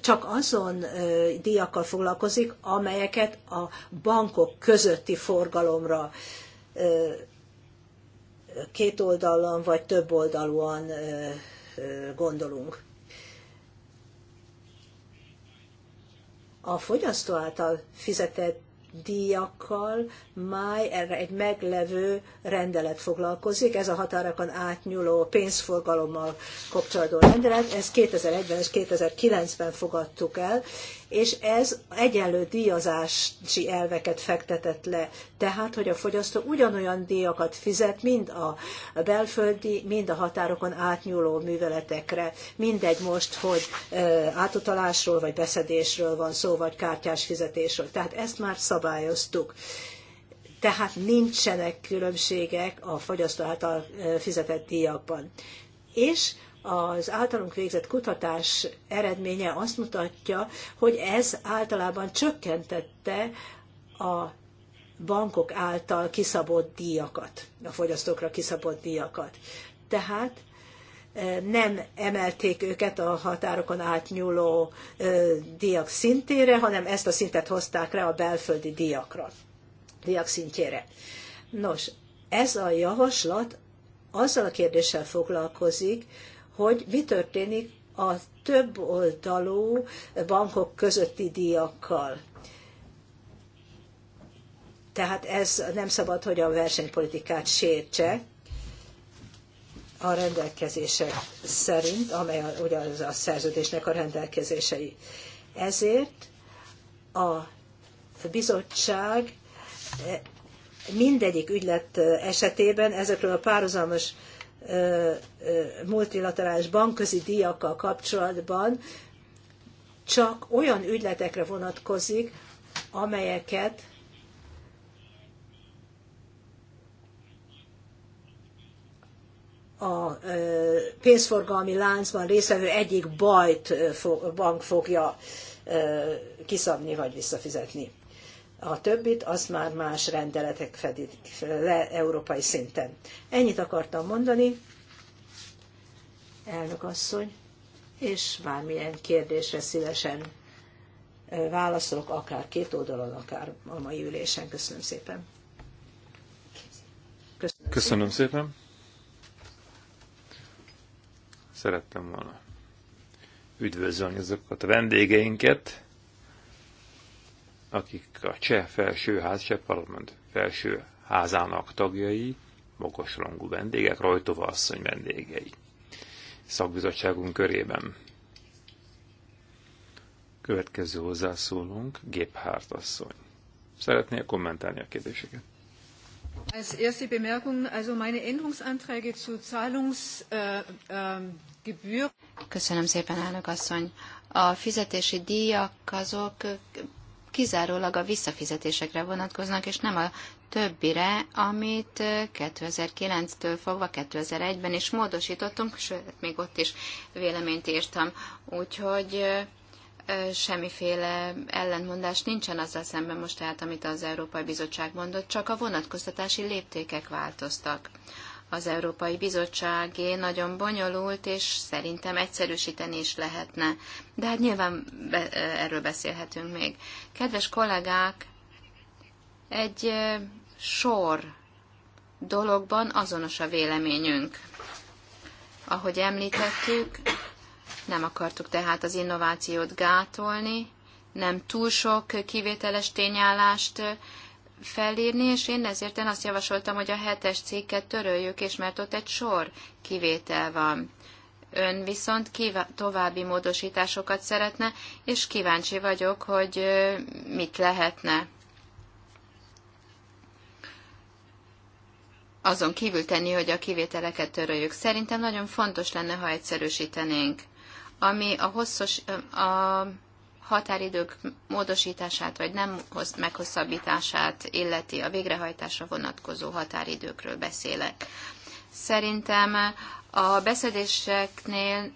Speaker 3: csak azon díjakkal foglalkozik, amelyeket a bankok közötti forgalomra két oldalon vagy több oldalúan gondolunk. A fogyasztó által fizetett díjakkal máj erre egy meglevő rendelet foglalkozik, ez a határokon átnyúló pénzforgalommal kapcsolató rendelet, ez 2001-ben és 2009-ben fogadtuk el, és ez egyenlő díjazási elveket fektetett le. Tehát, hogy a fogyasztó ugyanolyan díjakat fizet, mind a belföldi, mind a határokon átnyúló műveletekre. Mindegy most, hogy átutalásról, vagy beszedésről van szó, vagy kártyás fizetésről. Tehát ezt már szabályoztuk. Tehát nincsenek különbségek a fogyasztó által fizetett díjakban. És az általunk végzett kutatás eredménye azt mutatja, hogy ez általában csökkentette a bankok által kiszabott díjakat, a fogyasztókra kiszabott díjakat. Tehát e, nem emelték őket a határokon átnyúló e, díjak szintére, hanem ezt a szintet hozták rá a belföldi díjakra, díjak szintjére. Nos, ez a javaslat azzal a kérdéssel foglalkozik, hogy mi történik a több oldalú bankok közötti díjakkal. Tehát ez nem szabad, hogy a versenypolitikát sértse a rendelkezések szerint, amely a, ugye az a szerződésnek a rendelkezései. Ezért a bizottság eh, mindegyik ügylet eh, esetében ezekről a párhuzamos multilaterális bankközi díjakkal kapcsolatban csak olyan ügyletekre vonatkozik, amelyeket a pénzforgalmi láncban részvevő egyik bajt bank fogja kiszabni vagy visszafizetni. A többit azt már más rendeletek fedik le európai szinten. Ennyit akartam mondani, elnök asszony, és bármilyen kérdésre szívesen válaszolok, akár két oldalon, akár a mai ülésen. Köszönöm szépen. Köszönöm,
Speaker 1: Köszönöm szépen. Szerettem volna üdvözölni azokat a vendégeinket, akik a cseh felsőház, cseh parlament felsőházának tagjai, magasrangú vendégek, Rajtova asszony vendégei szakbizottságunk körében. Következő hozzászólunk, Géphárt asszony. Szeretnél kommentálni a kérdéseket?
Speaker 2: Als erste Bemerkung, also meine Änderungsanträge zu Zahlungsgebühr. Äh, ähm, Köszönöm szépen, elnök asszony. A fizetési díjak azok kizárólag a visszafizetésekre vonatkoznak, és nem a többire, amit 2009-től eh, fogva 2001-ben is módosítottunk, sőt, még ott is véleményt írtam. Úgyhogy eh, eh, semmiféle ellentmondás nincsen azzal szemben most tehát, amit az Európai Bizottság mondott, csak a vonatkoztatási léptékek változtak az Európai Bizottságé nagyon bonyolult, és szerintem egyszerűsíteni is lehetne. De hát nyilván be, erről beszélhetünk még. Kedves kollégák, egy sor dologban azonos a véleményünk. Ahogy említettük, nem akartuk tehát az innovációt gátolni, nem túl sok kivételes tényállást felírni, és én ezért én azt javasoltam, hogy a hetes cikket töröljük, és mert ott egy sor kivétel van. Ön viszont kivá- további módosításokat szeretne, és kíváncsi vagyok, hogy mit lehetne. Azon kívül tenni, hogy a kivételeket töröljük. Szerintem nagyon fontos lenne, ha egyszerűsítenénk. Ami a hosszos, a határidők módosítását vagy nem meghosszabbítását illeti a végrehajtásra vonatkozó határidőkről beszélek. Szerintem a beszedéseknél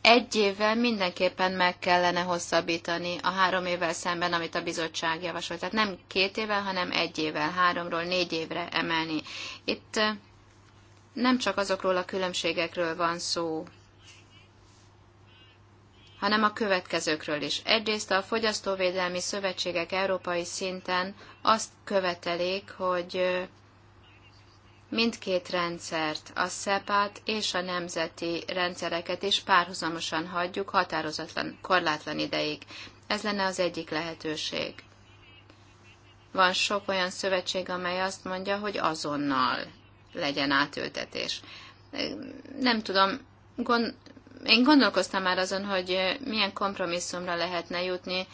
Speaker 2: egy évvel mindenképpen meg kellene hosszabbítani a három évvel szemben, amit a bizottság javasolt. Tehát nem két évvel, hanem egy évvel, háromról négy évre emelni. Itt nem csak azokról a különbségekről van szó, hanem a következőkről is. Egyrészt a fogyasztóvédelmi szövetségek európai szinten azt követelik, hogy mindkét rendszert, a SEPÁT és a nemzeti rendszereket is párhuzamosan hagyjuk határozatlan, korlátlan ideig. Ez lenne az egyik lehetőség. Van sok olyan szövetség, amely azt mondja, hogy azonnal legyen átültetés. Nem tudom, gond, én gondolkoztam már azon, hogy milyen kompromisszumra lehetne jutni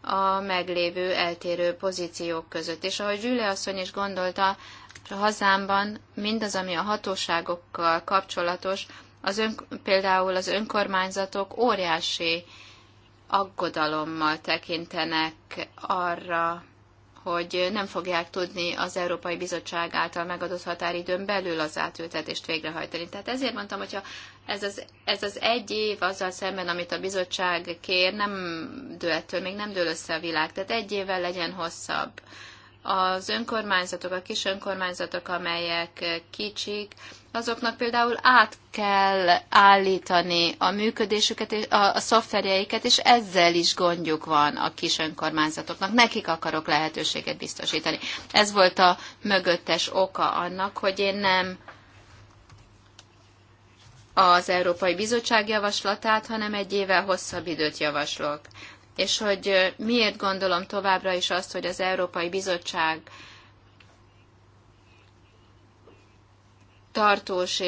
Speaker 2: a meglévő eltérő pozíciók között. És ahogy Zsüle asszony is gondolta, a hazámban mindaz, ami a hatóságokkal kapcsolatos, az ön, például az önkormányzatok óriási aggodalommal tekintenek arra, hogy nem fogják tudni az Európai Bizottság által megadott határidőn belül az átültetést végrehajtani. Tehát ezért mondtam, hogyha ez az, ez az egy év azzal szemben, amit a bizottság kér, nem dől ettől, még nem dől össze a világ. Tehát egy évvel legyen hosszabb az önkormányzatok, a kis önkormányzatok, amelyek kicsik, azoknak például át kell állítani a működésüket, a, a szoftverjeiket, és ezzel is gondjuk van a kis önkormányzatoknak. Nekik akarok lehetőséget biztosítani. Ez volt a mögöttes oka annak, hogy én nem az Európai Bizottság javaslatát, hanem egy évvel hosszabb időt javaslok és hogy miért gondolom továbbra is azt, hogy az Európai Bizottság tartós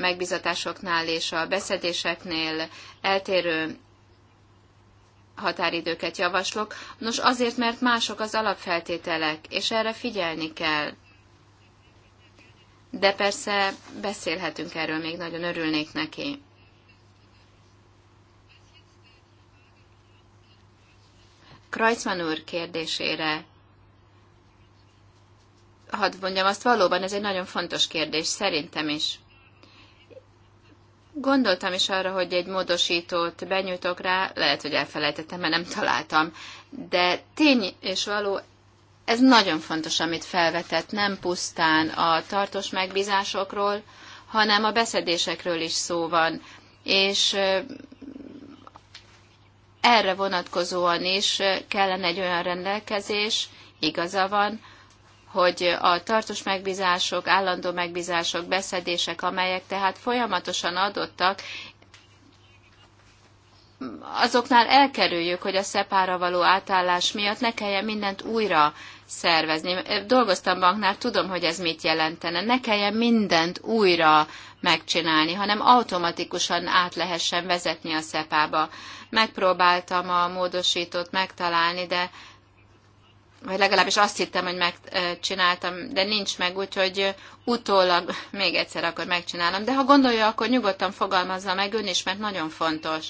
Speaker 2: megbizatásoknál és a beszedéseknél eltérő határidőket javaslok. Nos, azért, mert mások az alapfeltételek, és erre figyelni kell. De persze beszélhetünk erről, még nagyon örülnék neki. Krajcman úr kérdésére hadd mondjam azt, valóban ez egy nagyon fontos kérdés, szerintem is. Gondoltam is arra, hogy egy módosítót benyújtok rá, lehet, hogy elfelejtettem, mert nem találtam, de tény és való, ez nagyon fontos, amit felvetett, nem pusztán a tartós megbízásokról, hanem a beszedésekről is szó van, és erre vonatkozóan is kellene egy olyan rendelkezés, igaza van, hogy a tartós megbízások, állandó megbízások, beszedések, amelyek tehát folyamatosan adottak, azoknál elkerüljük, hogy a szepára való átállás miatt ne kelljen mindent újra szervezni. Dolgoztam banknál, tudom, hogy ez mit jelentene. Ne kelljen mindent újra megcsinálni, hanem automatikusan át lehessen vezetni a szepába. Megpróbáltam a módosítót megtalálni, de vagy legalábbis azt hittem, hogy megcsináltam, de nincs meg, úgyhogy utólag még egyszer akkor megcsinálom. De ha gondolja, akkor nyugodtan fogalmazza meg ön is, mert nagyon fontos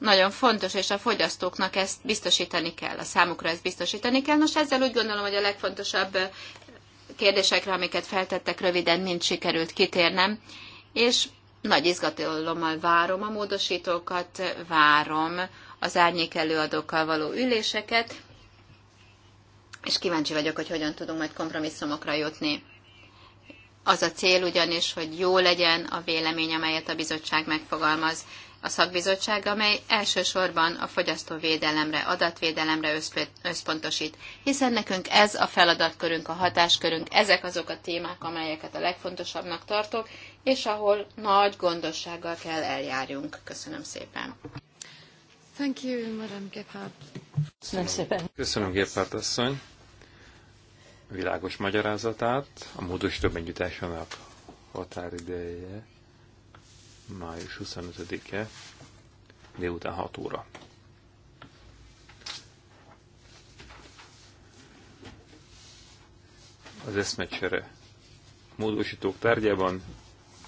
Speaker 2: nagyon fontos, és a fogyasztóknak ezt biztosítani kell, a számukra ezt biztosítani kell. Nos, ezzel úgy gondolom, hogy a legfontosabb kérdésekre, amiket feltettek röviden, mind sikerült kitérnem, és nagy izgatalommal várom a módosítókat, várom az árnyék előadókkal való üléseket, és kíváncsi vagyok, hogy hogyan tudunk majd kompromisszumokra jutni. Az a cél ugyanis, hogy jó legyen a vélemény, amelyet a bizottság megfogalmaz, a szakbizottság, amely elsősorban a fogyasztóvédelemre, adatvédelemre összpontosít, hiszen nekünk ez a feladatkörünk, a hatáskörünk, ezek azok a témák, amelyeket a legfontosabbnak tartok, és ahol nagy gondossággal kell eljárjunk. Köszönöm szépen. Thank you, Madam Gephardt. Köszönöm szépen.
Speaker 1: Köszönöm, Gephardt asszony világos magyarázatát, a módosítóbb együttásának határideje május 25-e délután 6 óra. Az eszmecsere módosítók tárgyában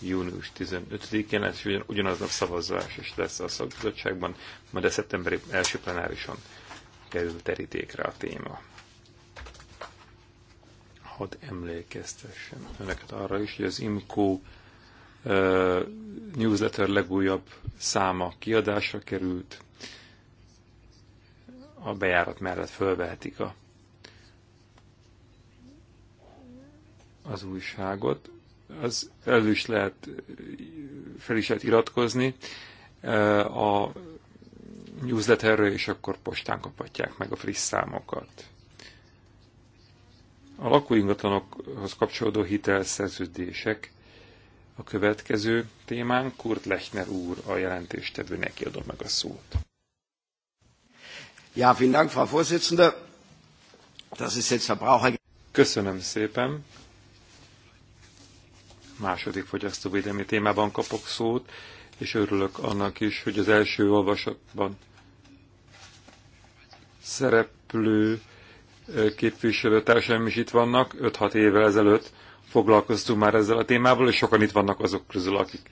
Speaker 1: június 15-én lesz, és ugyan, ugyanaznap szavazás is lesz a szakbizottságban, majd a szeptemberi első plenárison kerül terítékre a téma. Hadd emlékeztessem önöket arra is, hogy az IMCO newsletter legújabb száma kiadásra került, a bejárat mellett fölvehetik a, az újságot. Az elő is lehet, fel is lehet iratkozni a newsletterről, és akkor postán kaphatják meg a friss számokat. A lakóingatlanokhoz kapcsolódó hitelszerződések a következő témán Kurt Lechner úr a jelentéstevő, neki adom meg a szót. Ja, vielen Dank, Frau Vorsitzende. Das ist jetzt Verbraucher... Köszönöm szépen. Második fogyasztóvédelmi témában kapok szót, és örülök annak is, hogy az első olvasatban szereplő eh, képviselőtársaim is itt vannak, 5-6 évvel ezelőtt foglalkoztunk már ezzel a témával, és sokan itt vannak azok közül, akik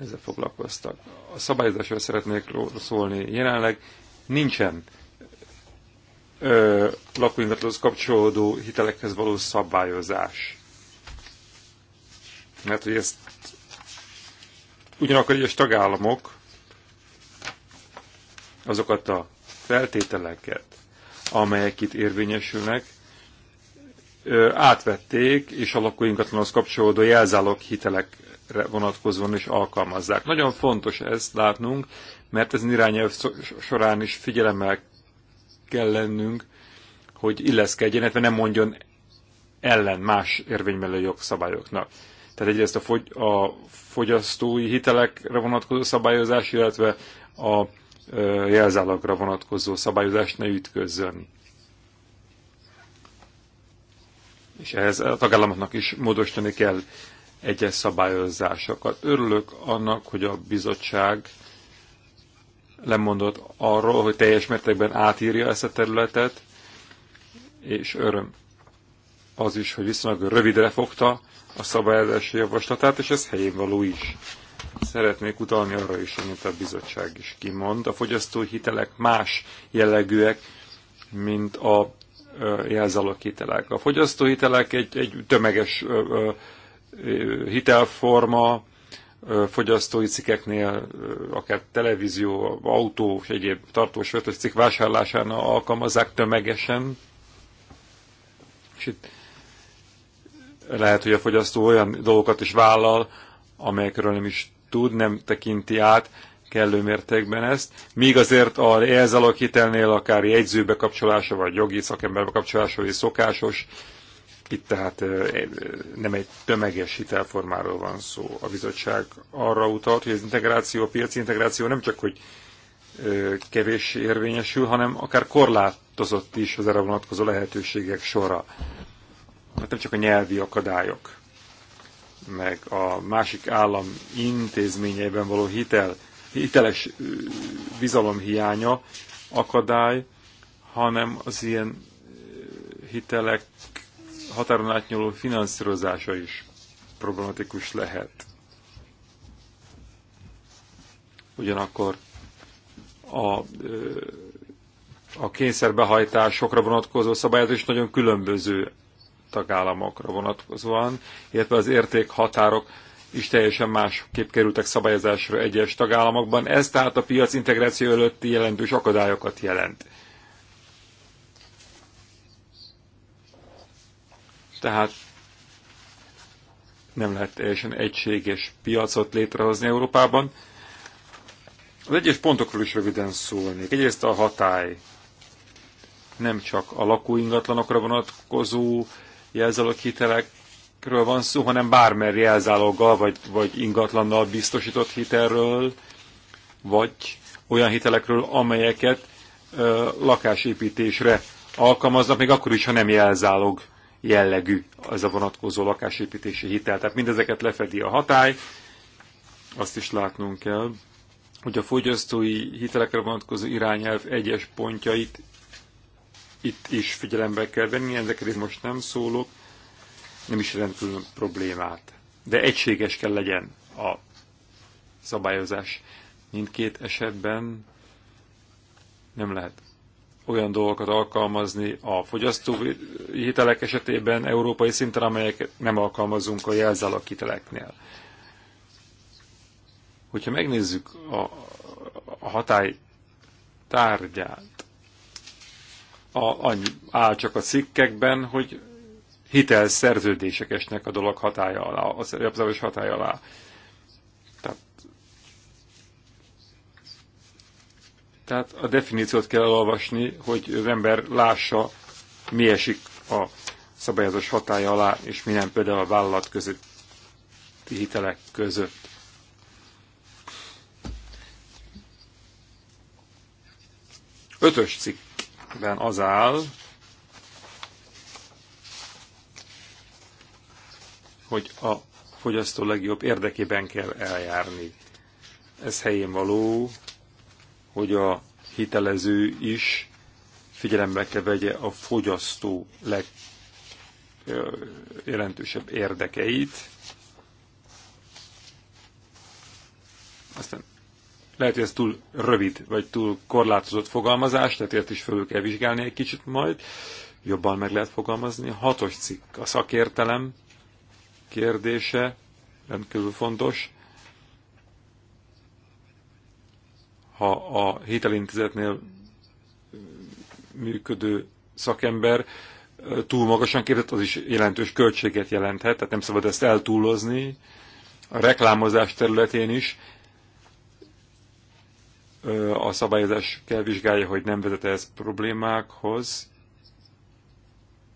Speaker 1: ezzel foglalkoztak. A szabályozásról szeretnék szólni. Jelenleg nincsen lakóingatlanhoz kapcsolódó hitelekhez való szabályozás. Mert hogy ezt ugyanakkor egyes tagállamok azokat a feltételeket, amelyek itt érvényesülnek, átvették, és a lakóingatlanhoz kapcsolódó jelzálok hitelekre vonatkozóan is alkalmazzák. Nagyon fontos ezt látnunk, mert ez irányelv során is figyelemmel kell lennünk, hogy illeszkedjen, illetve nem mondjon ellen más érvénymelő jogszabályoknak. Tehát egyrészt a, fogy, a fogyasztói hitelekre vonatkozó szabályozás, illetve a jelzálagra vonatkozó szabályozást ne ütközzön és ehhez a tagállamoknak is módosítani kell egyes szabályozásokat. Örülök annak, hogy a bizottság lemondott arról, hogy teljes mértékben átírja ezt a területet, és öröm az is, hogy viszonylag rövidre fogta a szabályozási javaslatát, és ez helyén való is. Szeretnék utalni arra is, amit a bizottság is kimond. A fogyasztói hitelek más jellegűek, mint a jelzálog hitelek. A fogyasztóhitelek egy, egy tömeges hitelforma, fogyasztói cikkeknél, akár televízió, autó és egyéb tartós cikk vásárlásánál alkalmazzák tömegesen. És itt lehet, hogy a fogyasztó olyan dolgokat is vállal, amelyekről nem is tud, nem tekinti át, kellő mértékben ezt, míg azért a jelzalakítelnél akár jegyzőbe kapcsolása, vagy jogi szakemberbe kapcsolása, vagy szokásos, itt tehát nem egy tömeges hitelformáról van szó. A bizottság arra utalt, hogy az integráció, a piaci integráció nem csak, hogy kevés érvényesül, hanem akár korlátozott is az erre vonatkozó lehetőségek sora. Hát nem csak a nyelvi akadályok, meg a másik állam intézményeiben való hitel hiteles bizalom hiánya akadály, hanem az ilyen hitelek határon átnyúló finanszírozása is problematikus lehet. Ugyanakkor a, a kényszerbehajtásokra vonatkozó szabályozás is nagyon különböző tagállamokra vonatkozóan, illetve az értékhatárok határok is teljesen másképp kerültek szabályozásra egyes tagállamokban. Ez tehát a piac integráció előtti jelentős akadályokat jelent. Tehát nem lehet teljesen egységes piacot létrehozni Európában. Az egyes pontokról is röviden szólnék. Egyrészt a hatály nem csak a lakóingatlanokra vonatkozó jelzelők hitelek hitelekről van szó, hanem bármely jelzáloggal vagy, vagy ingatlannal biztosított hitelről, vagy olyan hitelekről, amelyeket ö, lakásépítésre alkalmaznak, még akkor is, ha nem jelzálog jellegű az a vonatkozó lakásépítési hitel. Tehát mindezeket lefedi a hatály, azt is látnunk kell, hogy a fogyasztói hitelekre vonatkozó irányelv egyes pontjait itt is figyelembe kell venni, ezekről most nem szólok, nem is rendkívül problémát. De egységes kell legyen a szabályozás. Mindkét esetben nem lehet olyan dolgokat alkalmazni a fogyasztói hitelek esetében európai szinten, amelyeket nem alkalmazunk a jelzálak hiteleknél. Hogyha megnézzük a, a hatály tárgyát, a, annyi áll csak a cikkekben, hogy hitelszerződések esnek a dolog hatája alá, a jogszabályos hatája alá. Tehát, tehát a definíciót kell elolvasni, hogy az ember lássa, mi esik a szabályozás hatája alá, és mi nem például a vállalat közötti hitelek között. Ötös cikkben az áll, hogy a fogyasztó legjobb érdekében kell eljárni. Ez helyén való, hogy a hitelező is figyelembe kell vegye a fogyasztó legjelentősebb érdekeit. Aztán lehet, hogy ez túl rövid, vagy túl korlátozott fogalmazás, tehát ezt is fölül kell vizsgálni egy kicsit majd, jobban meg lehet fogalmazni. Hatos cikk, a szakértelem, kérdése rendkívül fontos. Ha a hitelintézetnél működő szakember túl magasan képzett, az is jelentős költséget jelenthet, tehát nem szabad ezt eltúlozni. A reklámozás területén is a szabályozás kell vizsgálja, hogy nem vezet ez problémákhoz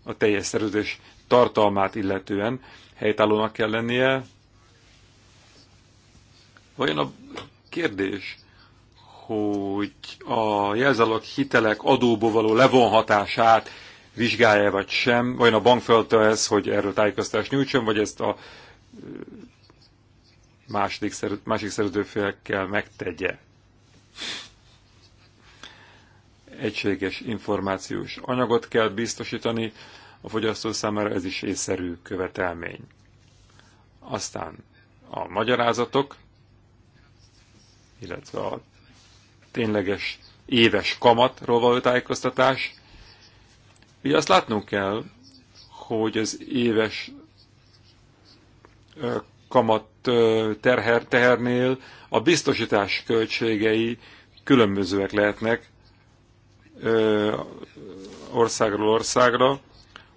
Speaker 1: a teljes szerződés tartalmát illetően helytállónak kell lennie. Vajon a kérdés, hogy a jelzálog hitelek adóból való levonhatását vizsgálja vagy sem, vajon a bank feladta ez, hogy erről tájékoztást nyújtson, vagy ezt a második, másik szerződőfél kell megtegye. Egységes információs anyagot kell biztosítani, a fogyasztó számára ez is észszerű követelmény. Aztán a magyarázatok, illetve a tényleges éves kamatról való tájékoztatás. Ugye azt látnunk kell, hogy az éves kamat terher, tehernél a biztosítás költségei különbözőek lehetnek országról országra,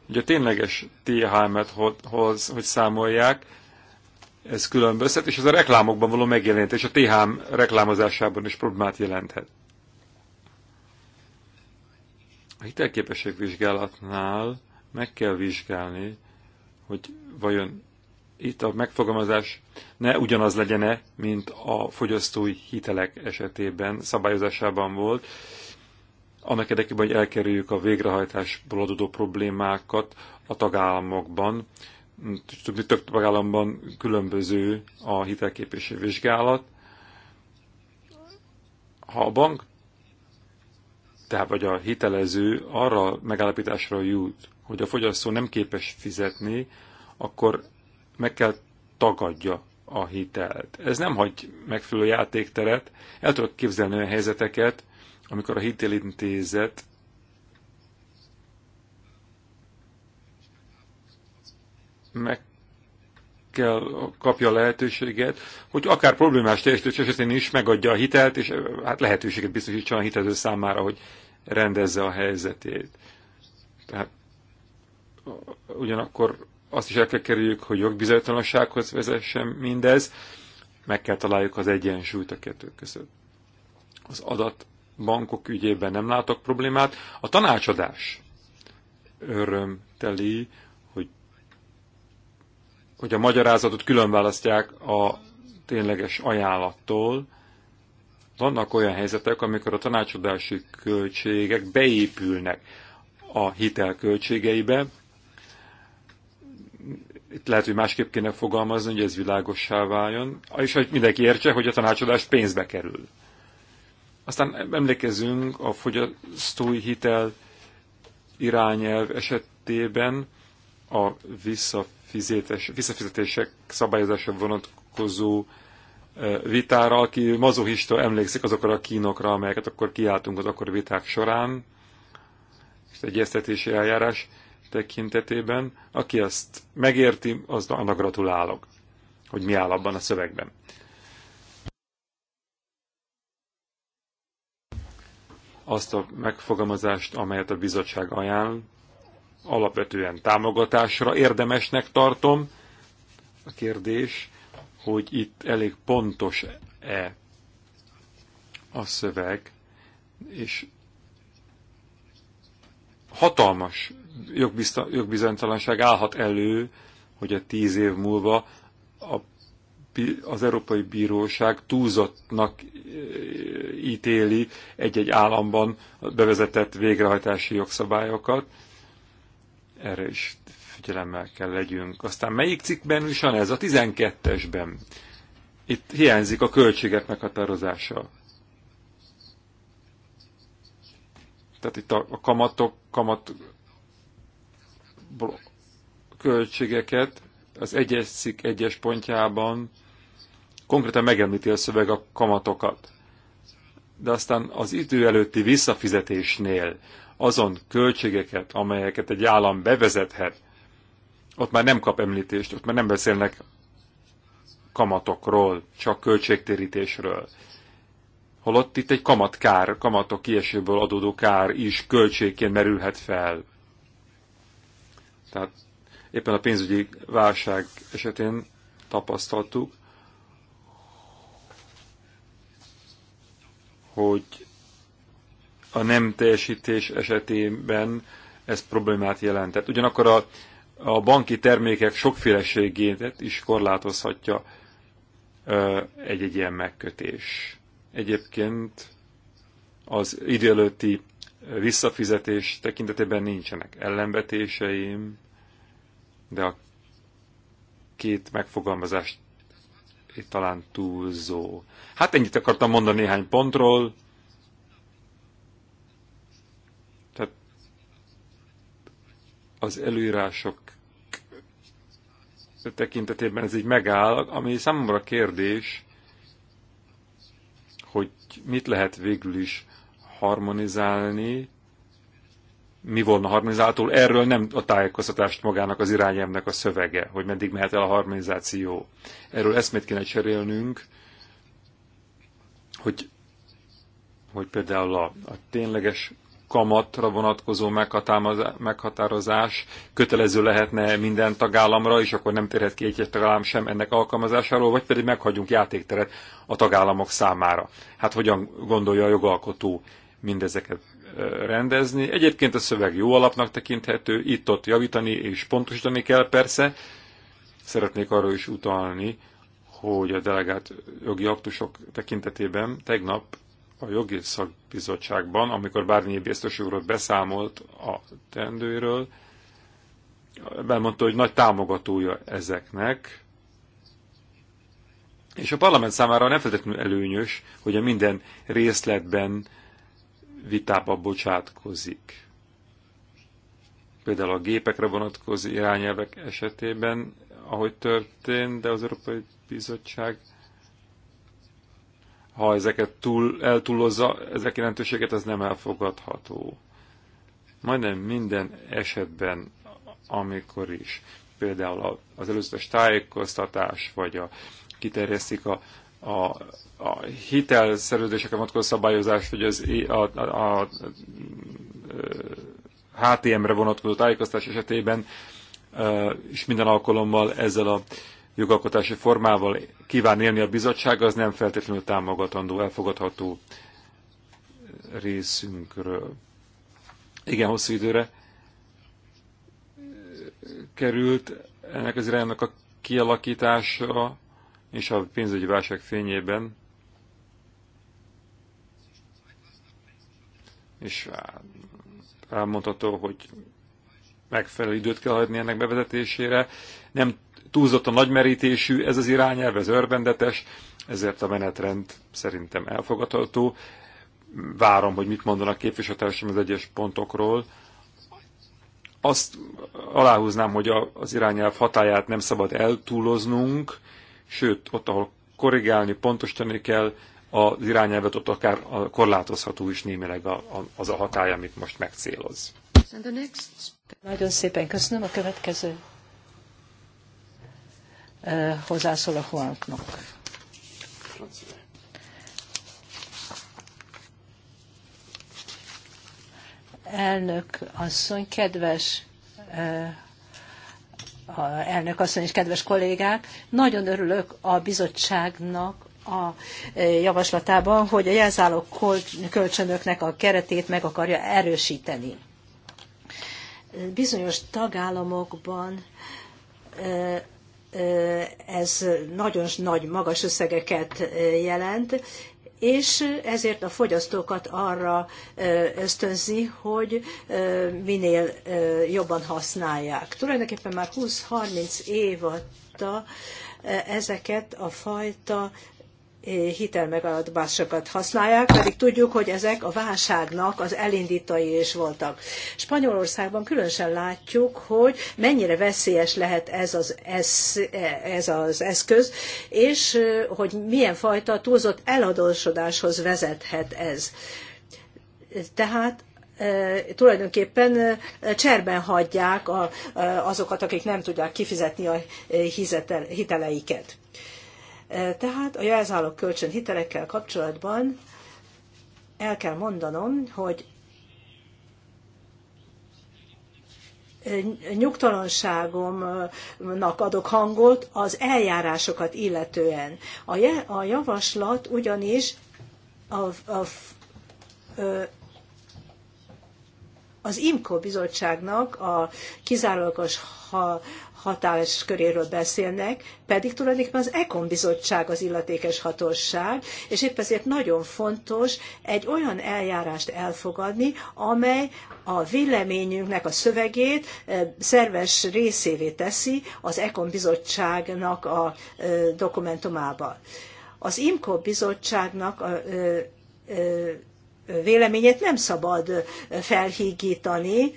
Speaker 1: hogy a tényleges THM-et hoz, hogy számolják, ez különbözhet, és ez a reklámokban való megjelenítés a THM reklámozásában is problémát jelenthet. A vizsgálatnál meg kell vizsgálni, hogy vajon itt a megfogalmazás ne ugyanaz legyen-e, mint a fogyasztói hitelek esetében szabályozásában volt, annak érdekében, hogy elkerüljük a végrehajtásból adódó problémákat a tagállamokban. Több, több tagállamban különböző a hitelképési vizsgálat. Ha a bank, tehát vagy a hitelező arra megállapításra jut, hogy a fogyasztó nem képes fizetni, akkor meg kell tagadja a hitelt. Ez nem hagy megfelelő játékteret. El tudok képzelni olyan helyzeteket, amikor a hitelintézet meg kell kapja a lehetőséget, hogy akár problémás teljesítés esetén is megadja a hitelt, és hát lehetőséget biztosítsa a hitelző számára, hogy rendezze a helyzetét. Tehát ugyanakkor azt is el kell kerüljük, hogy jogbizonytalansághoz vezessen mindez, meg kell találjuk az egyensúlyt a kettő között. Az adat bankok ügyében nem látok problémát. A tanácsadás örömteli, hogy, hogy a magyarázatot választják a tényleges ajánlattól. Vannak olyan helyzetek, amikor a tanácsadási költségek beépülnek a hitel költségeibe. Itt lehet, hogy másképp kéne fogalmazni, hogy ez világossá váljon, és hogy mindenki értse, hogy a tanácsadás pénzbe kerül. Aztán emlékezünk a fogyasztói hitel irányelv esetében a visszafizetések szabályozása vonatkozó e, vitára, aki mazohista emlékszik azokra a kínokra, amelyeket akkor kiáltunk az akkor viták során, és egyeztetési eljárás tekintetében, aki ezt megérti, az annak gratulálok, hogy mi áll abban a szövegben. azt a megfogalmazást, amelyet a bizottság ajánl, alapvetően támogatásra érdemesnek tartom. A kérdés, hogy itt elég pontos-e a szöveg, és hatalmas jogbizonytalanság állhat elő, hogy a tíz év múlva az Európai Bíróság túlzottnak e, ítéli egy-egy államban bevezetett végrehajtási jogszabályokat. Erre is figyelemmel kell legyünk. Aztán melyik cikkben is van ez? A 12-esben. Itt hiányzik a költségek meghatározása. Tehát itt a, kamatok, kamat költségeket az egyes cikk egyes pontjában Konkrétan megemlíti a szöveg a kamatokat. De aztán az idő előtti visszafizetésnél azon költségeket, amelyeket egy állam bevezethet, ott már nem kap említést, ott már nem beszélnek kamatokról, csak költségtérítésről. Holott itt egy kamatkár, kamatok kiesőből adódó kár is költségként merülhet fel. Tehát éppen a pénzügyi válság esetén tapasztaltuk, hogy a nem teljesítés esetében ez problémát jelentett. Ugyanakkor a, a banki termékek sokféleségét is korlátozhatja egy-egy ilyen megkötés. Egyébként az időlőtti visszafizetés tekintetében nincsenek ellenvetéseim, de a két megfogalmazást itt talán túlzó. Hát ennyit akartam mondani néhány pontról. Tehát az előírások tekintetében ez így megáll, ami számomra kérdés, hogy mit lehet végül is harmonizálni, mi volna harmonizáltól, erről nem a tájékoztatást magának az irányelvnek a szövege, hogy meddig mehet el a harmonizáció. Erről eszmét kéne cserélnünk, hogy, hogy például a, a tényleges kamatra vonatkozó meghatározás kötelező lehetne minden tagállamra, és akkor nem térhet ki egy-egy tagállam sem ennek alkalmazásáról, vagy pedig meghagyunk játékteret a tagállamok számára. Hát hogyan gondolja a jogalkotó mindezeket rendezni. Egyébként a szöveg jó alapnak tekinthető, itt-ott javítani és pontosítani kell persze. Szeretnék arról is utalni, hogy a delegált jogi aktusok tekintetében tegnap a jogi szakbizottságban, amikor Bárnyi biztos úrot beszámolt a tendőről, bemondta, hogy nagy támogatója ezeknek, és a parlament számára nem feltétlenül előnyös, hogy a minden részletben vitába bocsátkozik. Például a gépekre vonatkozó irányelvek esetében, ahogy történt, de az Európai Bizottság ha ezeket túl, eltúlozza, ezek jelentőséget, az nem elfogadható. Majdnem minden esetben, amikor is, például az előzetes tájékoztatás, vagy a, kiterjesztik a a, a hitelszerződésekre vonatkozó szabályozás, vagy az, a, a, a, a HTM-re vonatkozó tájékoztatás esetében és minden alkalommal ezzel a jogalkotási formával kíván élni a bizottság, az nem feltétlenül támogatandó, elfogadható részünkről. Igen, hosszú időre került ennek az iránynak a kialakítása, és a pénzügyi válság fényében, és elmondható, hogy megfelelő időt kell hagyni ennek bevezetésére. Nem túlzott a nagymerítésű ez az irányelv, ez örvendetes, ezért a menetrend szerintem elfogadható. Várom, hogy mit mondanak képviselőtársam az egyes pontokról. Azt aláhúznám, hogy az irányelv hatáját nem szabad eltúloznunk, sőt, ott, ahol korrigálni, pontosítani kell, az irányelvet ott akár korlátozható is némileg a, az a hatály, amit most megcéloz.
Speaker 3: Nagyon szépen köszönöm a következő uh, hozzászól a Huanknak. Elnök asszony, kedves uh, elnök asszony és kedves kollégák, nagyon örülök a bizottságnak a e, javaslatában, hogy a jelzálók kölcsönöknek a keretét meg akarja erősíteni. Bizonyos tagállamokban e, e, ez nagyon nagy, magas összegeket jelent, és ezért a fogyasztókat arra ösztönzi, hogy minél jobban használják. Tulajdonképpen már 20-30 év ezeket a fajta hitelmegadatbásokat használják, pedig tudjuk, hogy ezek a válságnak az elindítói is voltak. Spanyolországban különösen látjuk, hogy mennyire veszélyes lehet ez az, ez, ez az eszköz, és hogy milyen fajta túlzott eladósodáshoz vezethet ez. Tehát tulajdonképpen cserben hagyják azokat, akik nem tudják kifizetni a hiteleiket. E, tehát a jelzálog kölcsön hitelekkel kapcsolatban el kell mondanom, hogy nyugtalanságomnak adok hangot az eljárásokat illetően. A javaslat ugyanis a, a, az IMCO bizottságnak a kizárólagos ha hatásköréről beszélnek, pedig tulajdonképpen az ECOM bizottság az illetékes hatóság, és épp ezért nagyon fontos egy olyan eljárást elfogadni, amely a véleményünknek a szövegét szerves részévé teszi az ECOM bizottságnak a dokumentumába. Az IMCO bizottságnak a véleményét nem szabad felhígítani,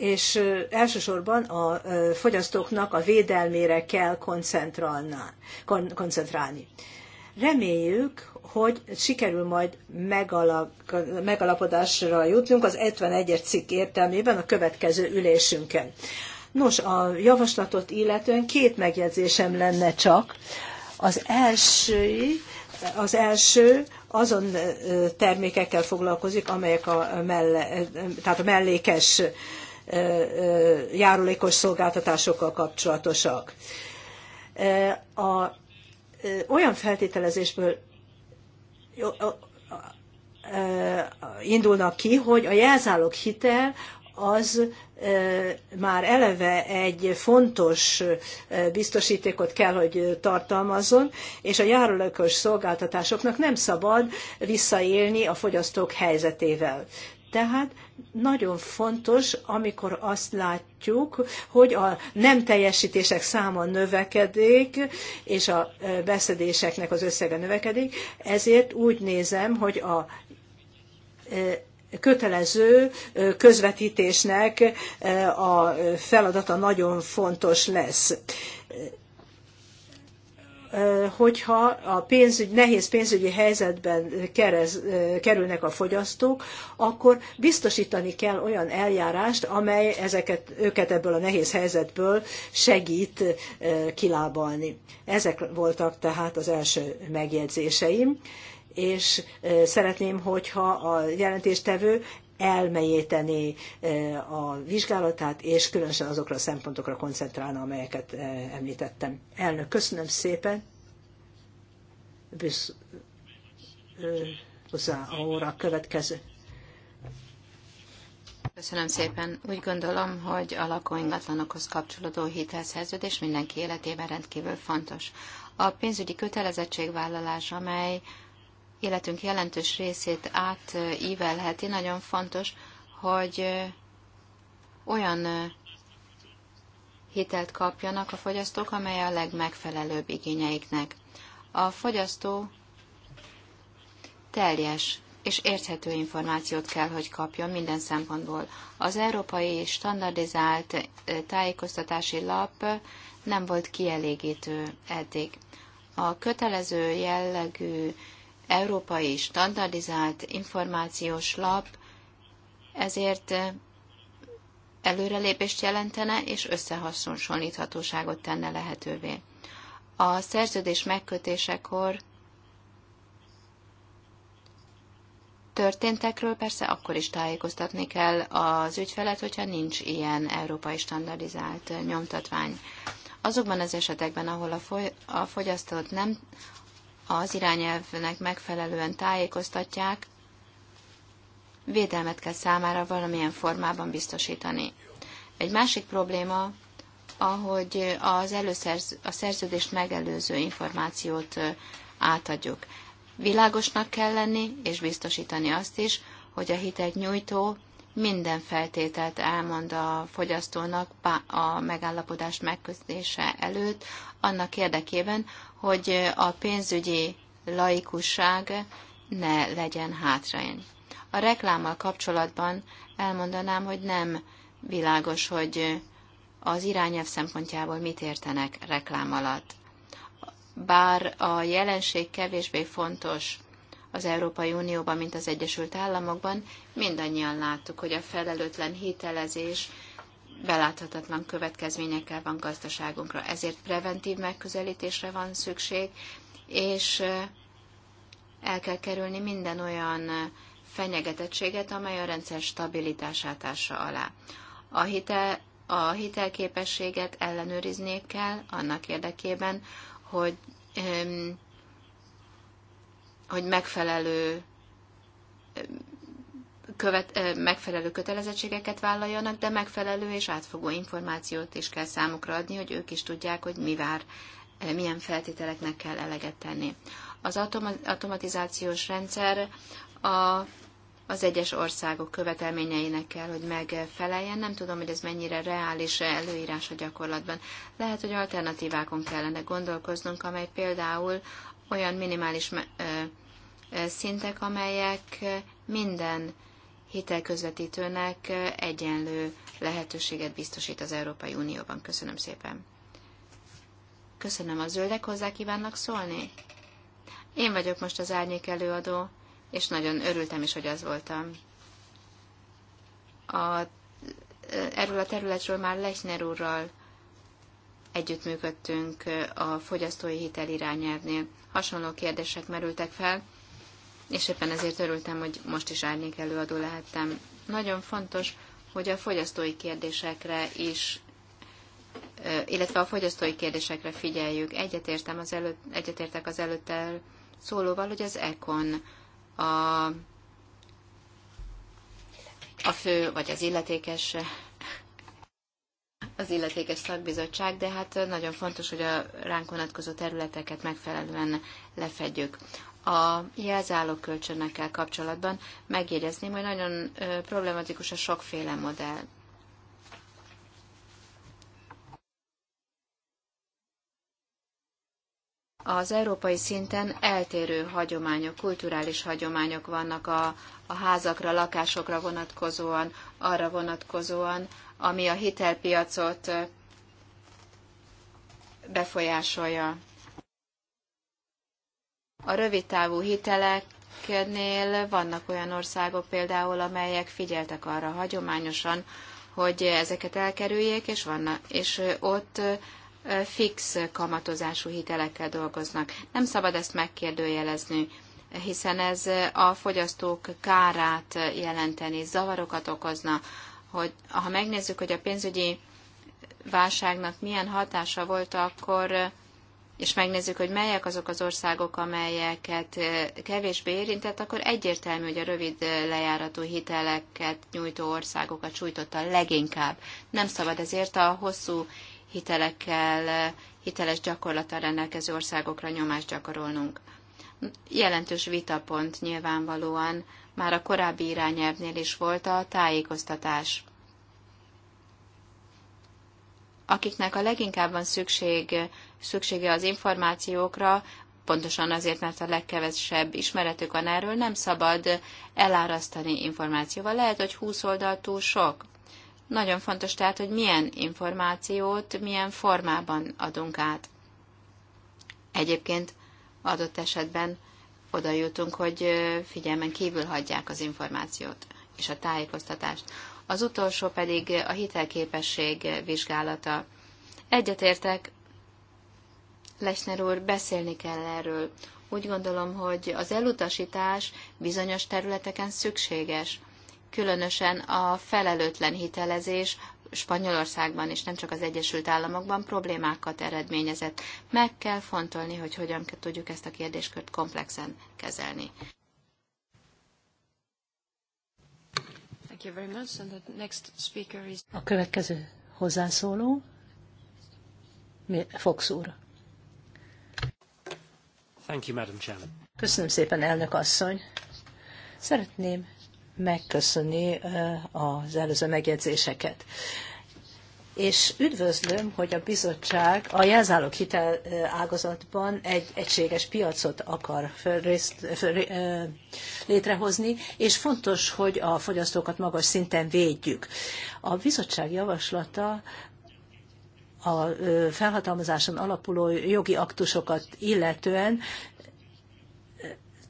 Speaker 3: és elsősorban a fogyasztóknak a védelmére kell koncentrálni. Reméljük, hogy sikerül majd megalapodásra jutnunk az 51-es cikk értelmében a következő ülésünkön. Nos, a javaslatot illetően két megjegyzésem lenne csak. Az első, az első azon termékekkel foglalkozik, amelyek a, melle, tehát a mellékes járulékos szolgáltatásokkal kapcsolatosak. A, olyan feltételezésből indulnak ki, hogy a jelzálog hitel az már eleve egy fontos biztosítékot kell, hogy tartalmazzon, és a járulékos szolgáltatásoknak nem szabad visszaélni a fogyasztók helyzetével. Tehát nagyon fontos, amikor azt látjuk, hogy a nem teljesítések száma növekedik, és a beszedéseknek az összege növekedik, ezért úgy nézem, hogy a kötelező közvetítésnek a feladata nagyon fontos lesz hogyha a pénzügy, nehéz pénzügyi helyzetben kerez, kerülnek a fogyasztók, akkor biztosítani kell olyan eljárást, amely ezeket, őket ebből a nehéz helyzetből segít kilábalni. Ezek voltak tehát az első megjegyzéseim és szeretném, hogyha a jelentéstevő elmélyíteni a vizsgálatát, és különösen azokra a szempontokra koncentrálna, amelyeket említettem. Elnök, köszönöm szépen. Büsz, hozzá a óra következő.
Speaker 2: Köszönöm szépen. Úgy gondolom, hogy a lakóingatlanokhoz kapcsolódó hitelszerződés mindenki életében rendkívül fontos. A pénzügyi kötelezettségvállalás, amely életünk jelentős részét átívelheti. Nagyon fontos, hogy olyan hitelt kapjanak a fogyasztók, amely a legmegfelelőbb igényeiknek. A fogyasztó teljes és érthető információt kell, hogy kapjon minden szempontból. Az európai standardizált tájékoztatási lap nem volt kielégítő eddig. A kötelező jellegű európai standardizált információs lap, ezért eh, előrelépést jelentene és összehasonlíthatóságot tenne lehetővé. A szerződés megkötésekor történtekről persze akkor is tájékoztatni kell az ügyfelet, hogyha nincs ilyen európai standardizált nyomtatvány. Azokban az esetekben, ahol a, foly- a fogyasztót nem, az irányelvnek megfelelően tájékoztatják, védelmet kell számára valamilyen formában biztosítani. Egy másik probléma, ahogy az előszerz, a szerződést megelőző információt átadjuk. Világosnak kell lenni, és biztosítani azt is, hogy a hitet nyújtó minden feltételt elmond a fogyasztónak a megállapodás megközdése előtt, annak érdekében, hogy a pénzügyi laikusság ne legyen hátrány. A reklámmal kapcsolatban elmondanám, hogy nem világos, hogy az irányelv szempontjából mit értenek reklám alatt. Bár a jelenség kevésbé fontos az Európai Unióban, mint az Egyesült Államokban, mindannyian láttuk, hogy a felelőtlen hitelezés beláthatatlan következményekkel van gazdaságunkra. Ezért preventív megközelítésre van szükség, és el kell kerülni minden olyan fenyegetettséget, amely a rendszer stabilitását ássa alá. A, hitel, a hitelképességet ellenőrizni kell annak érdekében, hogy, hogy megfelelő követ, megfelelő kötelezettségeket vállaljanak, de megfelelő és átfogó információt is kell számukra adni, hogy ők is tudják, hogy mi vár, milyen feltételeknek kell eleget tenni. Az automatizációs rendszer a, az egyes országok követelményeinek kell, hogy megfeleljen. Nem tudom, hogy ez mennyire reális előírás a gyakorlatban. Lehet, hogy alternatívákon kellene gondolkoznunk, amely például olyan minimális szintek, amelyek minden hitelközvetítőnek eh, egyenlő lehetőséget biztosít az Európai Unióban. Köszönöm szépen. Köszönöm, a zöldek hozzá kívánnak szólni? Én vagyok most az árnyék előadó, és nagyon örültem is, hogy az voltam. A, eh, erről a területről már Lechner úrral együttműködtünk eh, a fogyasztói hitel irányelvnél. Hasonló kérdések merültek fel, és éppen ezért örültem, hogy most is árnyék előadó lehettem. Nagyon fontos, hogy a fogyasztói kérdésekre is illetve a fogyasztói kérdésekre figyeljük. Egyetértem az előtt, egyetértek az el szólóval, hogy az ECON a, a fő, vagy az illetékes az illetékes szakbizottság, de hát nagyon fontos, hogy a ránk vonatkozó területeket megfelelően lefedjük a jelzálók kölcsönökkel kapcsolatban megjegyezném, hogy nagyon problematikus a sokféle modell. Az európai szinten eltérő hagyományok, kulturális hagyományok vannak a, a házakra, lakásokra vonatkozóan, arra vonatkozóan, ami a hitelpiacot befolyásolja. A rövidtávú hiteleknél vannak olyan országok például, amelyek figyeltek arra hagyományosan, hogy ezeket elkerüljék, és, vannak, és ott fix kamatozású hitelekkel dolgoznak. Nem szabad ezt megkérdőjelezni, hiszen ez a fogyasztók kárát jelenteni, zavarokat okozna, hogy ha megnézzük, hogy a pénzügyi válságnak milyen hatása volt, akkor és megnézzük, hogy melyek azok az országok, amelyeket kevésbé érintett, akkor egyértelmű, hogy a rövid lejáratú hiteleket nyújtó országokat sújtotta leginkább. Nem szabad ezért a hosszú hitelekkel, hiteles gyakorlattal rendelkező országokra nyomást gyakorolnunk. Jelentős vitapont nyilvánvalóan már a korábbi irányelvnél is volt a tájékoztatás. Akiknek a leginkább van szükség szüksége az információkra, pontosan azért, mert a legkevesebb ismeretük van erről, nem szabad elárasztani információval. Lehet, hogy 20 oldal túl sok. Nagyon fontos tehát, hogy milyen információt, milyen formában adunk át. Egyébként adott esetben oda jutunk, hogy figyelmen kívül hagyják az információt és a tájékoztatást. Az utolsó pedig a hitelképesség vizsgálata. Egyetértek Lesner úr, beszélni kell erről. Úgy gondolom, hogy az elutasítás bizonyos területeken szükséges, különösen a felelőtlen hitelezés Spanyolországban és nem csak az Egyesült Államokban problémákat eredményezett. Meg kell fontolni, hogy hogyan tudjuk ezt a kérdéskört komplexen kezelni.
Speaker 3: A
Speaker 1: következő
Speaker 3: hozzászóló Fox úr.
Speaker 1: Thank you, Madam Chairman.
Speaker 3: Köszönöm szépen, elnök asszony. Szeretném megköszönni az előző megjegyzéseket. És üdvözlöm, hogy a bizottság a jelzálók hitel ágazatban egy egységes piacot akar létrehozni, és fontos, hogy a fogyasztókat magas szinten védjük. A bizottság javaslata a felhatalmazáson alapuló jogi aktusokat illetően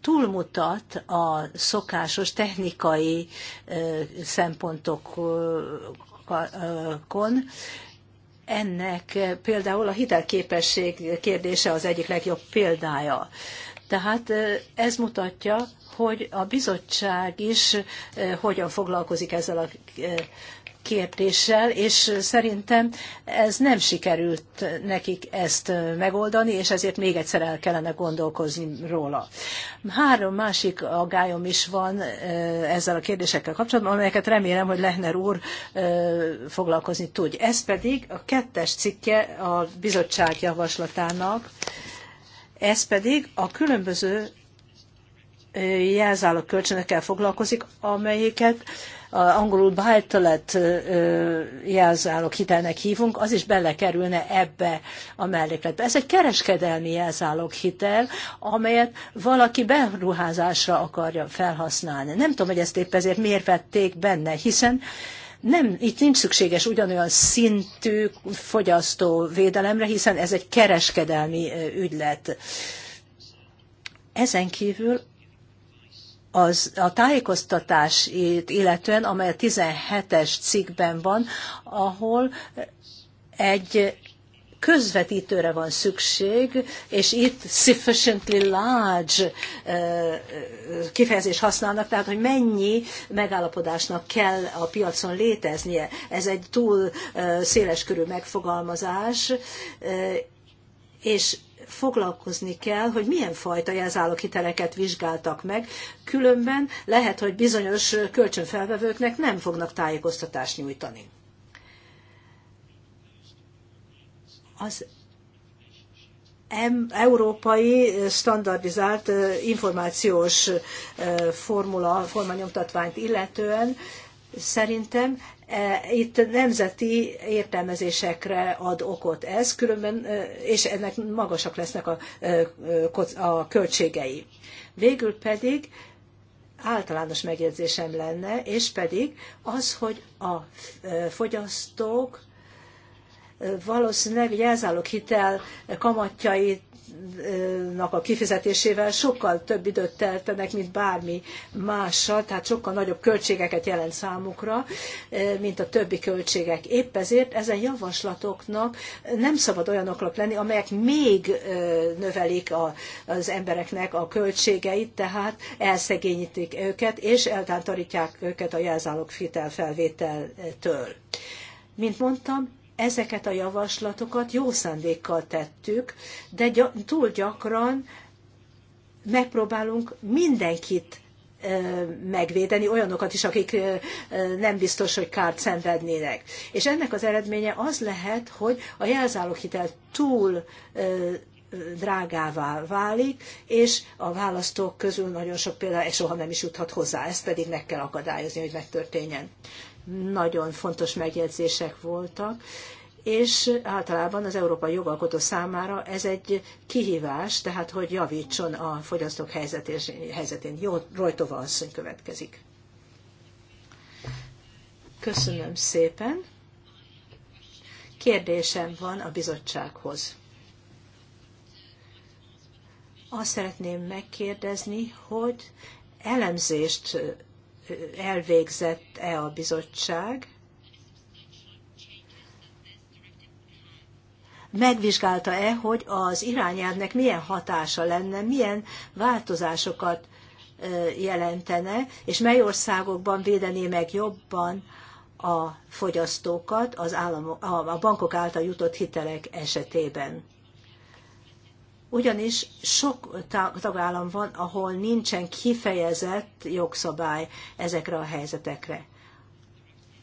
Speaker 3: túlmutat a szokásos technikai szempontokon. Ennek például a hitelképesség kérdése az egyik legjobb példája. Tehát ez mutatja, hogy a bizottság is hogyan foglalkozik ezzel a kérdéssel, és szerintem ez nem sikerült nekik ezt megoldani, és ezért még egyszer el kellene gondolkozni róla. Három másik aggályom is van ezzel a kérdésekkel kapcsolatban, amelyeket remélem, hogy Lehner úr foglalkozni tud. Ez pedig a kettes cikke a bizottság javaslatának, ez pedig a különböző jelzálog kölcsönökkel foglalkozik, amelyeket angolul buy to hitelnek hívunk, az is belekerülne ebbe a mellékletbe. Ez egy kereskedelmi jelzálók hitel, amelyet valaki beruházásra akarja felhasználni. Nem tudom, hogy ezt épp ezért miért vették benne, hiszen nem, itt nincs szükséges ugyanolyan szintű fogyasztó védelemre, hiszen ez egy kereskedelmi ügylet. Ezen kívül az, a tájékoztatás illetően, amely a 17-es cikkben van, ahol egy közvetítőre van szükség, és itt sufficiently large kifejezés használnak, tehát hogy mennyi megállapodásnak kell a piacon léteznie. Ez egy túl széleskörű megfogalmazás, és foglalkozni kell, hogy milyen fajta jelzáloghiteleket vizsgáltak meg, különben lehet, hogy bizonyos kölcsönfelvevőknek nem fognak tájékoztatást nyújtani. Az európai standardizált információs formula, formanyomtatványt illetően szerintem E, itt nemzeti értelmezésekre ad okot ez, különben, e, és ennek magasak lesznek a, e, a költségei. Végül pedig általános megjegyzésem lenne, és pedig az, hogy a fogyasztók valószínűleg jelzáloghitel kamatjait a kifizetésével sokkal több időt teltenek, mint bármi mással, tehát sokkal nagyobb költségeket jelent számukra, mint a többi költségek. Épp ezért ezen javaslatoknak nem szabad olyanoknak lenni, amelyek még növelik a, az embereknek a költségeit, tehát elszegényítik őket, és eltántorítják őket a jelzálog hitelfelvételtől. Mint mondtam, ezeket a javaslatokat jó szándékkal tettük, de gy- túl gyakran megpróbálunk mindenkit megvédeni olyanokat is, akik nem biztos, hogy kárt szenvednének. És ennek az eredménye az lehet, hogy a jelzáloghitel túl drágává válik, és a választók közül nagyon sok például soha nem is juthat hozzá, ezt pedig meg kell akadályozni, hogy megtörténjen nagyon fontos megjegyzések voltak, és általában az európai jogalkotó számára ez egy kihívás, tehát hogy javítson a fogyasztók helyzetén. Jó, Rojtova asszony következik. Köszönöm szépen. Kérdésem van a bizottsághoz. Azt szeretném megkérdezni, hogy elemzést elvégzett-e a bizottság, megvizsgálta-e, hogy az irányelvnek milyen hatása lenne, milyen változásokat jelentene, és mely országokban védené meg jobban a fogyasztókat az államok, a bankok által jutott hitelek esetében. Ugyanis sok tagállam van, ahol nincsen kifejezett jogszabály ezekre a helyzetekre.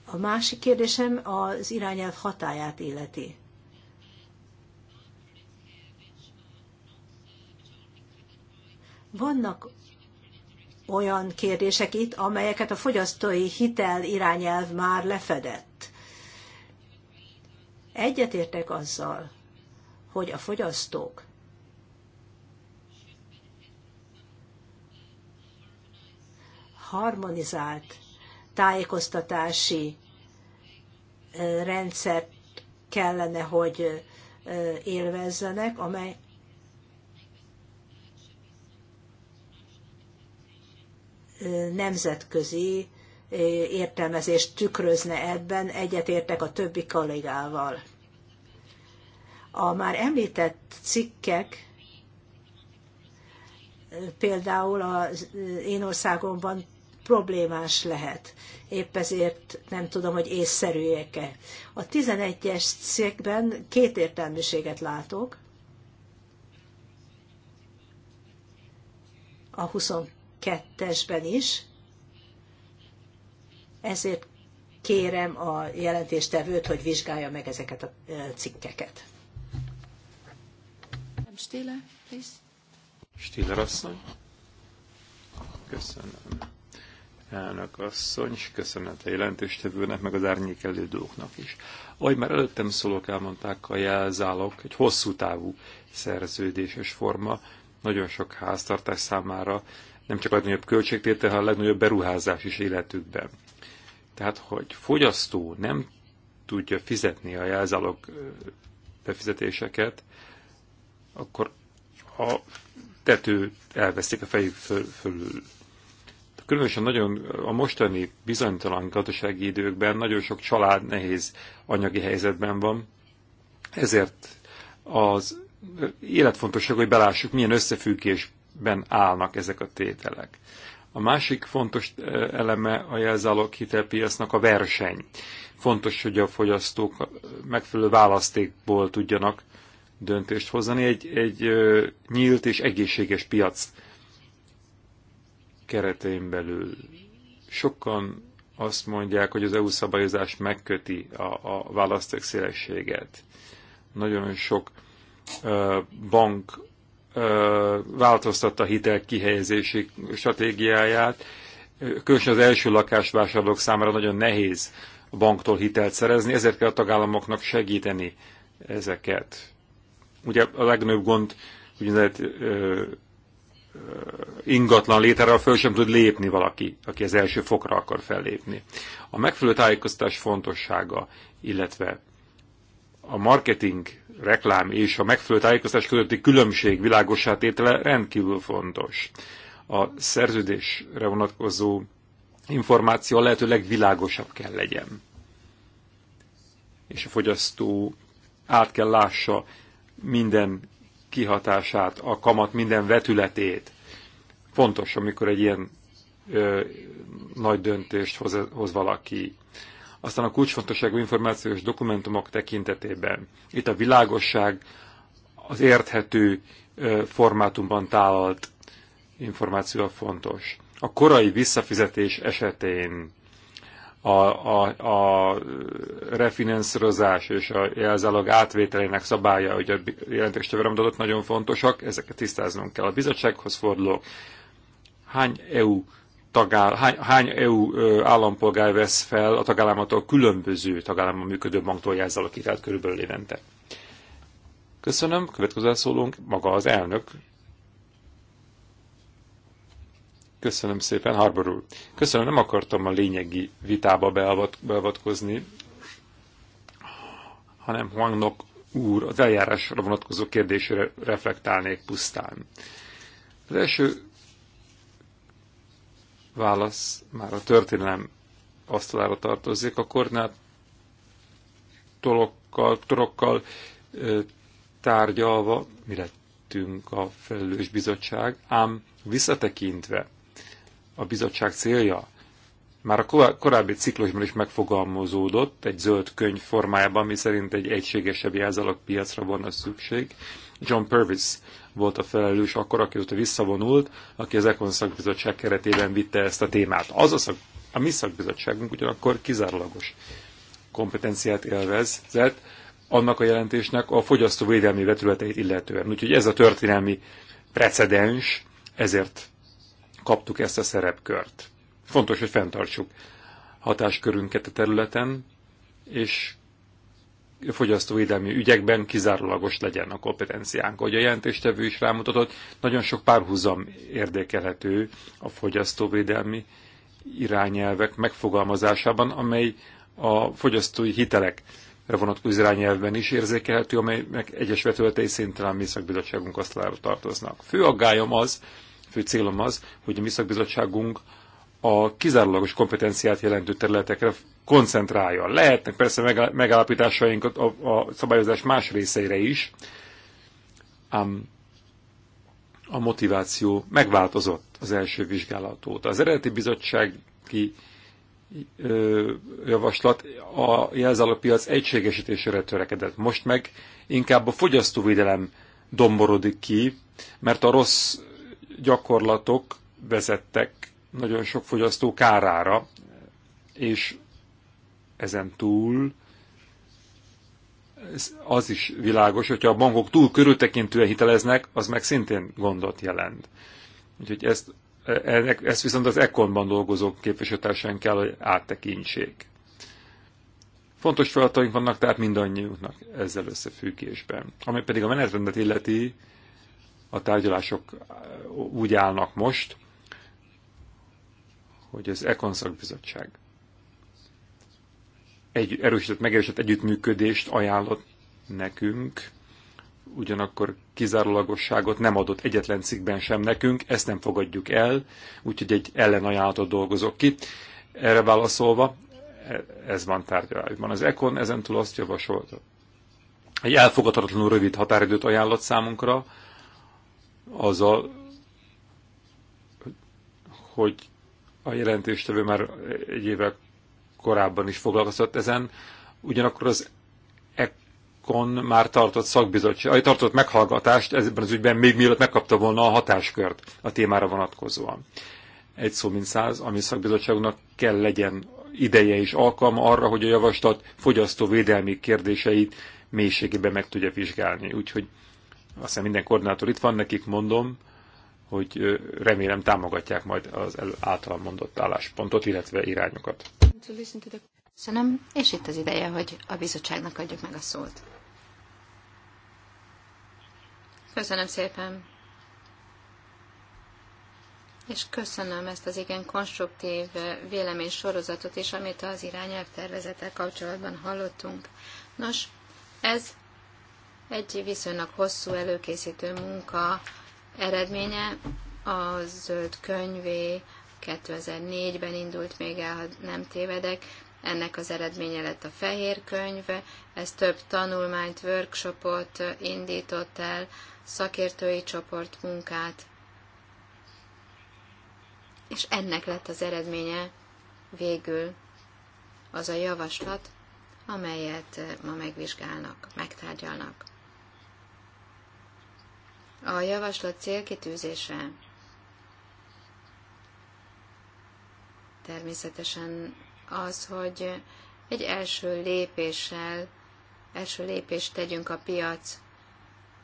Speaker 3: A másik kérdésem az irányelv hatáját illeti. Vannak olyan kérdések itt, amelyeket a fogyasztói hitel irányelv már lefedett. Egyetértek azzal, hogy a fogyasztók harmonizált tájékoztatási rendszert kellene, hogy élvezzenek, amely nemzetközi értelmezést tükrözne ebben, egyetértek a többi kollégával. A már említett cikkek, például az én országomban problémás lehet. Épp ezért nem tudom, hogy észszerűek-e. A 11-es cikkben két értelműséget látok. A 22-esben is. Ezért kérem a jelentéstevőt, hogy vizsgálja meg ezeket a e, cikkeket.
Speaker 2: Stiller, please.
Speaker 1: Stiller asszony. Köszönöm elnök asszony, és köszönet a jelentéstevőnek, meg az árnyék elődőknek is. Ahogy már előttem szólók elmondták, a jelzálog egy hosszú távú szerződéses forma, nagyon sok háztartás számára nem csak a legnagyobb költségtétel, hanem a legnagyobb beruházás is életükben. Tehát, hogy fogyasztó nem tudja fizetni a jelzálog befizetéseket, akkor a tető elveszik a fejük föl, fölül. Különösen nagyon a mostani bizonytalan gazdasági időkben nagyon sok család nehéz anyagi helyzetben van. Ezért az életfontosság, hogy belássuk, milyen összefüggésben állnak ezek a tételek. A másik fontos eh, eleme a jelzálog hitelpiasznak a verseny. Fontos, hogy a fogyasztók megfelelő választékból tudjanak döntést hozni. Egy, egy eh, nyílt és egészséges piac keretein belül. Sokan azt mondják, hogy az EU szabályozás megköti a, a választék szélességet. Nagyon sok ö, bank ö, változtatta hitel kihelyezési stratégiáját. Különösen az első lakásvásárlók számára nagyon nehéz a banktól hitelt szerezni, ezért kell a tagállamoknak segíteni ezeket. Ugye a legnagyobb gond úgynevezett ingatlan létrára föl sem tud lépni valaki, aki az első fokra akar fellépni. A megfelelő tájékoztatás fontossága, illetve a marketing, reklám és a megfelelő tájékoztatás közötti különbség világosá tétele rendkívül fontos. A szerződésre vonatkozó információ a lehető legvilágosabb kell legyen. És a fogyasztó át kell lássa minden kihatását, a kamat minden vetületét. Fontos, amikor egy ilyen ö, nagy döntést hoz, hoz valaki. Aztán a kulcsfontosságú információs dokumentumok tekintetében. Itt a világosság az érthető ö, formátumban tálalt információ fontos. A korai visszafizetés esetén a, a, a refinanszírozás és a jelzálog átvételének szabálya, hogy a jelentős adott nagyon fontosak, ezeket tisztáznunk kell. A bizottsághoz fordulók. Hány EU tagáll, hány, hány EU állampolgár vesz fel a tagállamatól különböző tagállamon működő banktól jelzálogitelt körülbelül évente? Köszönöm. Következő szólunk maga az elnök, Köszönöm szépen, Harbor úr. Köszönöm, nem akartam a lényegi vitába beavat, beavatkozni, hanem Huangnok úr az eljárásra vonatkozó kérdésére reflektálnék pusztán. Az első válasz már a történelem asztalára tartozik, a koordinátorokkal torokkal, tárgyalva mi lettünk a felelős bizottság, ám visszatekintve a bizottság célja már a korábbi ciklusban is megfogalmazódott egy zöld könyv formájában, mi szerint egy egységesebb piacra van a szükség. John Purvis volt a felelős akkor, aki ott visszavonult, aki az Econ szakbizottság keretében vitte ezt a témát. Az a, szak, a mi szakbizottságunk ugyanakkor kizárólagos kompetenciát élvezett annak a jelentésnek a fogyasztóvédelmi vetületeit illetően. Úgyhogy ez a történelmi precedens, ezért kaptuk ezt a szerepkört. Fontos, hogy fenntartsuk hatáskörünket a területen, és fogyasztóvédelmi ügyekben kizárólagos legyen a kompetenciánk. Ahogy a jelentéstevő is rámutatott, nagyon sok párhuzam érdekelhető a fogyasztóvédelmi irányelvek megfogalmazásában, amely a fogyasztói hitelek vonatkozó irányelvben is érzékelhető, amelynek egyes vetületei szintén mi szakbizottságunk asztalára tartoznak. Fő aggályom az, fő célom az, hogy a mi szakbizottságunk a kizárólagos kompetenciát jelentő területekre koncentrálja. Lehetnek persze megállapításaink a, a szabályozás más részeire is, ám a motiváció megváltozott az első vizsgálat óta. Az eredeti bizottsági ö, javaslat a jelzálogpiac egységesítésére törekedett. Most meg inkább a fogyasztóvédelem domborodik ki, mert a rossz gyakorlatok vezettek nagyon sok fogyasztó kárára, és ezen túl az is világos, hogyha a bankok túl körültekintően hiteleznek, az meg szintén gondot jelent. Úgyhogy ezt, ezt viszont az Econban dolgozó képviselőtársán kell, hogy áttekintsék. Fontos feladataink vannak tehát mindannyiunknak ezzel összefüggésben. Ami pedig a menetrendet illeti, a tárgyalások úgy állnak most, hogy az Econ szakbizottság egy erősített, megerősített együttműködést ajánlott nekünk, ugyanakkor kizárólagosságot nem adott egyetlen cikkben sem nekünk, ezt nem fogadjuk el, úgyhogy egy ellenajánlatot dolgozok ki. Erre válaszolva, e, ez van tárgyalásban. Az Econ ezentúl azt javasolta, egy elfogadhatatlanul rövid határidőt ajánlott számunkra, azzal, hogy a jelentéstevő már egy évvel korábban is foglalkozott ezen, ugyanakkor az Ekon már tartott szakbizottság, tartott meghallgatást ezben az ügyben, még mielőtt megkapta volna a hatáskört a témára vonatkozóan. Egy szó mint száz, ami szakbizottságunknak kell legyen ideje és alkalma arra, hogy a javaslat fogyasztóvédelmi kérdéseit mélységében meg tudja vizsgálni. Úgyhogy aztán minden koordinátor itt van, nekik mondom, hogy remélem támogatják majd az általam mondott álláspontot, illetve irányokat.
Speaker 2: Köszönöm, és itt az ideje, hogy a bizottságnak adjuk meg a szót. Köszönöm szépen. És köszönöm ezt az igen konstruktív vélemény sorozatot is, amit az irányelv tervezettel kapcsolatban hallottunk. Nos, ez egy viszonylag hosszú előkészítő munka eredménye a zöld könyvé 2004-ben indult még el, ha nem tévedek. Ennek az eredménye lett a fehér könyve. ez több tanulmányt, workshopot indított el, szakértői csoport munkát, és ennek lett az eredménye végül az a javaslat, amelyet ma megvizsgálnak, megtárgyalnak a javaslat célkitűzése természetesen az, hogy egy első lépéssel, első lépést tegyünk a piac,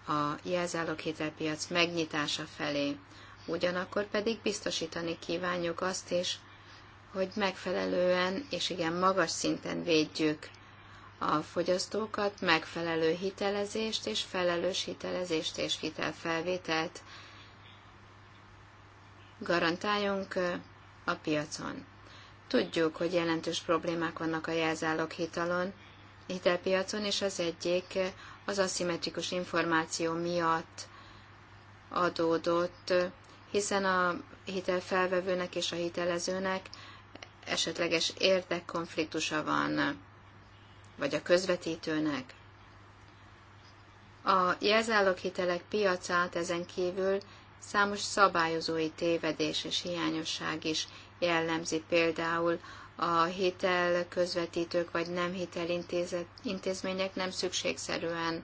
Speaker 2: a hitelpiac megnyitása felé. Ugyanakkor pedig biztosítani kívánjuk azt is, hogy megfelelően és igen magas szinten védjük a fogyasztókat, megfelelő hitelezést és felelős hitelezést és hitelfelvételt garantáljunk a piacon. Tudjuk, hogy jelentős problémák vannak a jelzálog hitalon, hitelpiacon, és az egyik az aszimmetrikus információ miatt adódott, hiszen a hitelfelvevőnek és a hitelezőnek esetleges érdekkonfliktusa van vagy a közvetítőnek. A jelzáloghitelek piacát ezen kívül számos szabályozói tévedés és hiányosság is jellemzi például a hitel közvetítők vagy nem hitelintézmények nem szükségszerűen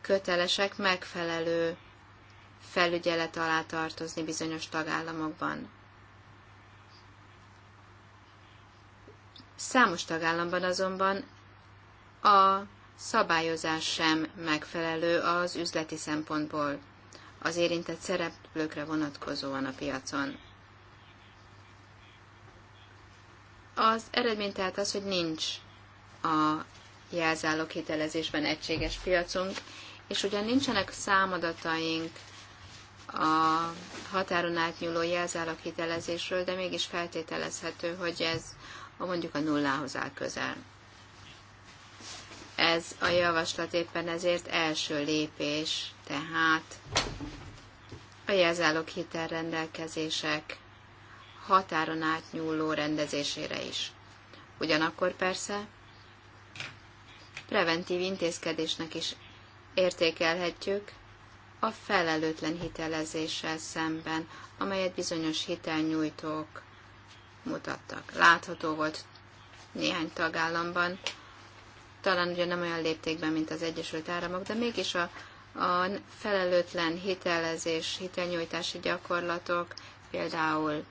Speaker 2: kötelesek megfelelő felügyelet alá tartozni bizonyos tagállamokban. Számos tagállamban azonban a szabályozás sem megfelelő az üzleti szempontból az érintett szereplőkre vonatkozóan a piacon. Az eredmény tehát az, hogy nincs a jelzálók hitelezésben egységes piacunk, és ugyan nincsenek számadataink a határon átnyúló jelzálók hitelezésről, de mégis feltételezhető, hogy ez ha mondjuk a nullához áll közel. Ez a javaslat éppen ezért első lépés, tehát a jelzálók hitelrendelkezések határon átnyúló rendezésére is. Ugyanakkor persze preventív intézkedésnek is értékelhetjük a felelőtlen hitelezéssel szemben, amelyet bizonyos hitelnyújtók mutattak. Látható volt néhány tagállamban, talán ugye nem olyan léptékben, mint az Egyesült Államok, de mégis a, a felelőtlen hitelezés, hitelnyújtási gyakorlatok, például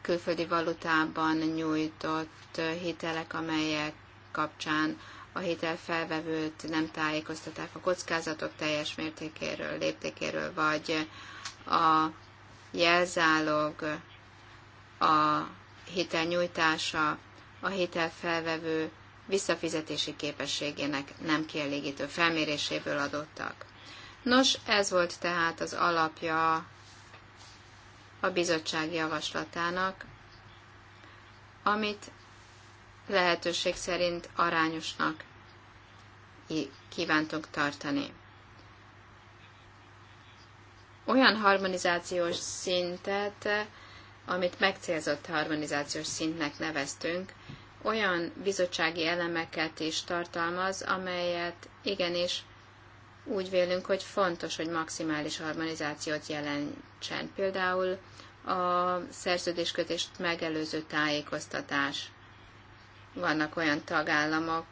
Speaker 2: külföldi valutában nyújtott hitelek, amelyek kapcsán a hitelfelvevőt nem tájékoztaták a kockázatok teljes mértékéről, léptékéről, vagy a jelzálog a hitel nyújtása, a hitel felvevő visszafizetési képességének nem kielégítő felméréséből adottak. Nos, ez volt tehát az alapja a bizottság javaslatának, amit lehetőség szerint arányosnak kívántunk tartani. Olyan harmonizációs szintet, amit megcélzott harmonizációs szintnek neveztünk, olyan bizottsági elemeket is tartalmaz, amelyet igenis úgy vélünk, hogy fontos, hogy maximális harmonizációt jelentsen. Például a szerződéskötést megelőző tájékoztatás. Vannak olyan tagállamok,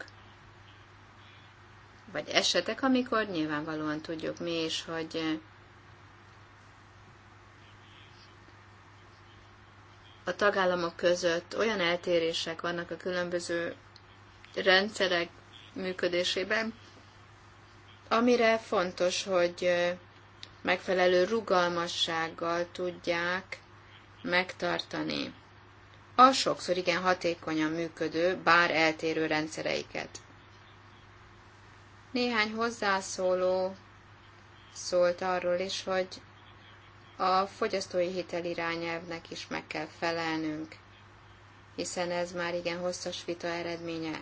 Speaker 2: vagy esetek, amikor nyilvánvalóan tudjuk mi is, hogy a tagállamok között olyan eltérések vannak a különböző rendszerek működésében, amire fontos, hogy megfelelő rugalmassággal tudják megtartani a sokszor igen hatékonyan működő, bár eltérő rendszereiket. Néhány hozzászóló szólt arról is, hogy a fogyasztói hitelirányelvnek is meg kell felelnünk, hiszen ez már igen hosszas vita eredménye.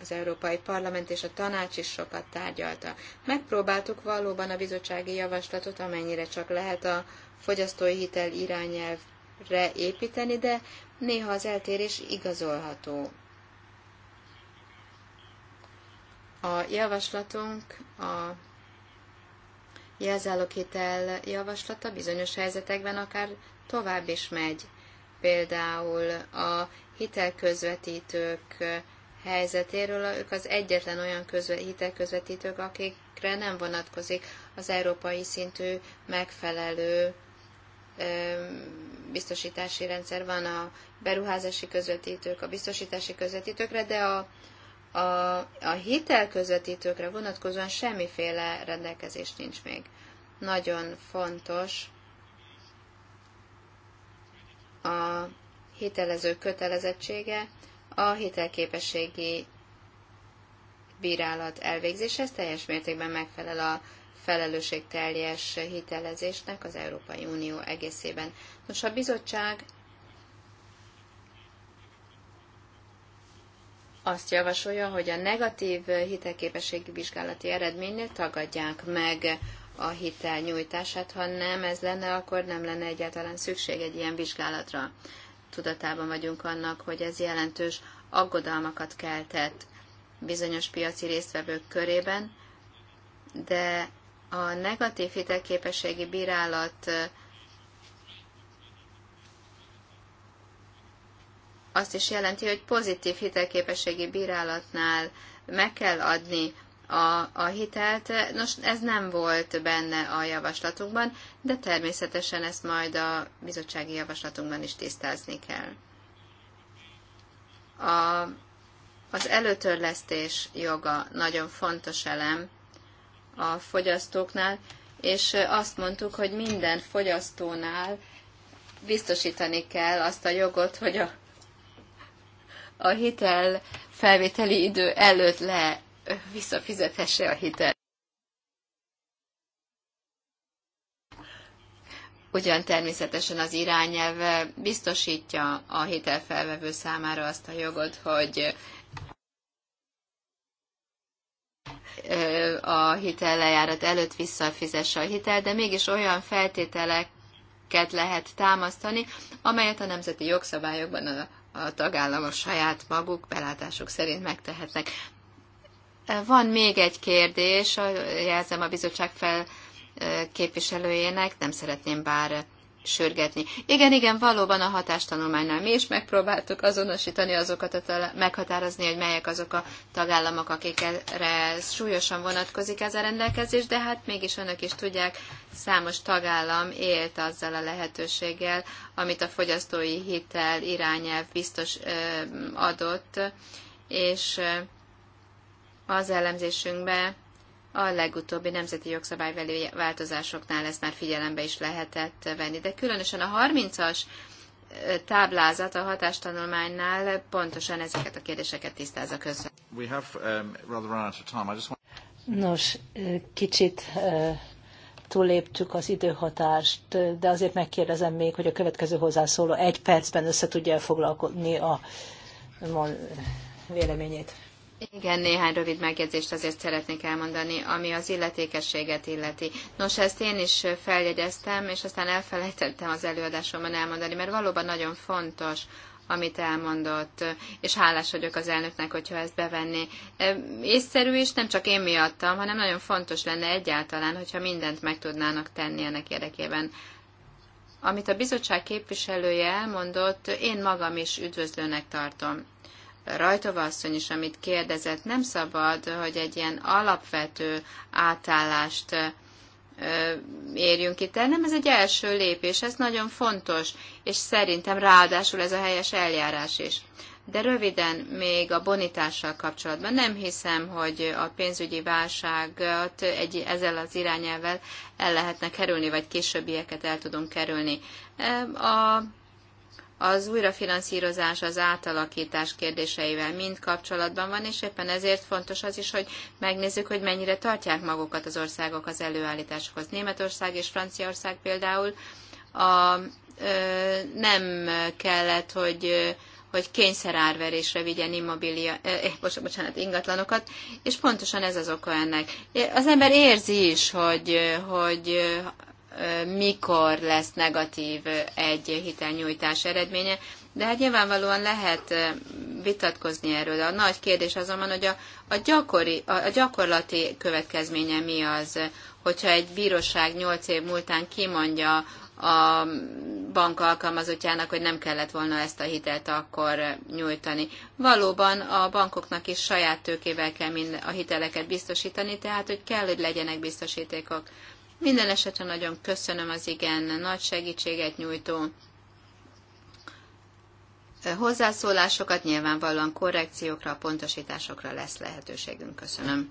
Speaker 2: Az Európai Parlament és a Tanács is sokat tárgyalta. Megpróbáltuk valóban a bizottsági javaslatot, amennyire csak lehet a fogyasztói hitel irányelvre építeni, de néha az eltérés igazolható. A javaslatunk a jelzáloghitel javaslata bizonyos helyzetekben akár tovább is megy. Például a hitelközvetítők helyzetéről, ők az egyetlen olyan közve, hitelközvetítők, akikre nem vonatkozik az európai szintű megfelelő biztosítási rendszer van a beruházási közvetítők, a biztosítási közvetítőkre, de a a, a hitelközvetítőkre vonatkozóan semmiféle rendelkezés nincs még. Nagyon fontos a hitelező kötelezettsége a hitelképességi bírálat elvégzése, ez teljes mértékben megfelel a felelősségteljes hitelezésnek az Európai Unió egészében. Nos, a bizottság azt javasolja, hogy a negatív hitelképességi vizsgálati eredménynél tagadják meg a hitel nyújtását, ha nem ez lenne, akkor nem lenne egyáltalán szükség egy ilyen vizsgálatra. Tudatában vagyunk annak, hogy ez jelentős aggodalmakat keltett bizonyos piaci résztvevők körében, de a negatív hitelképességi bírálat azt is jelenti, hogy pozitív hitelképességi bírálatnál meg kell adni a, a hitelt. Nos, ez nem volt benne a javaslatunkban, de természetesen ezt majd a bizottsági javaslatunkban is tisztázni kell. A, az előtörlesztés joga nagyon fontos elem a fogyasztóknál, és azt mondtuk, hogy minden fogyasztónál biztosítani kell azt a jogot, hogy a a hitel felvételi idő előtt le visszafizethesse a hitel. Ugyan természetesen az irányelv biztosítja a hitelfelvevő számára azt a jogot, hogy a hitel lejárat előtt visszafizesse a hitel, de mégis olyan feltételeket lehet támasztani, amelyet a nemzeti jogszabályokban a a tagállamok saját maguk belátásuk szerint megtehetnek. Van még egy kérdés, jelzem a bizottság fel képviselőjének, nem szeretném bár sürgetni. Igen, igen, valóban a hatástanulmánynál mi is megpróbáltuk azonosítani azokat, a meghatározni, hogy melyek azok a tagállamok, akikre súlyosan vonatkozik ez a rendelkezés, de hát mégis önök is tudják, számos tagállam élt azzal a lehetőséggel, amit a fogyasztói hitel irányelv biztos adott, és az elemzésünkben a legutóbbi nemzeti jogszabálybeli változásoknál ezt már figyelembe is lehetett venni. De különösen a 30-as táblázat a hatástanulmánynál pontosan ezeket a kérdéseket tisztázza közben.
Speaker 1: Um,
Speaker 2: Nos, kicsit túléptük az
Speaker 3: időhatást, de azért megkérdezem még, hogy a következő hozzászóló egy percben össze tudja foglalkozni a véleményét.
Speaker 2: Igen, néhány rövid megjegyzést azért szeretnék elmondani, ami az illetékességet illeti. Nos, ezt én is feljegyeztem, és aztán elfelejtettem az előadásomban elmondani, mert valóban nagyon fontos, amit elmondott, és hálás vagyok az elnöknek, hogyha ezt bevenné. Észszerű is, nem csak én miattam, hanem nagyon fontos lenne egyáltalán, hogyha mindent meg tudnának tenni ennek érdekében. Amit a bizottság képviselője elmondott, én magam is üdvözlőnek tartom Rajtova asszony is, amit kérdezett, nem szabad, hogy egy ilyen alapvető átállást érjünk itt el. Nem, ez egy első lépés, ez nagyon fontos, és szerintem ráadásul ez a helyes eljárás is. De röviden még a bonitással kapcsolatban nem hiszem, hogy a pénzügyi válságot egy, ezzel az irányelvel el lehetne kerülni, vagy későbbieket el tudunk kerülni. A az újrafinanszírozás, az átalakítás kérdéseivel mind kapcsolatban van, és éppen ezért fontos az is, hogy megnézzük, hogy mennyire tartják magukat az országok az előállításokhoz. Németország és Franciaország például a, ö, nem kellett, hogy hogy kényszerárverésre vigyen immobilia, eh, bocsánat, ingatlanokat, és pontosan ez az oka ennek. Az ember érzi is, hogy, hogy mikor lesz negatív egy hitelnyújtás eredménye, de hát nyilvánvalóan lehet vitatkozni erről. A nagy kérdés azonban, hogy a, a, gyakori, a, a gyakorlati következménye mi az, hogyha egy bíróság nyolc év múltán kimondja a bank alkalmazottjának, hogy nem kellett volna ezt a hitelt akkor nyújtani. Valóban a bankoknak is saját tőkével kell mind a hiteleket biztosítani, tehát hogy kell, hogy legyenek biztosítékok. Minden esetre nagyon köszönöm az igen nagy segítséget nyújtó hozzászólásokat, nyilvánvalóan korrekciókra, pontosításokra lesz lehetőségünk. Köszönöm.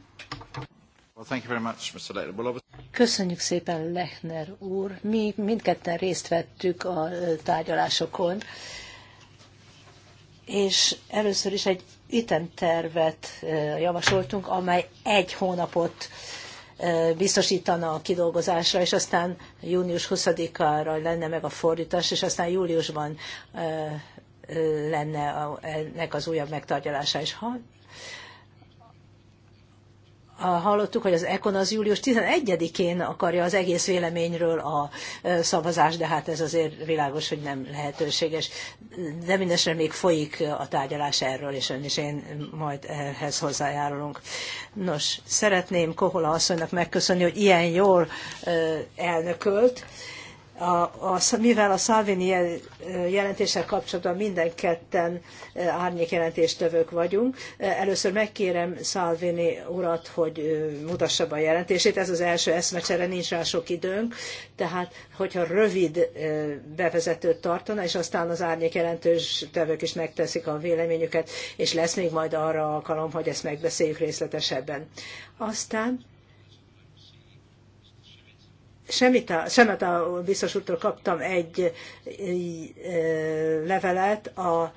Speaker 3: Köszönjük szépen, Lechner úr. Mi mindketten részt vettük a tárgyalásokon, és először is egy ütemtervet eh, javasoltunk, amely egy hónapot biztosítana a kidolgozásra, és aztán június 20-ára lenne meg a fordítás, és aztán júliusban lenne ennek az újabb megtárgyalása. És ha hallottuk, hogy az Econ az július 11-én akarja az egész véleményről a szavazás, de hát ez azért világos, hogy nem lehetőséges. De mindesre még folyik a tárgyalás erről, és ön is én majd ehhez hozzájárulunk. Nos, szeretném Kohola asszonynak megköszönni, hogy ilyen jól elnökölt a, a, mivel a Salvini jelentéssel kapcsolatban minden ketten árnyék vagyunk, először megkérem Salvini urat, hogy mutassa be a jelentését. Ez az első eszmecsere, nincs rá sok időnk, tehát hogyha rövid bevezetőt tartana, és aztán az árnyék is megteszik a véleményüket, és lesz még majd arra alkalom, hogy ezt megbeszéljük részletesebben. Aztán Semmit Semeta biztos úrtól kaptam egy levelet a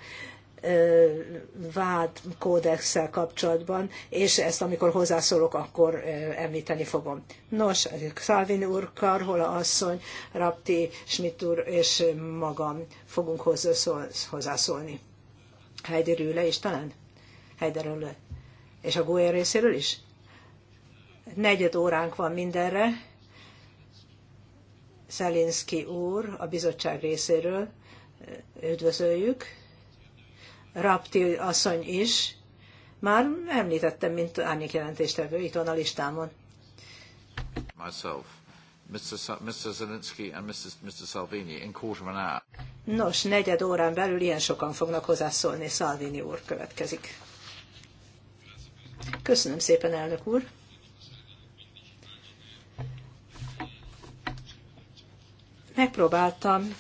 Speaker 3: vád kódexsel kapcsolatban, és ezt amikor hozzászólok, akkor említeni fogom. Nos, Salvini úr, Karhola asszony, Rapti, Schmidt úr és magam fogunk hozzászólni. Heidi Rüle is talán? Heider Rüle. És a Góer részéről is? Negyed óránk van mindenre Szelinszki úr a bizottság részéről, üdvözöljük, Rapti asszony is, már említettem, mint árnyék jelentéstevő, itt van a listámon. Myself. Mr. and Mr. Salvini in quarter of an hour. Nos, negyed órán belül ilyen sokan fognak hozzászólni. Salvini úr következik. Köszönöm szépen, elnök úr. Megpróbáltam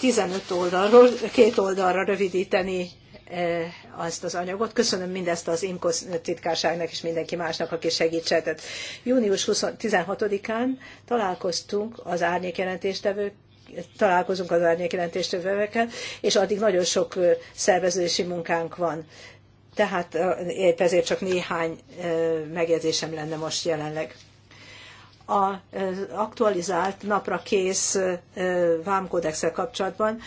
Speaker 3: 15 oldalról, két oldalra rövidíteni ezt az anyagot. Köszönöm mindezt az IMCO titkárságnak és mindenki másnak, aki segítsetett. Június 16-án találkoztunk az árnyékjelentéstevők találkozunk az árnyékjelentéstevőkkel, és addig nagyon sok e, szervezési munkánk van. Tehát e, épp ezért csak néhány e, megjegyzésem lenne most jelenleg az aktualizált napra kész vámkódexel kapcsolatban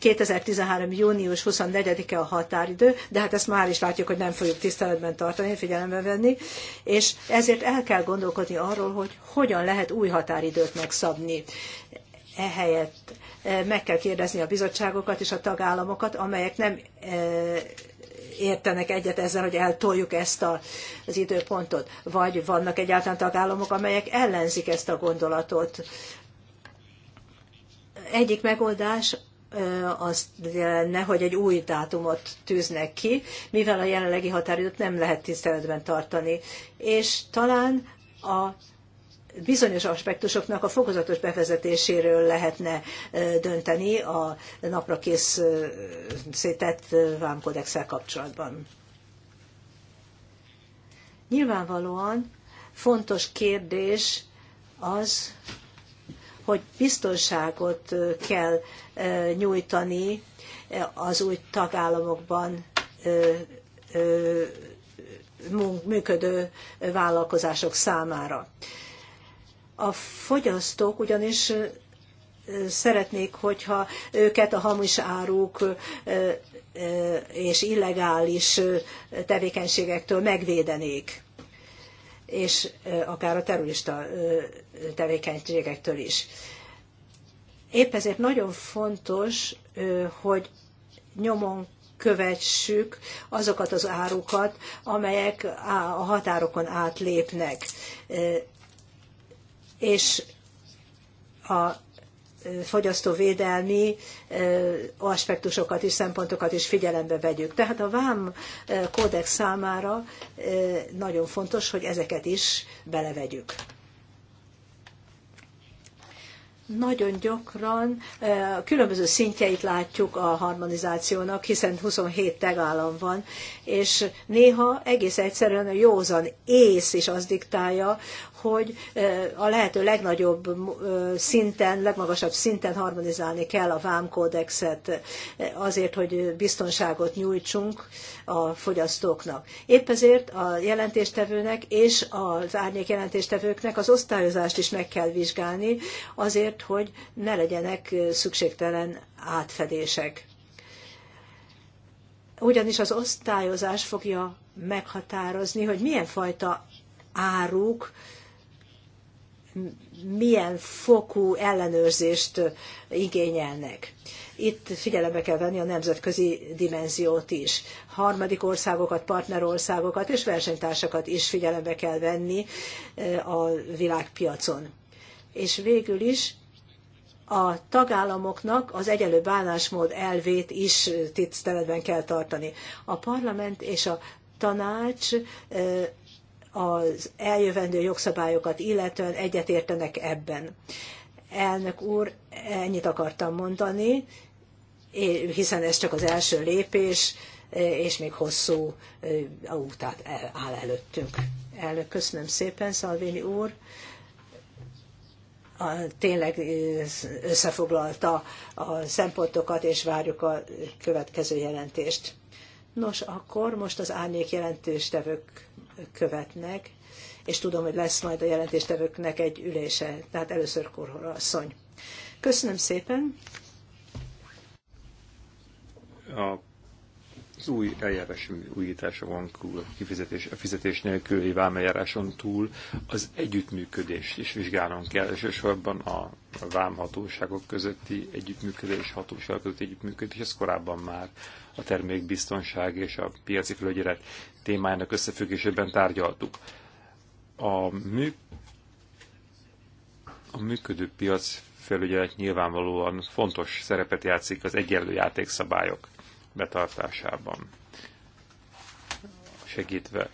Speaker 3: 2013. június 24-e a határidő, de hát ezt már is látjuk, hogy nem fogjuk tiszteletben tartani, figyelembe venni, és ezért el kell gondolkodni arról, hogy hogyan lehet új határidőt megszabni. Ehelyett meg kell kérdezni a bizottságokat és a tagállamokat, amelyek nem értenek egyet ezzel, hogy eltoljuk ezt a, az időpontot, vagy vannak egyáltalán tagállamok, amelyek ellenzik ezt a gondolatot. Egyik megoldás az lenne, hogy egy új dátumot tűznek ki, mivel a jelenlegi határidőt nem lehet tiszteletben tartani. És talán a bizonyos aspektusoknak a fokozatos bevezetéséről lehetne e, dönteni a napra kész e, e, vámkodexel kapcsolatban. Nyilvánvalóan fontos kérdés az, hogy biztonságot kell nyújtani az új tagállamokban működő vállalkozások számára. A fogyasztók ugyanis szeretnék, hogyha őket a hamis áruk és illegális tevékenységektől megvédenék, és akár a terrorista tevékenységektől is. Épp ezért nagyon fontos, hogy nyomon kövessük azokat az árukat, amelyek a határokon átlépnek és a fogyasztóvédelmi aspektusokat és szempontokat is figyelembe vegyük. Tehát a VÁM kódex számára nagyon fontos, hogy ezeket is belevegyük. Nagyon gyakran különböző szintjeit látjuk a harmonizációnak, hiszen 27 tagállam van, és néha egész egyszerűen a józan ész is azt diktálja, hogy a lehető legnagyobb szinten, legmagasabb szinten harmonizálni kell a vámkódexet azért, hogy biztonságot nyújtsunk a fogyasztóknak. Épp ezért a jelentéstevőnek és az árnyék jelentéstevőknek az osztályozást is meg kell vizsgálni azért, hogy ne legyenek szükségtelen átfedések ugyanis az osztályozás fogja meghatározni, hogy milyen fajta áruk, milyen fokú ellenőrzést igényelnek. Itt figyelembe kell venni a nemzetközi dimenziót is. Harmadik országokat, partnerországokat és versenytársakat is figyelembe kell venni eh, a világpiacon. És végül is a tagállamoknak az egyelő bánásmód elvét is tiszteletben kell tartani. A parlament és a tanács az eljövendő jogszabályokat illetően egyetértenek ebben. Elnök úr, ennyit akartam mondani, hiszen ez csak az első lépés, és még hosszú út áll előttünk. Elnök, köszönöm szépen, Szalvini úr a, tényleg összefoglalta a szempontokat, és várjuk a következő jelentést. Nos, akkor most az árnyék jelentőstevők követnek, és tudom, hogy lesz majd a jelentéstevőknek egy ülése, tehát először Korhora asszony. Köszönöm szépen!
Speaker 1: A új eljárás újítása van túl, kifizetés, a fizetés nélküli vámeljáráson túl az együttműködést is vizsgálnunk kell, elsősorban a vámhatóságok közötti együttműködés, hatóságok közötti együttműködés, ez korábban már a termékbiztonság és a piaci felügyelet témájának összefüggésében tárgyaltuk. A, mű, a működő piac felügyelet nyilvánvalóan fontos szerepet játszik az egyenlő játékszabályok betartásában, segítve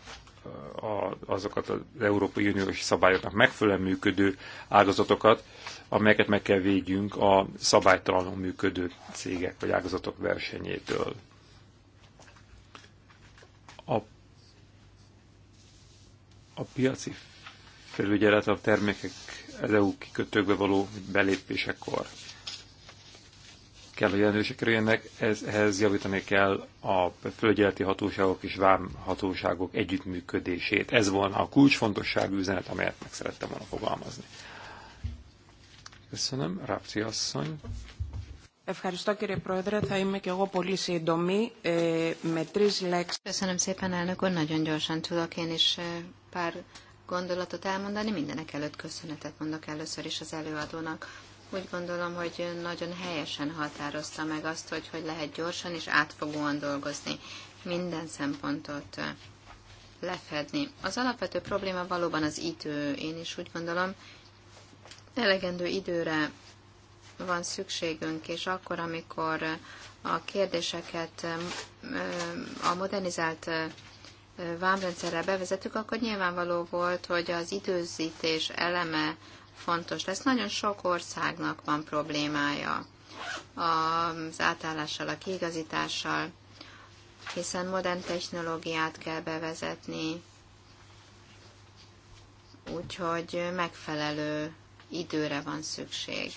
Speaker 1: a, azokat az Európai Uniós szabályoknak megfelelően működő ágazatokat, amelyeket meg kell védjünk a szabálytalanul működő cégek vagy ágazatok versenyétől. A, a piaci felügyelet a termékek az EU kikötőkbe való belépésekor kell, hogy jelenősek kerüljenek, ez, ehhez javítani kell a földjeleti hatóságok és vámhatóságok együttműködését. Ez volna a kulcsfontosságú üzenet, amelyet meg szerettem volna fogalmazni. Köszönöm, Rápci asszony.
Speaker 2: Köszönöm szépen, elnök úr. Nagyon gyorsan tudok én is pár gondolatot elmondani. Mindenek előtt köszönetet mondok először is az előadónak úgy gondolom, hogy nagyon helyesen határozta meg azt, hogy hogy lehet gyorsan és átfogóan dolgozni, minden szempontot lefedni. Az alapvető probléma valóban az idő, én is úgy gondolom, elegendő időre van szükségünk, és akkor, amikor a kérdéseket a modernizált vámrendszerrel bevezettük, akkor nyilvánvaló volt, hogy az időzítés eleme fontos lesz. Nagyon sok országnak van problémája az átállással, a kiigazítással, hiszen modern technológiát kell bevezetni, úgyhogy megfelelő időre van szükség.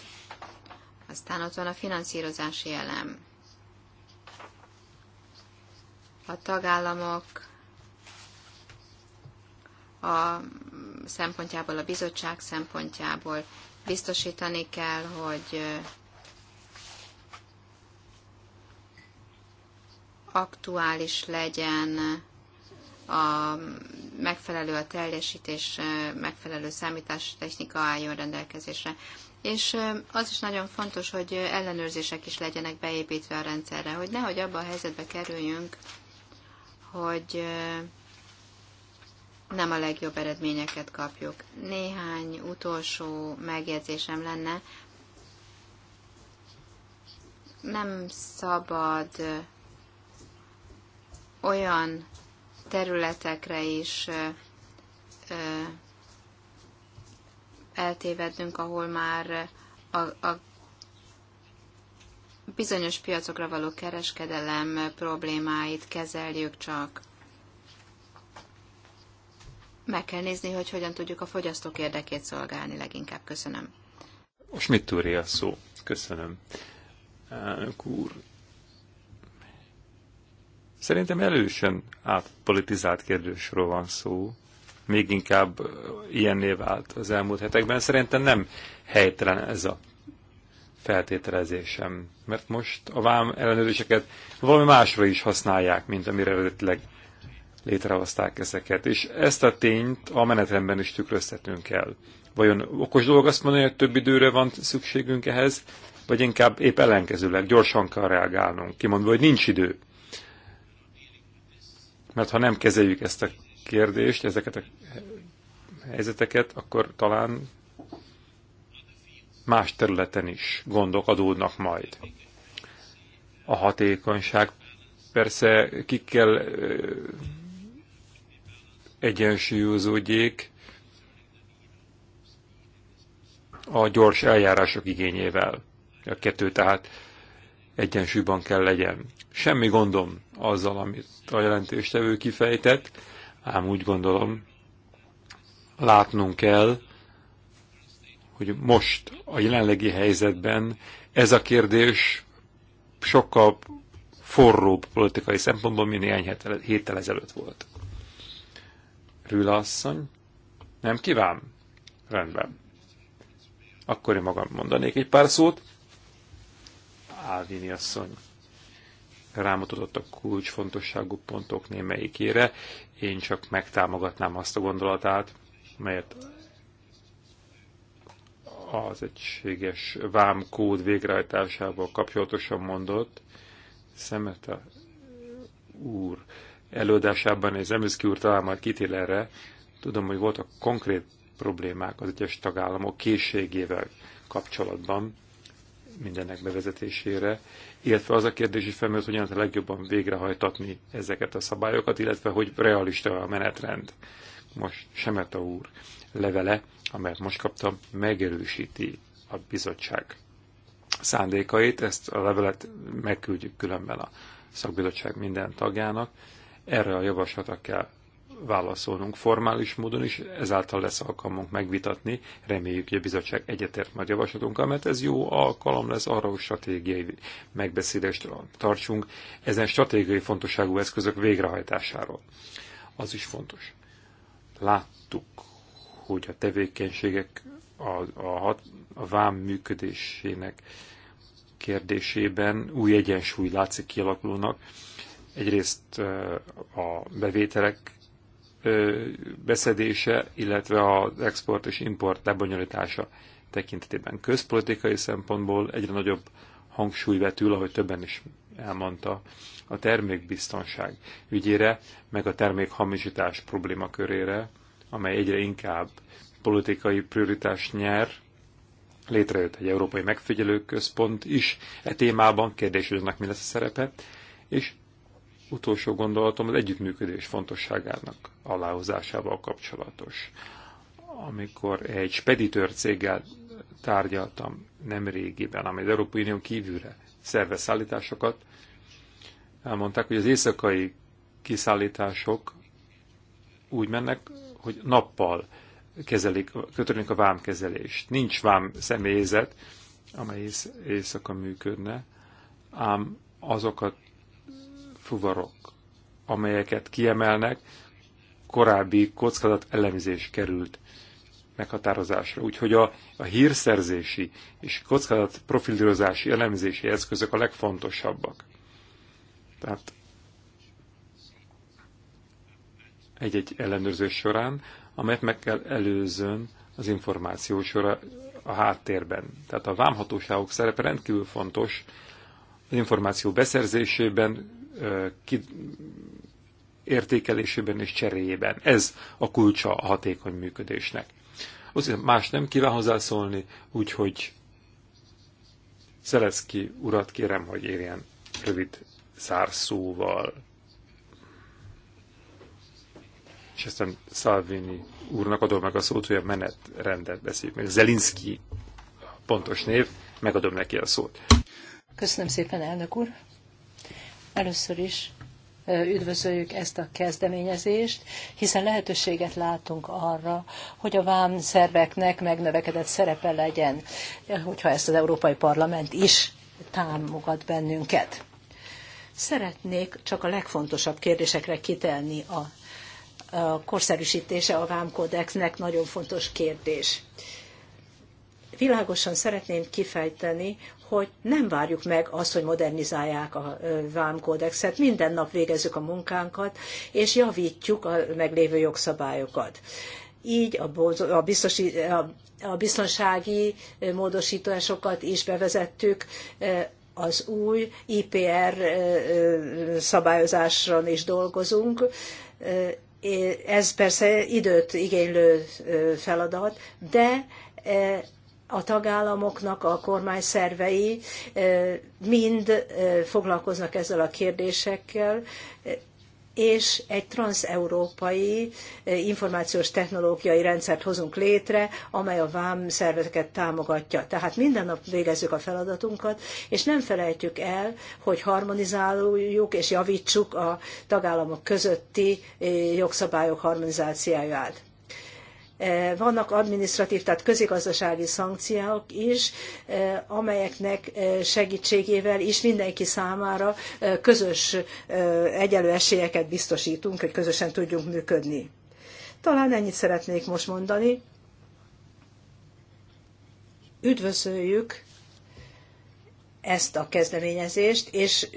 Speaker 2: Aztán ott van a finanszírozási elem. A tagállamok a szempontjából, a bizottság szempontjából biztosítani kell, hogy aktuális legyen a megfelelő a teljesítés, megfelelő technika álljon rendelkezésre. És az is nagyon fontos, hogy ellenőrzések is legyenek beépítve a rendszerre, hogy nehogy abba a helyzetbe kerüljünk, hogy nem a legjobb eredményeket kapjuk. Néhány utolsó megjegyzésem lenne. Nem szabad olyan területekre is eltévednünk, ahol már a, a bizonyos piacokra való kereskedelem problémáit kezeljük csak meg kell nézni, hogy hogyan tudjuk a fogyasztók érdekét szolgálni leginkább. Köszönöm.
Speaker 1: Most mit túré a szó? Köszönöm. Elnök úr. Szerintem elősen átpolitizált kérdésről van szó. Még inkább név vált az elmúlt hetekben. Szerintem nem helytelen ez a feltételezésem, mert most a vám ellenőrzéseket valami másra is használják, mint amire eredetileg létrehozták ezeket. És ezt a tényt a menetrendben is tükröztetnünk kell. Vajon okos dolog azt mondani, hogy több időre van szükségünk ehhez, vagy inkább épp ellenkezőleg gyorsan kell reagálnunk, kimondva, hogy nincs idő. Mert ha nem kezeljük ezt a kérdést, ezeket a helyzeteket, akkor talán más területen is gondok adódnak majd. A hatékonyság persze ki kell egyensúlyozódjék a gyors eljárások igényével. A kettő tehát egyensúlyban kell legyen. Semmi gondom azzal, amit a jelentéstevő kifejtett, ám úgy gondolom, látnunk kell, hogy most a jelenlegi helyzetben ez a kérdés sokkal forróbb politikai szempontból, mint néhány héttel ezelőtt volt. Rüla asszony? Nem kíván? Rendben. Akkor én magam mondanék egy pár szót. Álvini asszony rámutatott a kulcsfontosságú pontok némelyikére, én csak megtámogatnám azt a gondolatát, melyet az egységes vámkód végrehajtásával kapcsolatosan mondott, Szemete úr előadásában, és Zemeszki úr talán majd kitér erre, tudom, hogy voltak konkrét problémák az egyes tagállamok készségével kapcsolatban mindennek bevezetésére, illetve az a kérdés is felmerült, hogyan lehet legjobban végrehajtatni ezeket a szabályokat, illetve hogy realista a menetrend. Most Semeta úr levele, amelyet most kaptam, megerősíti a bizottság szándékait, ezt a levelet megküldjük különben a szakbizottság minden tagjának, erre a javaslatra kell válaszolnunk formális módon is, ezáltal lesz alkalmunk megvitatni. Reméljük, hogy a bizottság egyetért majd javaslatunkkal, mert ez jó alkalom lesz arra, hogy stratégiai megbeszélést tartsunk ezen stratégiai fontosságú eszközök végrehajtásáról. Az is fontos. Láttuk, hogy a tevékenységek a, a, hat, a vám működésének kérdésében új egyensúly látszik kialakulónak, Egyrészt a bevételek beszedése, illetve az export és import lebonyolítása tekintetében közpolitikai szempontból egyre nagyobb hangsúly vetül, ahogy többen is elmondta, a termékbiztonság ügyére, meg a termékhamisítás problémakörére, amely egyre inkább politikai prioritás nyer, létrejött egy Európai Megfigyelőközpont is e témában, kérdés, hogy annak mi lesz a szerepe, és utolsó gondolatom az együttműködés fontosságának aláhozásával kapcsolatos. Amikor egy speditőr céggel tárgyaltam nemrégiben, amely az Európai Unió kívülre szervez szállításokat, elmondták, hogy az éjszakai kiszállítások úgy mennek, hogy nappal kezelik, kötörünk a vámkezelést. Nincs vám személyzet, amely éjszaka működne, ám azokat fuvarok, amelyeket kiemelnek, korábbi kockázat elemzés került meghatározásra. Úgyhogy a, a hírszerzési és kockázat profilírozási elemzési eszközök a legfontosabbak. Tehát egy-egy ellenőrzés során, amelyet meg kell előzön az információ sora a háttérben. Tehát a vámhatóságok szerepe rendkívül fontos az információ beszerzésében, értékelésében és cseréjében. Ez a kulcsa a hatékony működésnek. Azt hiszem, más nem kíván hozzászólni, úgyhogy ki, urat kérem, hogy érjen rövid szárszóval. És aztán Salvini úrnak adom meg a szót, hogy a menetrendet beszéljük meg. Zelinski pontos név, megadom neki a szót.
Speaker 3: Köszönöm szépen, elnök úr. Először is üdvözöljük ezt a kezdeményezést, hiszen lehetőséget látunk arra, hogy a vám szerveknek megnövekedett szerepe legyen, hogyha ezt az Európai Parlament is támogat bennünket. Szeretnék csak a legfontosabb kérdésekre kitelni a, a korszerűsítése a vámkódexnek nagyon fontos kérdés. Világosan szeretném kifejteni, hogy nem várjuk meg azt, hogy modernizálják a vámkódexet, minden nap végezzük a munkánkat, és javítjuk a meglévő jogszabályokat. Így a, biztosi, a biztonsági módosításokat is bevezettük, az új IPR szabályozáson is dolgozunk, ez persze időt igénylő feladat, de a tagállamoknak a kormányszervei mind foglalkoznak ezzel a kérdésekkel, és egy transeurópai információs technológiai rendszert hozunk létre, amely a vám szerveteket támogatja. Tehát minden nap végezzük a feladatunkat, és nem felejtjük el, hogy harmonizáljuk és javítsuk a tagállamok közötti jogszabályok harmonizációját. Eh, vannak administratív, tehát közigazdasági szankciók is, eh, amelyeknek eh, segítségével is mindenki számára közös egyenlő esélyeket biztosítunk, hogy közösen tudjunk működni. Talán ennyit szeretnék most mondani. Üdvözöljük ezt a kezdeményezést, és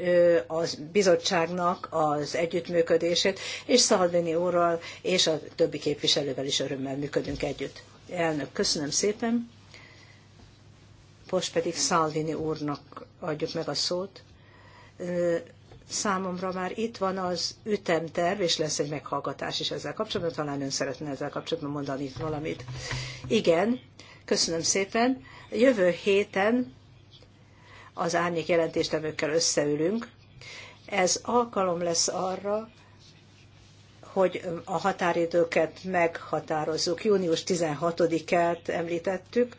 Speaker 3: a bizottságnak az együttműködését, és Szalvini úrral és a többi képviselővel is örömmel működünk együtt. Elnök, köszönöm szépen. Most pedig Szalvini úrnak adjuk meg a szót. Számomra már itt van az ütemterv, és lesz egy meghallgatás is ezzel kapcsolatban. Talán ön szeretne ezzel kapcsolatban mondani valamit. Igen, köszönöm szépen. Jövő héten az árnyék jelentéstevőkkel összeülünk. Ez alkalom lesz arra, hogy a határidőket meghatározzuk. Június 16-át említettük.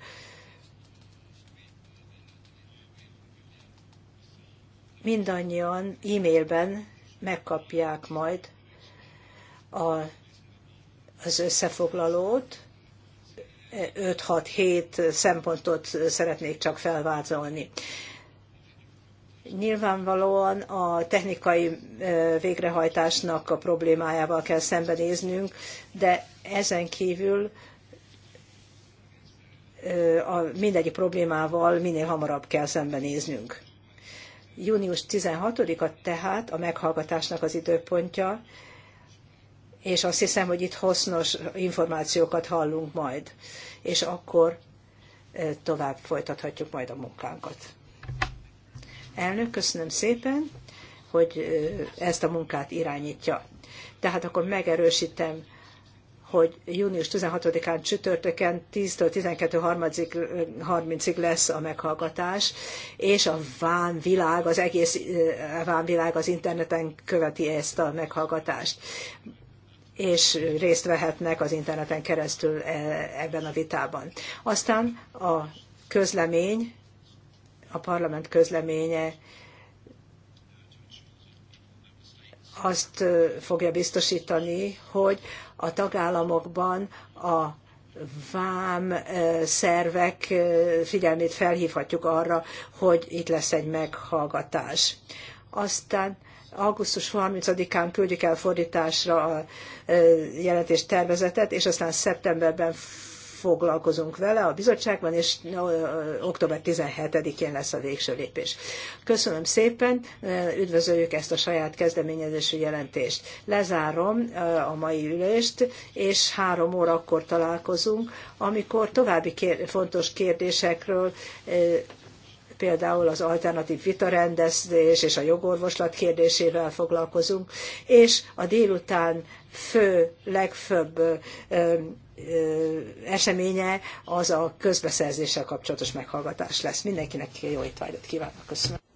Speaker 3: Mindannyian e-mailben megkapják majd a, az összefoglalót. 5-6-7 szempontot szeretnék csak felvázolni. Nyilvánvalóan a technikai végrehajtásnak a problémájával kell szembenéznünk, de ezen kívül a mindegyik problémával minél hamarabb kell szembenéznünk. Június 16-a tehát a meghallgatásnak az időpontja, és azt hiszem, hogy itt hasznos információkat hallunk majd, és akkor tovább folytathatjuk majd a munkánkat. Elnök, köszönöm szépen, hogy ezt a munkát irányítja. Tehát akkor megerősítem, hogy június 16-án csütörtökön 10-től 12.30-ig lesz a meghallgatás, és a vámvilág, az egész vámvilág az interneten követi ezt a meghallgatást és részt vehetnek az interneten keresztül e, ebben a vitában. Aztán a közlemény a parlament közleménye azt fogja biztosítani, hogy a tagállamokban a vám szervek figyelmét felhívhatjuk arra, hogy itt lesz egy meghallgatás. Aztán augusztus 30-án küldjük el fordításra a jelentés tervezetet, és aztán szeptemberben foglalkozunk vele a bizottságban, és október 17-én lesz a végső lépés. Köszönöm szépen, üdvözöljük ezt a saját kezdeményezésű jelentést. Lezárom a mai ülést, és három órakor találkozunk, amikor további kér- fontos kérdésekről például az alternatív vitarendezés és a jogorvoslat kérdésével foglalkozunk, és a délután fő, legfőbb eseménye az a közbeszerzéssel kapcsolatos meghallgatás lesz. Mindenkinek jó étvágyat kívánok. Köszönöm.